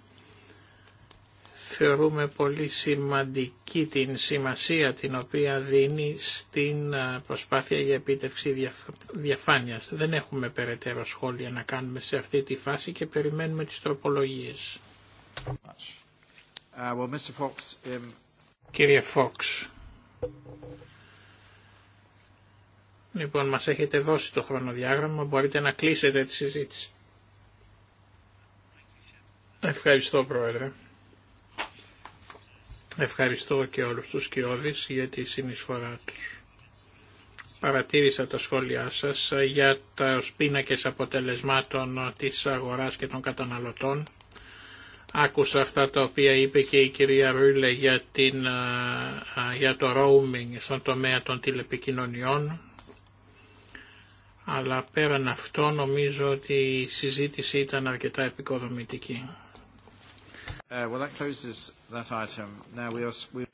θεωρούμε πολύ σημαντική την σημασία την οποία δίνει στην ε, προσπάθεια για επίτευξη διαφάνειας. Δεν έχουμε περαιτέρω σχόλια να κάνουμε σε αυτή τη φάση και περιμένουμε τις τροπολογίες. Uh, um, Κύριε Φόξ, λοιπόν μας έχετε δώσει το χρονοδιάγραμμα, μπορείτε να κλείσετε τη συζήτηση. Ευχαριστώ Πρόεδρε. Ευχαριστώ και όλους τους και όλες για τη συνεισφορά τους. Παρατήρησα τα σχόλιά σας για τα πίνακες αποτελεσμάτων της αγοράς και των καταναλωτών. Άκουσα αυτά τα οποία είπε και η κυρία Ρούλε για, την, για το roaming στον τομέα των τηλεπικοινωνιών. Αλλά πέραν αυτό νομίζω ότι η συζήτηση ήταν αρκετά επικοδομητική.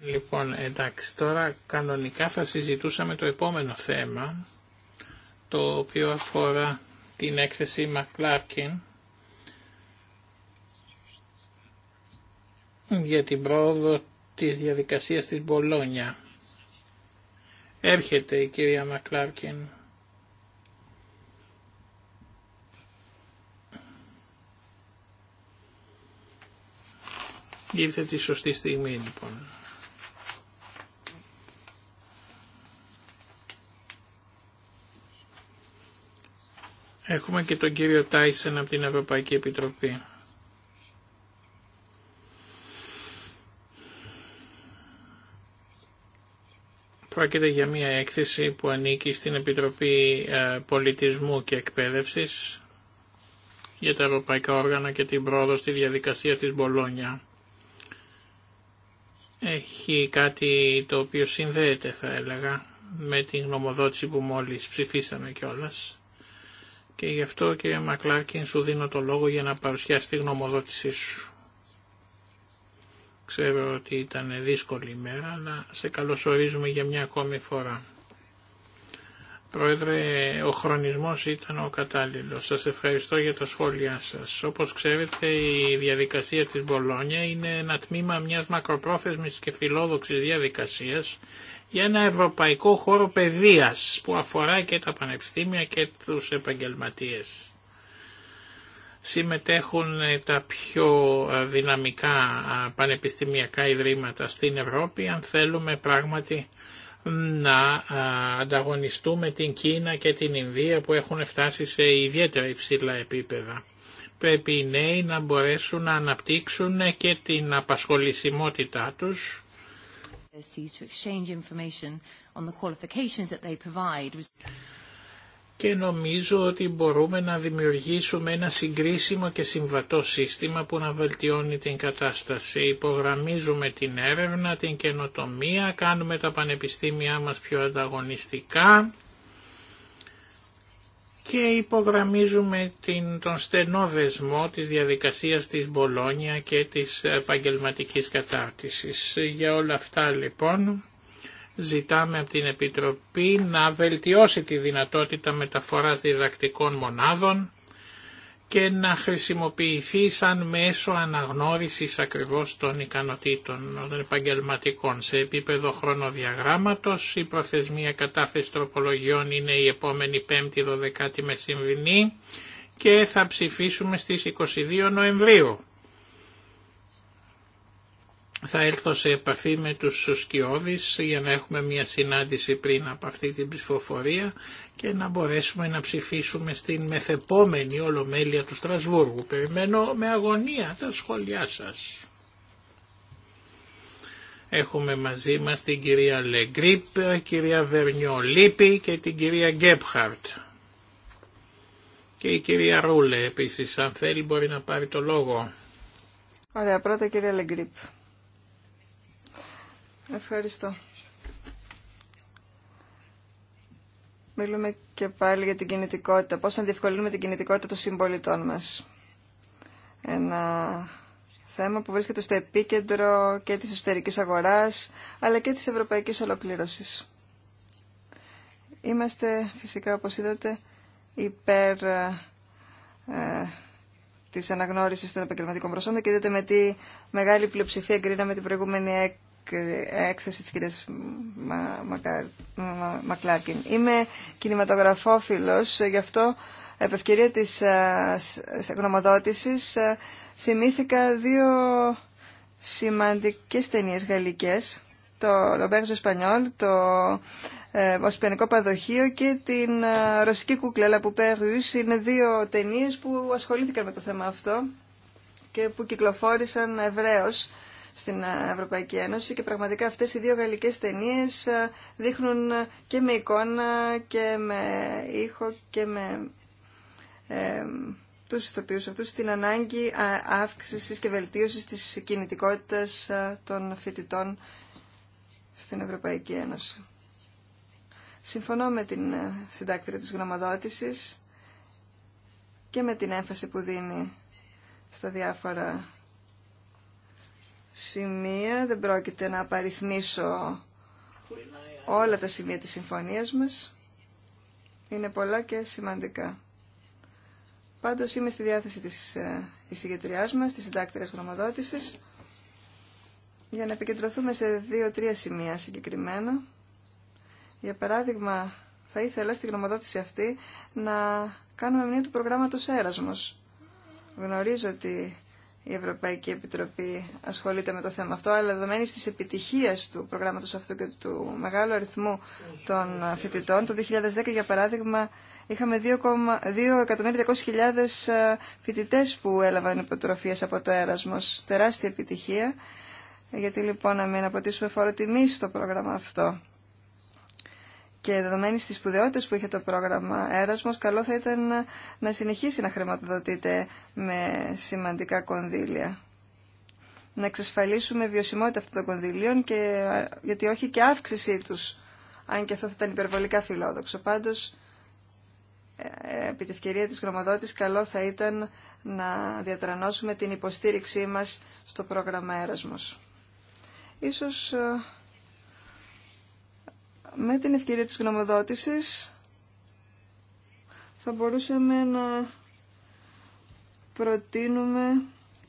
Λοιπόν, εντάξει, τώρα κανονικά θα συζητούσαμε το επόμενο θέμα, το οποίο αφορά την έκθεση Μακλάρκιν για την πρόοδο της διαδικασίας της Μπολόνια. Έρχεται η κυρία Μακλάρκιν. Ήρθε τη σωστή στιγμή λοιπόν. Έχουμε και τον κύριο Τάισεν από την Ευρωπαϊκή Επιτροπή. Πρόκειται για μια έκθεση που ανήκει στην Επιτροπή ε, Πολιτισμού και Εκπαίδευσης για τα ευρωπαϊκά όργανα και την πρόοδο στη διαδικασία της Μπολόνια έχει κάτι το οποίο συνδέεται θα έλεγα με την γνωμοδότηση που μόλις ψηφίσαμε κιόλας και γι' αυτό και Μακλάκιν σου δίνω το λόγο για να παρουσιάσει τη γνωμοδότησή σου. Ξέρω ότι ήταν δύσκολη ημέρα αλλά σε καλωσορίζουμε για μια ακόμη φορά. Πρόεδρε, ο χρονισμός ήταν ο κατάλληλος. Σας ευχαριστώ για τα σχόλιά σας. Όπως ξέρετε, η διαδικασία της Μπολόνια είναι ένα τμήμα μιας μακροπρόθεσμης και φιλόδοξης διαδικασίας για ένα ευρωπαϊκό χώρο παιδείας που αφορά και τα πανεπιστήμια και τους επαγγελματίες. Συμμετέχουν τα πιο δυναμικά πανεπιστημιακά ιδρύματα στην Ευρώπη αν θέλουμε πράγματι να ανταγωνιστούμε την Κίνα και την Ινδία που έχουν φτάσει σε ιδιαίτερα υψηλά επίπεδα. Πρέπει οι νέοι να μπορέσουν να αναπτύξουν και την απασχολησιμότητά τους και νομίζω ότι μπορούμε να δημιουργήσουμε ένα συγκρίσιμο και συμβατό σύστημα που να βελτιώνει την κατάσταση. Υπογραμμίζουμε την έρευνα, την καινοτομία, κάνουμε τα πανεπιστήμια μας πιο ανταγωνιστικά και υπογραμμίζουμε την, τον στενό δεσμό της διαδικασίας της Μπολόνια και της επαγγελματική κατάρτισης. Για όλα αυτά λοιπόν ζητάμε από την Επιτροπή να βελτιώσει τη δυνατότητα μεταφοράς διδακτικών μονάδων και να χρησιμοποιηθεί σαν μέσο αναγνώρισης ακριβώς των ικανοτήτων των επαγγελματικών. Σε επίπεδο χρονοδιαγράμματος η προθεσμία κατάθεση τροπολογιών είναι η επόμενη 5η 12η Μεσημβρινή και θα ψηφίσουμε στις 22 Νοεμβρίου θα έλθω σε επαφή με τους σκιώδεις για να έχουμε μια συνάντηση πριν από αυτή την ψηφοφορία και να μπορέσουμε να ψηφίσουμε στην μεθεπόμενη ολομέλεια του Στρασβούργου. Περιμένω με αγωνία τα σχόλιά σας. Έχουμε μαζί μας την κυρία Λεγκρίπ, κυρία Βερνιολίπη και την κυρία Γκέπχαρτ. Και η κυρία Ρούλε επίσης, αν θέλει μπορεί να πάρει το λόγο. Ωραία, πρώτα κυρία Λεγκρίπ. Ευχαριστώ. Μιλούμε και πάλι για την κινητικότητα. Πώς αντιευκολύνουμε διευκολύνουμε την κινητικότητα των συμπολιτών μας. Ένα θέμα που βρίσκεται στο επίκεντρο και της εσωτερικής αγοράς, αλλά και της ευρωπαϊκής ολοκλήρωσης. Είμαστε φυσικά, όπως είδατε, υπέρ ε, της αναγνώρισης των επαγγελματικών προσόντων και είδατε με τι μεγάλη πλειοψηφία εγκρίναμε την προηγούμενη έκθεση της κυρίας Είμαι κινηματογραφόφιλος, γι' αυτό επ' ευκαιρία της ε, γνωμοδότησης ε, θυμήθηκα δύο σημαντικές ταινίες γαλλικές, το Λομπέρζο Σπανιόλ, το ε, Οσπιανικό Παδοχείο και την ε, Ρωσική Κουκλέλα που Περούς είναι δύο ταινίες που ασχολήθηκαν με το θέμα αυτό και που κυκλοφόρησαν ευρέως στην Ευρωπαϊκή Ένωση και πραγματικά αυτές οι δύο γαλλικές ταινίες ε, δείχνουν και με εικόνα και με ήχο και με ε, τους ηθοποιούς αυτούς την ανάγκη αύξησης και βελτίωσης της κινητικότητας ε, των φοιτητών στην Ευρωπαϊκή Ένωση. Συμφωνώ με την ε, συντάκτρια της γνωμοδότησης και με την έμφαση που δίνει στα διάφορα σημεία. Δεν πρόκειται να απαριθμίσω όλα τα σημεία της συμφωνίας μας. Είναι πολλά και σημαντικά. Πάντως είμαι στη διάθεση της ε, εισηγητριάς μας, της συντάκτηρας γνωμοδότησης, για να επικεντρωθούμε σε δύο-τρία σημεία συγκεκριμένα. Για παράδειγμα, θα ήθελα στη γνωμοδότηση αυτή να κάνουμε μια του προγράμματος έρασμος. Γνωρίζω ότι η Ευρωπαϊκή Επιτροπή ασχολείται με το θέμα αυτό, αλλά δεδομένη της επιτυχίας του προγράμματος αυτού και του μεγάλου αριθμού των φοιτητών, το 2010 για παράδειγμα είχαμε 2.200.000 ε, φοιτητές που έλαβαν υποτροφίες από το Έρασμος. Τεράστια επιτυχία, γιατί λοιπόν να μην αποτίσουμε φοροτιμή στο πρόγραμμα αυτό και δεδομένη τη σπουδαιότητα που είχε το πρόγραμμα έρασμο, καλό θα ήταν να συνεχίσει να χρηματοδοτείται με σημαντικά κονδύλια. Να εξασφαλίσουμε βιωσιμότητα αυτών των κονδυλίων, και, γιατί όχι και αύξησή τους, αν και αυτό θα ήταν υπερβολικά φιλόδοξο. Πάντως, ε, ε, επί τη ευκαιρία της γνωμοδότης, καλό θα ήταν να διατρανώσουμε την υποστήριξή μας στο πρόγραμμα Έρασμος. Ίσως ε, με την ευκαιρία της γνωμοδότησης θα μπορούσαμε να προτείνουμε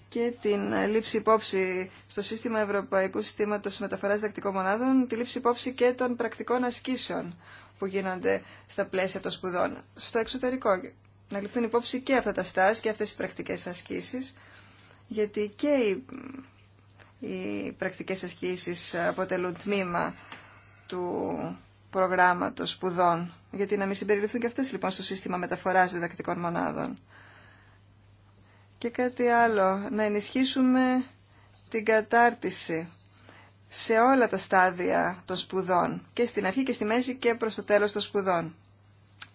και την λήψη υπόψη στο σύστημα Ευρωπαϊκού Συστήματος Μεταφοράς Δακτικών Μονάδων, τη λήψη υπόψη και των πρακτικών ασκήσεων που γίνονται στα πλαίσια των σπουδών, στο εξωτερικό. Να ληφθούν υπόψη και αυτά τα στάσεις και αυτές οι πρακτικές ασκήσεις, γιατί και οι, οι πρακτικές ασκήσεις αποτελούν τμήμα του προγράμματος σπουδών, γιατί να μην συμπεριληφθούν και αυτές λοιπόν στο σύστημα μεταφοράς διδακτικών μονάδων. Και κάτι άλλο, να ενισχύσουμε την κατάρτιση σε όλα τα στάδια των σπουδών, και στην αρχή και στη μέση και προς το τέλος των σπουδών.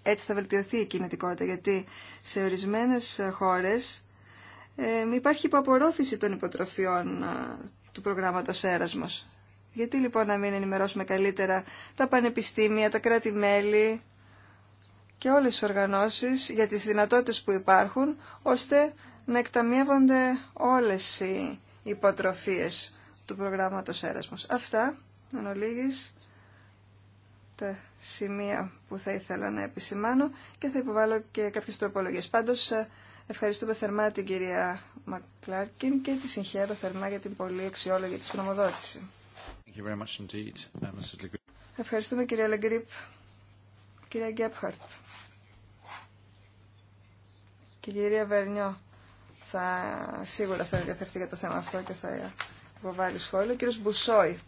Έτσι θα βελτιωθεί η κινητικότητα, γιατί σε ορισμένες χώρες ε, υπάρχει υποαπορρόφηση των υποτροφιών του προγράμματος Έρασμος. Γιατί λοιπόν να μην ενημερώσουμε καλύτερα τα πανεπιστήμια, τα κράτη-μέλη και όλες τις οργανώσεις για τις δυνατότητες που υπάρχουν, ώστε να εκταμιεύονται όλες οι υποτροφίες του προγράμματος Έρασμος. Αυτά, εν ολίγης, τα σημεία που θα ήθελα να επισημάνω και θα υποβάλω και κάποιες τροπολογίες. Πάντως, ευχαριστούμε θερμά την κυρία Μακλάρκιν και τη συγχαίρω θερμά για την πολύ αξιόλογη της γνωμοδότηση. Uh, Ευχαριστούμε κύριε Λεγκρίπ. κύριε Γκέπχαρτ. Και κυρία Βερνιό θα, σίγουρα θα ενδιαφερθεί για το θέμα αυτό και θα υποβάλει σχόλιο. Κύριος Μπουσόη.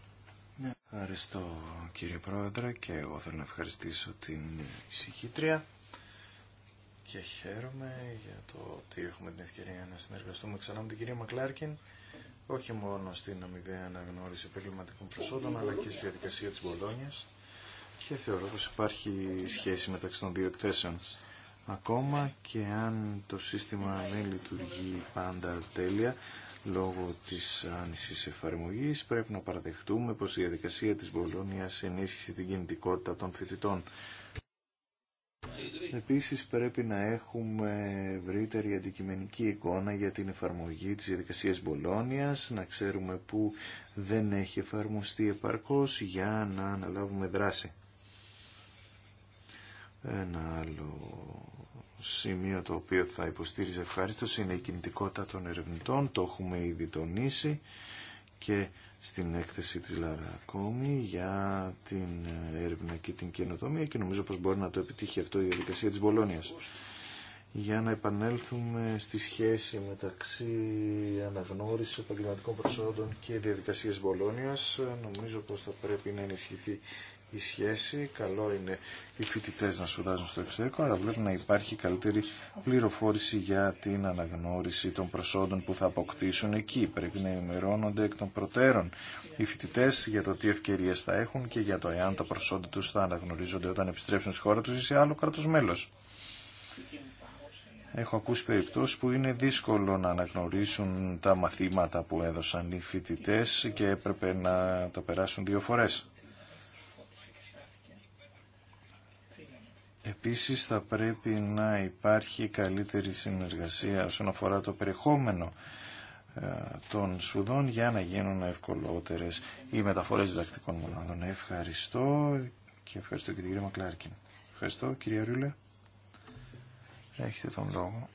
Ναι. Ευχαριστώ κύριε Πρόεδρε και εγώ θέλω να ευχαριστήσω την εισηγήτρια και χαίρομαι για το ότι έχουμε την ευκαιρία να συνεργαστούμε ξανά με την κυρία Μακλάρκιν όχι μόνο στην αμοιβαία αναγνώριση επαγγελματικών προσόντων, αλλά και στη διαδικασία της Μπολόνιας και θεωρώ πως υπάρχει σχέση μεταξύ των δύο εκθέσεων. Ακόμα και αν το σύστημα δεν λειτουργεί πάντα τέλεια, λόγω της άνησης εφαρμογής, πρέπει να παραδεχτούμε πως η διαδικασία της Μπολόνιας ενίσχυσε την κινητικότητα των φοιτητών Επίσης πρέπει να έχουμε ευρύτερη αντικειμενική εικόνα για την εφαρμογή της διαδικασίας Μπολόνιας, να ξέρουμε που δεν έχει εφαρμοστεί επαρκώς για να αναλάβουμε δράση. Ένα άλλο σημείο το οποίο θα υποστήριζε ευχάριστος είναι η κινητικότητα των ερευνητών, το έχουμε ήδη τονίσει και στην έκθεση της Λάρα ακόμη για την έρευνα και την καινοτομία και νομίζω πως μπορεί να το επιτύχει αυτό η διαδικασία της Μπολόνιας. Για να επανέλθουμε στη σχέση μεταξύ αναγνώρισης επαγγελματικών προσόντων και διαδικασίας Μπολόνιας, νομίζω πως θα πρέπει να ενισχυθεί η σχέση. Καλό είναι οι φοιτητέ να σπουδάζουν στο εξωτερικό, αλλά βλέπουμε να υπάρχει καλύτερη πληροφόρηση για την αναγνώριση των προσόντων που θα αποκτήσουν εκεί. Πρέπει να ενημερώνονται εκ των προτέρων οι φοιτητέ για το τι ευκαιρίε θα έχουν και για το εάν τα προσόντα του θα αναγνωρίζονται όταν επιστρέψουν στη χώρα του ή σε άλλο κράτο μέλο. Έχω ακούσει περιπτώσεις που είναι δύσκολο να αναγνωρίσουν τα μαθήματα που έδωσαν οι φοιτητέ και έπρεπε να τα περάσουν δύο φορές. Επίσης θα πρέπει να υπάρχει καλύτερη συνεργασία όσον αφορά το περιεχόμενο ε, των σπουδών για να γίνουν ευκολότερες οι μεταφορές διδακτικών μονάδων. Ευχαριστώ και ευχαριστώ και την κυρία Μακλάρκιν. Ευχαριστώ κυρία Ρούλε. Έχετε τον λόγο.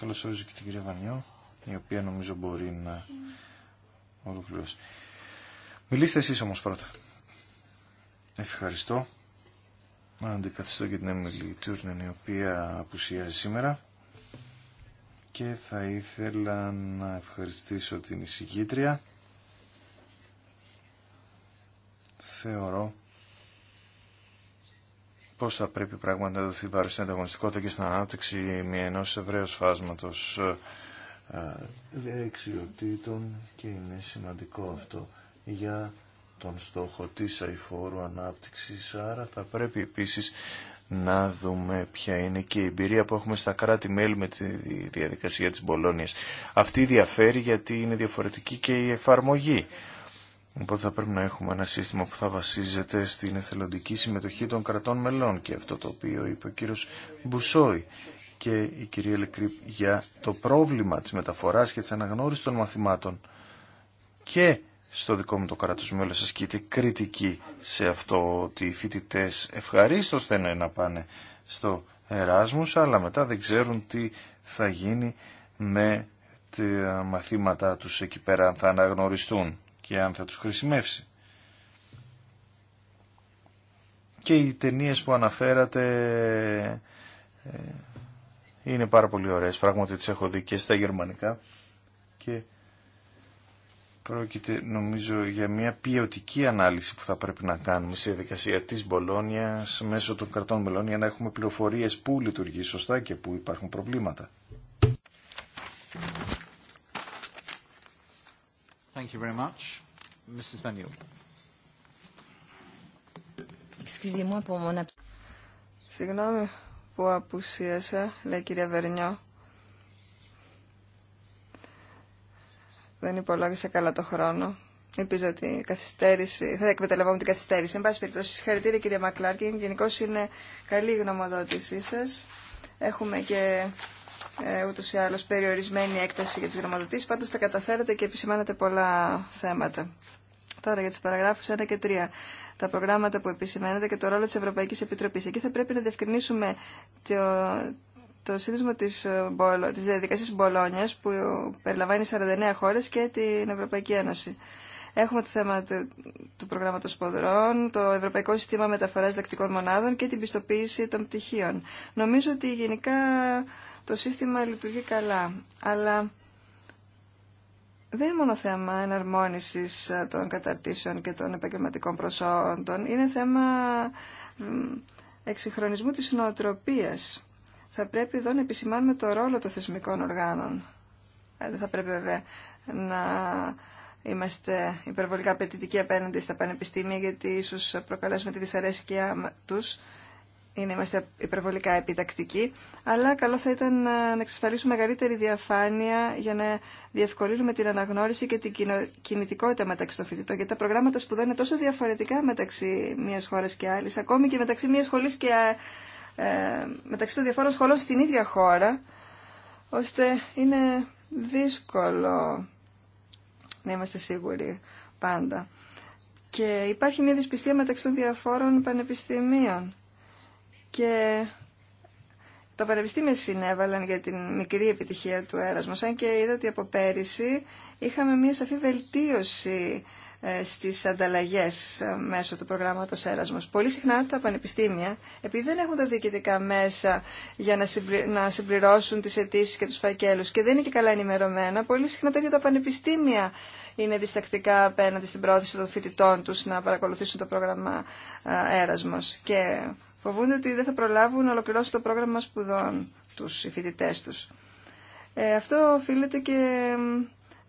Καλώς όριζω και την κυρία Βανιό, η οποία νομίζω μπορεί να ολοκληρώσει. Μιλήστε εσείς όμως πρώτα. Ευχαριστώ αντικαθιστώ και την Έμιλη Τούρνεν η οποία απουσιάζει σήμερα και θα ήθελα να ευχαριστήσω την εισηγήτρια θεωρώ πώς θα πρέπει πράγματι να δοθεί βάρος στην ανταγωνιστικότητα και στην ανάπτυξη μια ενός ευρέως φάσματος δεξιοτήτων ε, ε, και είναι σημαντικό αυτό για τον στόχο της αηφόρου ανάπτυξης, άρα θα πρέπει επίσης να δούμε ποια είναι και η εμπειρία που έχουμε στα κράτη-μέλη με τη διαδικασία της Μπολόνιας. Αυτή διαφέρει γιατί είναι διαφορετική και η εφαρμογή. Οπότε θα πρέπει να έχουμε ένα σύστημα που θα βασίζεται στην εθελοντική συμμετοχή των κρατών μελών και αυτό το οποίο είπε ο κύριος Μπουσόη και η κυρία Λεκρύπ για το πρόβλημα της μεταφοράς και της αναγνώρισης των μαθημάτων και στο δικό μου το κράτος και ασκείται κριτική σε αυτό ότι οι φοιτητέ ευχαρίστως θέλουν να πάνε στο Εράσμους αλλά μετά δεν ξέρουν τι θα γίνει με τα μαθήματά τους εκεί πέρα αν θα αναγνωριστούν και αν θα τους χρησιμεύσει. Και οι ταινίε που αναφέρατε ε, είναι πάρα πολύ ωραίες. Πράγματι τις έχω δει και στα γερμανικά και Πρόκειται νομίζω για μια ποιοτική ανάλυση που θα πρέπει να κάνουμε σε διαδικασία της Μπολόνιας μέσω των κρατών Μπολόνια, να έχουμε πληροφορίες που λειτουργεί σωστά και που υπάρχουν προβλήματα. Thank you very much. Mrs. Συγγνώμη που απουσίασα, λέει κυρία Βερνιό. δεν υπολόγισα καλά το χρόνο. Ελπίζω ότι καθυστέρηση, θα εκμεταλλευόμουν την καθυστέρηση. Εν πάση περιπτώσει, συγχαρητήρια κυρία Μακλάρκιν. Γενικώ είναι καλή η γνωμοδότησή σα. Έχουμε και ε, ούτω ή άλλω περιορισμένη έκταση για τι γνωμοδοτήσει. Πάντω τα καταφέρατε και επισημάνατε πολλά θέματα. Τώρα για τι παραγράφου 1 και 3. Τα προγράμματα που επισημαίνετε και το ρόλο τη Ευρωπαϊκή Επιτροπή. Εκεί θα πρέπει να διευκρινίσουμε το, το σύνδεσμο της, ε, της διαδικασίας Μπολόνιας που περιλαμβάνει 49 χώρες και την Ευρωπαϊκή Ένωση. Έχουμε το θέμα του, του προγράμματος ποδρών, το Ευρωπαϊκό Σύστημα Μεταφοράς Δακτικών Μονάδων και την πιστοποίηση των πτυχίων. Νομίζω ότι γενικά το σύστημα λειτουργεί καλά, αλλά δεν είναι μόνο θέμα εναρμόνισης ε, των καταρτήσεων και των επαγγελματικών προσόντων, είναι θέμα εξυγχρονισμού της νοοτροπίας θα πρέπει εδώ να επισημάνουμε το ρόλο των θεσμικών οργάνων. Ε, δεν θα πρέπει βέβαια να είμαστε υπερβολικά απαιτητικοί απέναντι στα πανεπιστήμια γιατί ίσω προκαλέσουμε τη δυσαρέσκεια του. ή να είμαστε υπερβολικά επιτακτικοί, αλλά καλό θα ήταν ε, να εξασφαλίσουμε μεγαλύτερη διαφάνεια για να διευκολύνουμε την αναγνώριση και την κινητικότητα μεταξύ των φοιτητών. Γιατί τα προγράμματα σπουδών είναι τόσο διαφορετικά μεταξύ μια χώρα και άλλη, ακόμη και μεταξύ μια σχολή και ε, ε, μεταξύ των διαφόρων σχολών στην ίδια χώρα, ώστε είναι δύσκολο να είμαστε σίγουροι πάντα. Και υπάρχει μια δυσπιστία μεταξύ των διαφόρων πανεπιστημίων. Και τα πανεπιστήμια συνέβαλαν για την μικρή επιτυχία του έρασμου, αν και είδα ότι από πέρυσι είχαμε μια σαφή βελτίωση ε, στις ανταλλαγές ε, μέσω του προγράμματος Έρασμος. Πολύ συχνά τα πανεπιστήμια, επειδή δεν έχουν τα διοικητικά μέσα για να συμπληρώσουν τις αιτήσει και τους φακέλους και δεν είναι και καλά ενημερωμένα, πολύ συχνά τα ίδια τα πανεπιστήμια είναι διστακτικά απέναντι στην πρόθεση των φοιτητών τους να παρακολουθήσουν το πρόγραμμα Έρασμος ε, και φοβούνται ότι δεν θα προλάβουν να ολοκληρώσουν το πρόγραμμα σπουδών τους, οι φοιτητές τους. Ε, αυτό οφείλεται και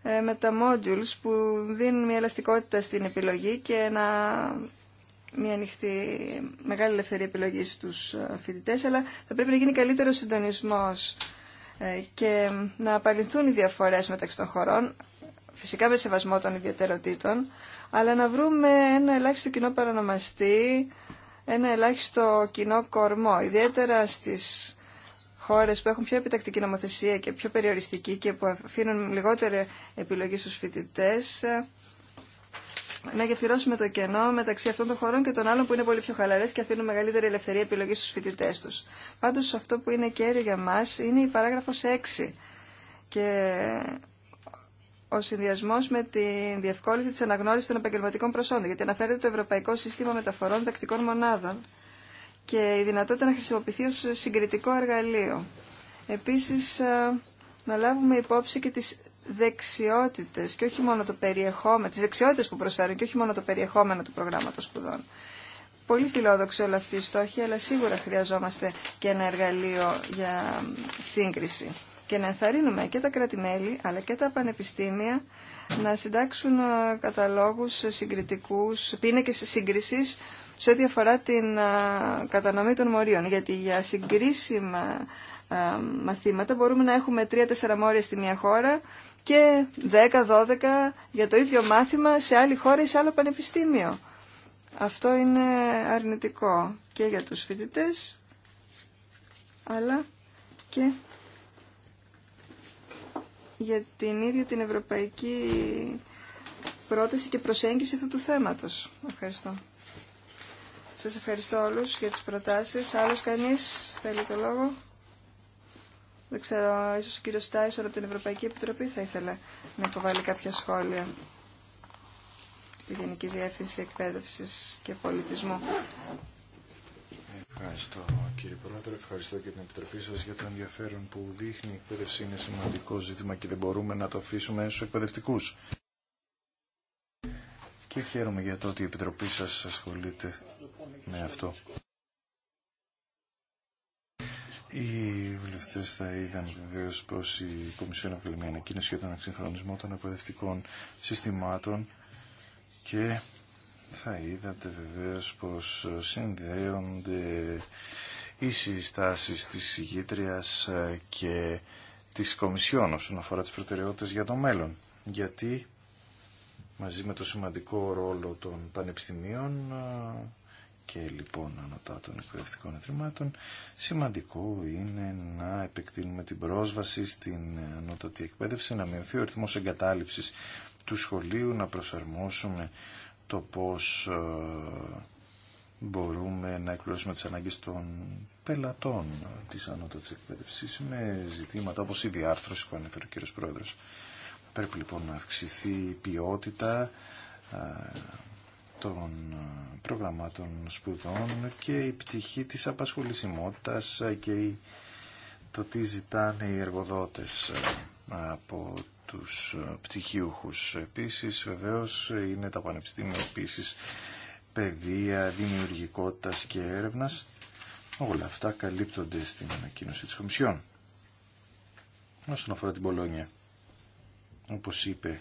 ε, με τα modules που δίνουν μια ελαστικότητα στην επιλογή και ένα, μια ανοιχτή μεγάλη ελευθερία επιλογή στους ε, φοιτητέ, αλλά θα πρέπει να γίνει καλύτερο συντονισμός ε, και να απαλληλθούν οι διαφορές μεταξύ των χωρών, φυσικά με σεβασμό των ιδιαιτεροτήτων, αλλά να βρούμε ένα ελάχιστο κοινό παρονομαστή, ένα ελάχιστο κοινό κορμό, ιδιαίτερα στις Χώρε που έχουν πιο επιτακτική νομοθεσία και πιο περιοριστική και που αφήνουν λιγότερη επιλογή στου φοιτητέ. Ε, να γεφυρώσουμε το κενό μεταξύ αυτών των χωρών και των άλλων που είναι πολύ πιο χαλαρέ και αφήνουν μεγαλύτερη ελευθερία επιλογή στου φοιτητέ του. Πάντω, αυτό που είναι κέριο για μα είναι η παράγραφο 6 και ο συνδυασμό με τη διευκόλυνση τη αναγνώριση των επαγγελματικών προσόντων, γιατί αναφέρεται το Ευρωπαϊκό Σύστημα Μεταφορών Τακτικών Μονάδων και η δυνατότητα να χρησιμοποιηθεί ως συγκριτικό εργαλείο. Επίσης, ε, να λάβουμε υπόψη και τις δεξιότητες και όχι μόνο το περιεχόμενο, τις δεξιότητες που προσφέρουν και όχι μόνο το περιεχόμενο του προγράμματος σπουδών. Πολύ φιλόδοξη όλα αυτή η στόχη, αλλά σίγουρα χρειαζόμαστε και ένα εργαλείο για σύγκριση και να ενθαρρύνουμε και τα κράτη-μέλη αλλά και τα πανεπιστήμια να συντάξουν ε, καταλόγους ε, συγκριτικούς, πίνακες σύγκρισης σε ό,τι αφορά την κατανομή των μορίων. Γιατί για συγκρίσιμα μαθήματα μπορούμε να έχουμε 3-4 μόρια στη μια χώρα και 10-12 για το ίδιο μάθημα σε άλλη χώρα ή σε άλλο πανεπιστήμιο. Αυτό είναι αρνητικό και για τους φοιτητές, αλλά και για την ίδια την ευρωπαϊκή πρόταση και προσέγγιση αυτού του θέματος. Ευχαριστώ. Σας ευχαριστώ όλους για τις προτάσεις. Άλλος κανείς θέλει το λόγο. Δεν ξέρω, ίσως ο κύριος Τάισορ από την Ευρωπαϊκή Επιτροπή θα ήθελε να υποβάλει κάποια σχόλια τη Γενική Διεύθυνση Εκπαίδευσης και Πολιτισμού. Ευχαριστώ κύριε Πρόεδρε, ευχαριστώ και την Επιτροπή σα για το ενδιαφέρον που δείχνει. Η εκπαίδευση είναι σημαντικό ζήτημα και δεν μπορούμε να το αφήσουμε στου εκπαιδευτικού. Και χαίρομαι για το ότι η Επιτροπή σα ασχολείται με ναι, αυτό. Οι βουλευτέ θα είδαν βεβαίω πω η Κομισιόν έβγαλε μια ανακοίνωση για τον εξυγχρονισμό των εκπαιδευτικών συστημάτων και θα είδατε βεβαίω πω συνδέονται οι συστάσει τη ηγήτρια και τη Κομισιόν όσον αφορά τι προτεραιότητε για το μέλλον. Γιατί μαζί με το σημαντικό ρόλο των πανεπιστημίων και λοιπόν ανωτά των εκπαιδευτικών ιδρυμάτων, σημαντικό είναι να επεκτείνουμε την πρόσβαση στην ανώτατη εκπαίδευση, να μειωθεί ο ρυθμός εγκατάλειψης του σχολείου, να προσαρμόσουμε το πώς ε, μπορούμε να εκπληρώσουμε τις ανάγκες των πελατών της ανώτατης εκπαίδευσης με ζητήματα όπως η διάρθρωση που ανέφερε ο κύριος Πρόεδρος. Πρέπει λοιπόν να αυξηθεί η ποιότητα των ε, προγραμμάτων σπουδών και η πτυχή της απασχολησιμότητας και το τι ζητάνε οι εργοδότες ε, από τους ε, πτυχίουχους. Επίσης βεβαίως είναι τα πανεπιστήμια επίσης παιδεία, δημιουργικότητας και έρευνας. Όλα αυτά καλύπτονται στην ανακοίνωση της Κομισιόν. Όσον αφορά την Πολόνια, όπως είπε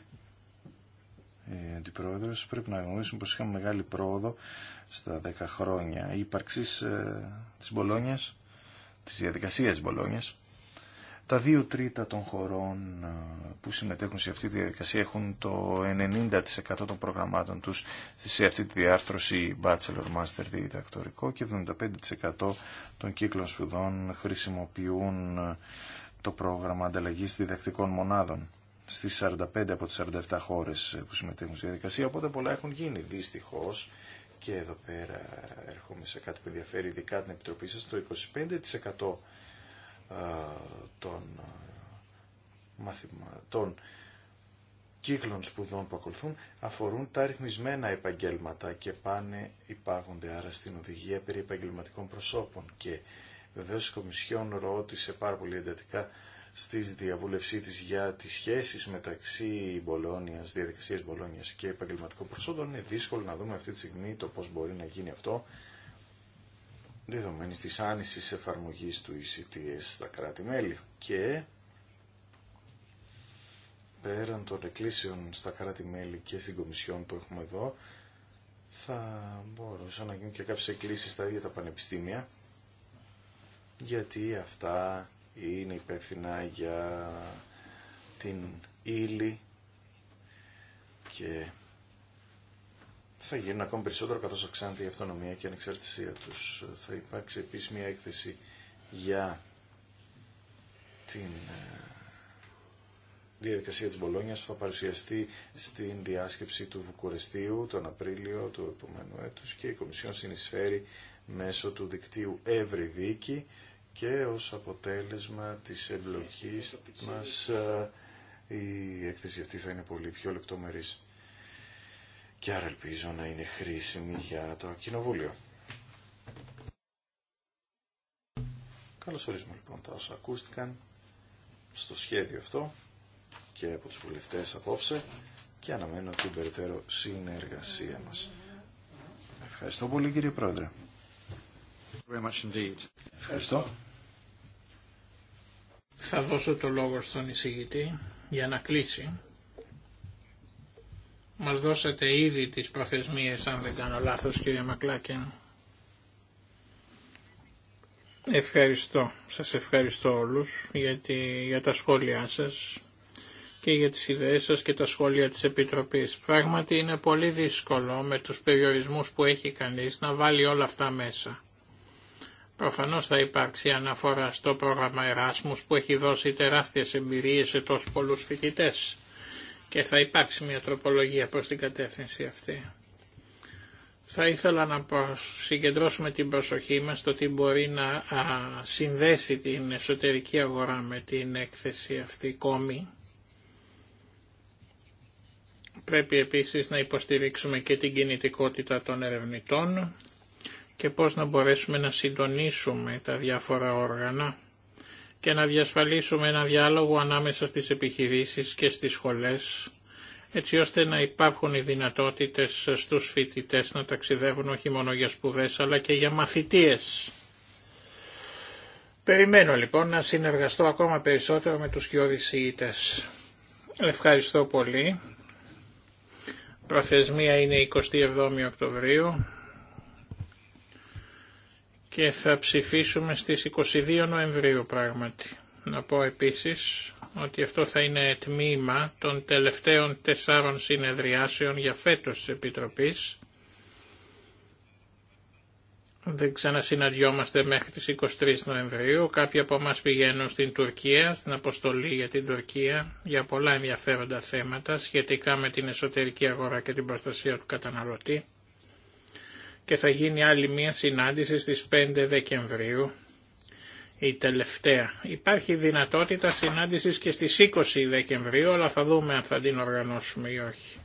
η ε, Αντιπρόεδρος, πρέπει να γνωρίσουμε πως είχαμε μεγάλη πρόοδο στα 10 χρόνια ύπαρξης ύπαρξη ε, της Μπολόνιας, της διαδικασίας της Τα δύο τρίτα των χωρών ε, που συμμετέχουν σε αυτή τη διαδικασία έχουν το 90% των προγραμμάτων τους σε αυτή τη διάρθρωση bachelor, master, διδακτορικό και 75% των κύκλων σπουδών χρησιμοποιούν το πρόγραμμα ανταλλαγής διδακτικών μονάδων στις 45 από τις 47 χώρες που συμμετέχουν στη διαδικασία, οπότε πολλά έχουν γίνει δυστυχώς. Και εδώ πέρα έρχομαι σε κάτι που ενδιαφέρει ειδικά την Επιτροπή σας, το 25% των μαθηματών κύκλων σπουδών που ακολουθούν αφορούν τα ρυθμισμένα επαγγέλματα και πάνε υπάγονται άρα στην οδηγία περί επαγγελματικών προσώπων και βεβαίως η Κομισιόν ρώτησε πάρα πολύ εντατικά στη διαβούλευσή τη για τι σχέσει μεταξύ μπολόνια, διαδικασίας Μπολόνιας και επαγγελματικών προσόντων. Είναι δύσκολο να δούμε αυτή τη στιγμή το πώ μπορεί να γίνει αυτό δεδομένη τη άνηση εφαρμογή του ECTS στα κράτη-μέλη. Και πέραν των εκκλήσεων στα κράτη-μέλη και στην Κομισιόν που έχουμε εδώ, θα μπορούσαν να γίνουν και κάποιες εκκλήσεις στα ίδια τα πανεπιστήμια, γιατί αυτά είναι υπεύθυνα για την ύλη και θα γίνουν ακόμη περισσότερο καθώς αυξάνεται η αυτονομία και η ανεξαρτησία τους. Θα υπάρξει επίσης μια έκθεση για την ε, διαδικασία της Μπολόνιας που θα παρουσιαστεί στην διάσκεψη του Βουκουρεστίου τον Απρίλιο του επόμενου έτους και η Κομισιόν συνεισφέρει μέσω του δικτύου Δίκη και ως αποτέλεσμα της εμπλοκής μας ε, η έκθεση αυτή θα είναι πολύ πιο λεπτομερής και άρα ελπίζω να είναι χρήσιμη για το Κοινοβούλιο. Καλώς ορίζουμε λοιπόν τα όσα ακούστηκαν στο σχέδιο αυτό και από τους βουλευτές απόψε και αναμένω την περαιτέρω συνεργασία μας. Ευχαριστώ πολύ κύριε Πρόεδρε. Very much indeed. Ευχαριστώ. Θα δώσω το λόγο στον εισηγητή για να κλείσει. Μας δώσατε ήδη τις προθεσμίες, αν δεν κάνω λάθος, κύριε Μακλάκεν. Ευχαριστώ. Σας ευχαριστώ όλους για, για τα σχόλιά σας και για τις ιδέες σας και τα σχόλια της Επιτροπής. Πράγματι είναι πολύ δύσκολο με τους περιορισμούς που έχει κανείς να βάλει όλα αυτά μέσα. Προφανώς θα υπάρξει αναφορά στο πρόγραμμα Εράσμους που έχει δώσει τεράστιες εμπειρίες σε τόσους πολλούς φοιτητές και θα υπάρξει μια τροπολογία προς την κατεύθυνση αυτή. Θα ήθελα να συγκεντρώσουμε την προσοχή μας στο ότι μπορεί να συνδέσει την εσωτερική αγορά με την έκθεση αυτή κόμη. Πρέπει επίσης να υποστηρίξουμε και την κινητικότητα των ερευνητών και πώς να μπορέσουμε να συντονίσουμε τα διάφορα όργανα και να διασφαλίσουμε ένα διάλογο ανάμεσα στις επιχειρήσεις και στις σχολές, έτσι ώστε να υπάρχουν οι δυνατότητες στους φοιτητές να ταξιδεύουν όχι μόνο για σπουδές αλλά και για μαθητείες. Περιμένω λοιπόν να συνεργαστώ ακόμα περισσότερο με τους ιητές. Ευχαριστώ πολύ. Προθεσμία είναι 27 Οκτωβρίου και θα ψηφίσουμε στις 22 Νοεμβρίου πράγματι. Να πω επίσης ότι αυτό θα είναι τμήμα των τελευταίων τεσσάρων συνεδριάσεων για φέτος της Επιτροπής. Δεν ξανασυναντιόμαστε μέχρι τις 23 Νοεμβρίου. Κάποιοι από εμά πηγαίνουν στην Τουρκία, στην αποστολή για την Τουρκία, για πολλά ενδιαφέροντα θέματα σχετικά με την εσωτερική αγορά και την προστασία του καταναλωτή και θα γίνει άλλη μία συνάντηση στις 5 Δεκεμβρίου, η τελευταία. Υπάρχει δυνατότητα συνάντησης και στις 20 Δεκεμβρίου, αλλά θα δούμε αν θα την οργανώσουμε ή όχι.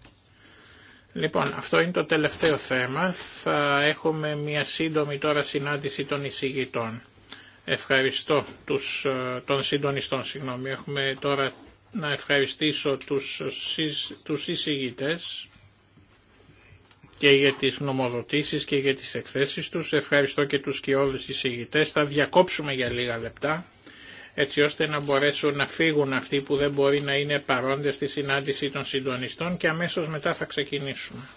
Λοιπόν, αυτό είναι το τελευταίο θέμα. Θα έχουμε μία σύντομη τώρα συνάντηση των εισηγητών. Ευχαριστώ τους, ε, των συντονιστών, συγγνώμη. Έχουμε τώρα να ευχαριστήσω τους, τους εισηγητές και για τις νομοδοτήσεις και για τις εκθέσεις τους. Ευχαριστώ και τους και όλους τις ηγητές. Θα διακόψουμε για λίγα λεπτά έτσι ώστε να μπορέσουν να φύγουν αυτοί που δεν μπορεί να είναι παρόντες στη συνάντηση των συντονιστών και αμέσως μετά θα ξεκινήσουμε.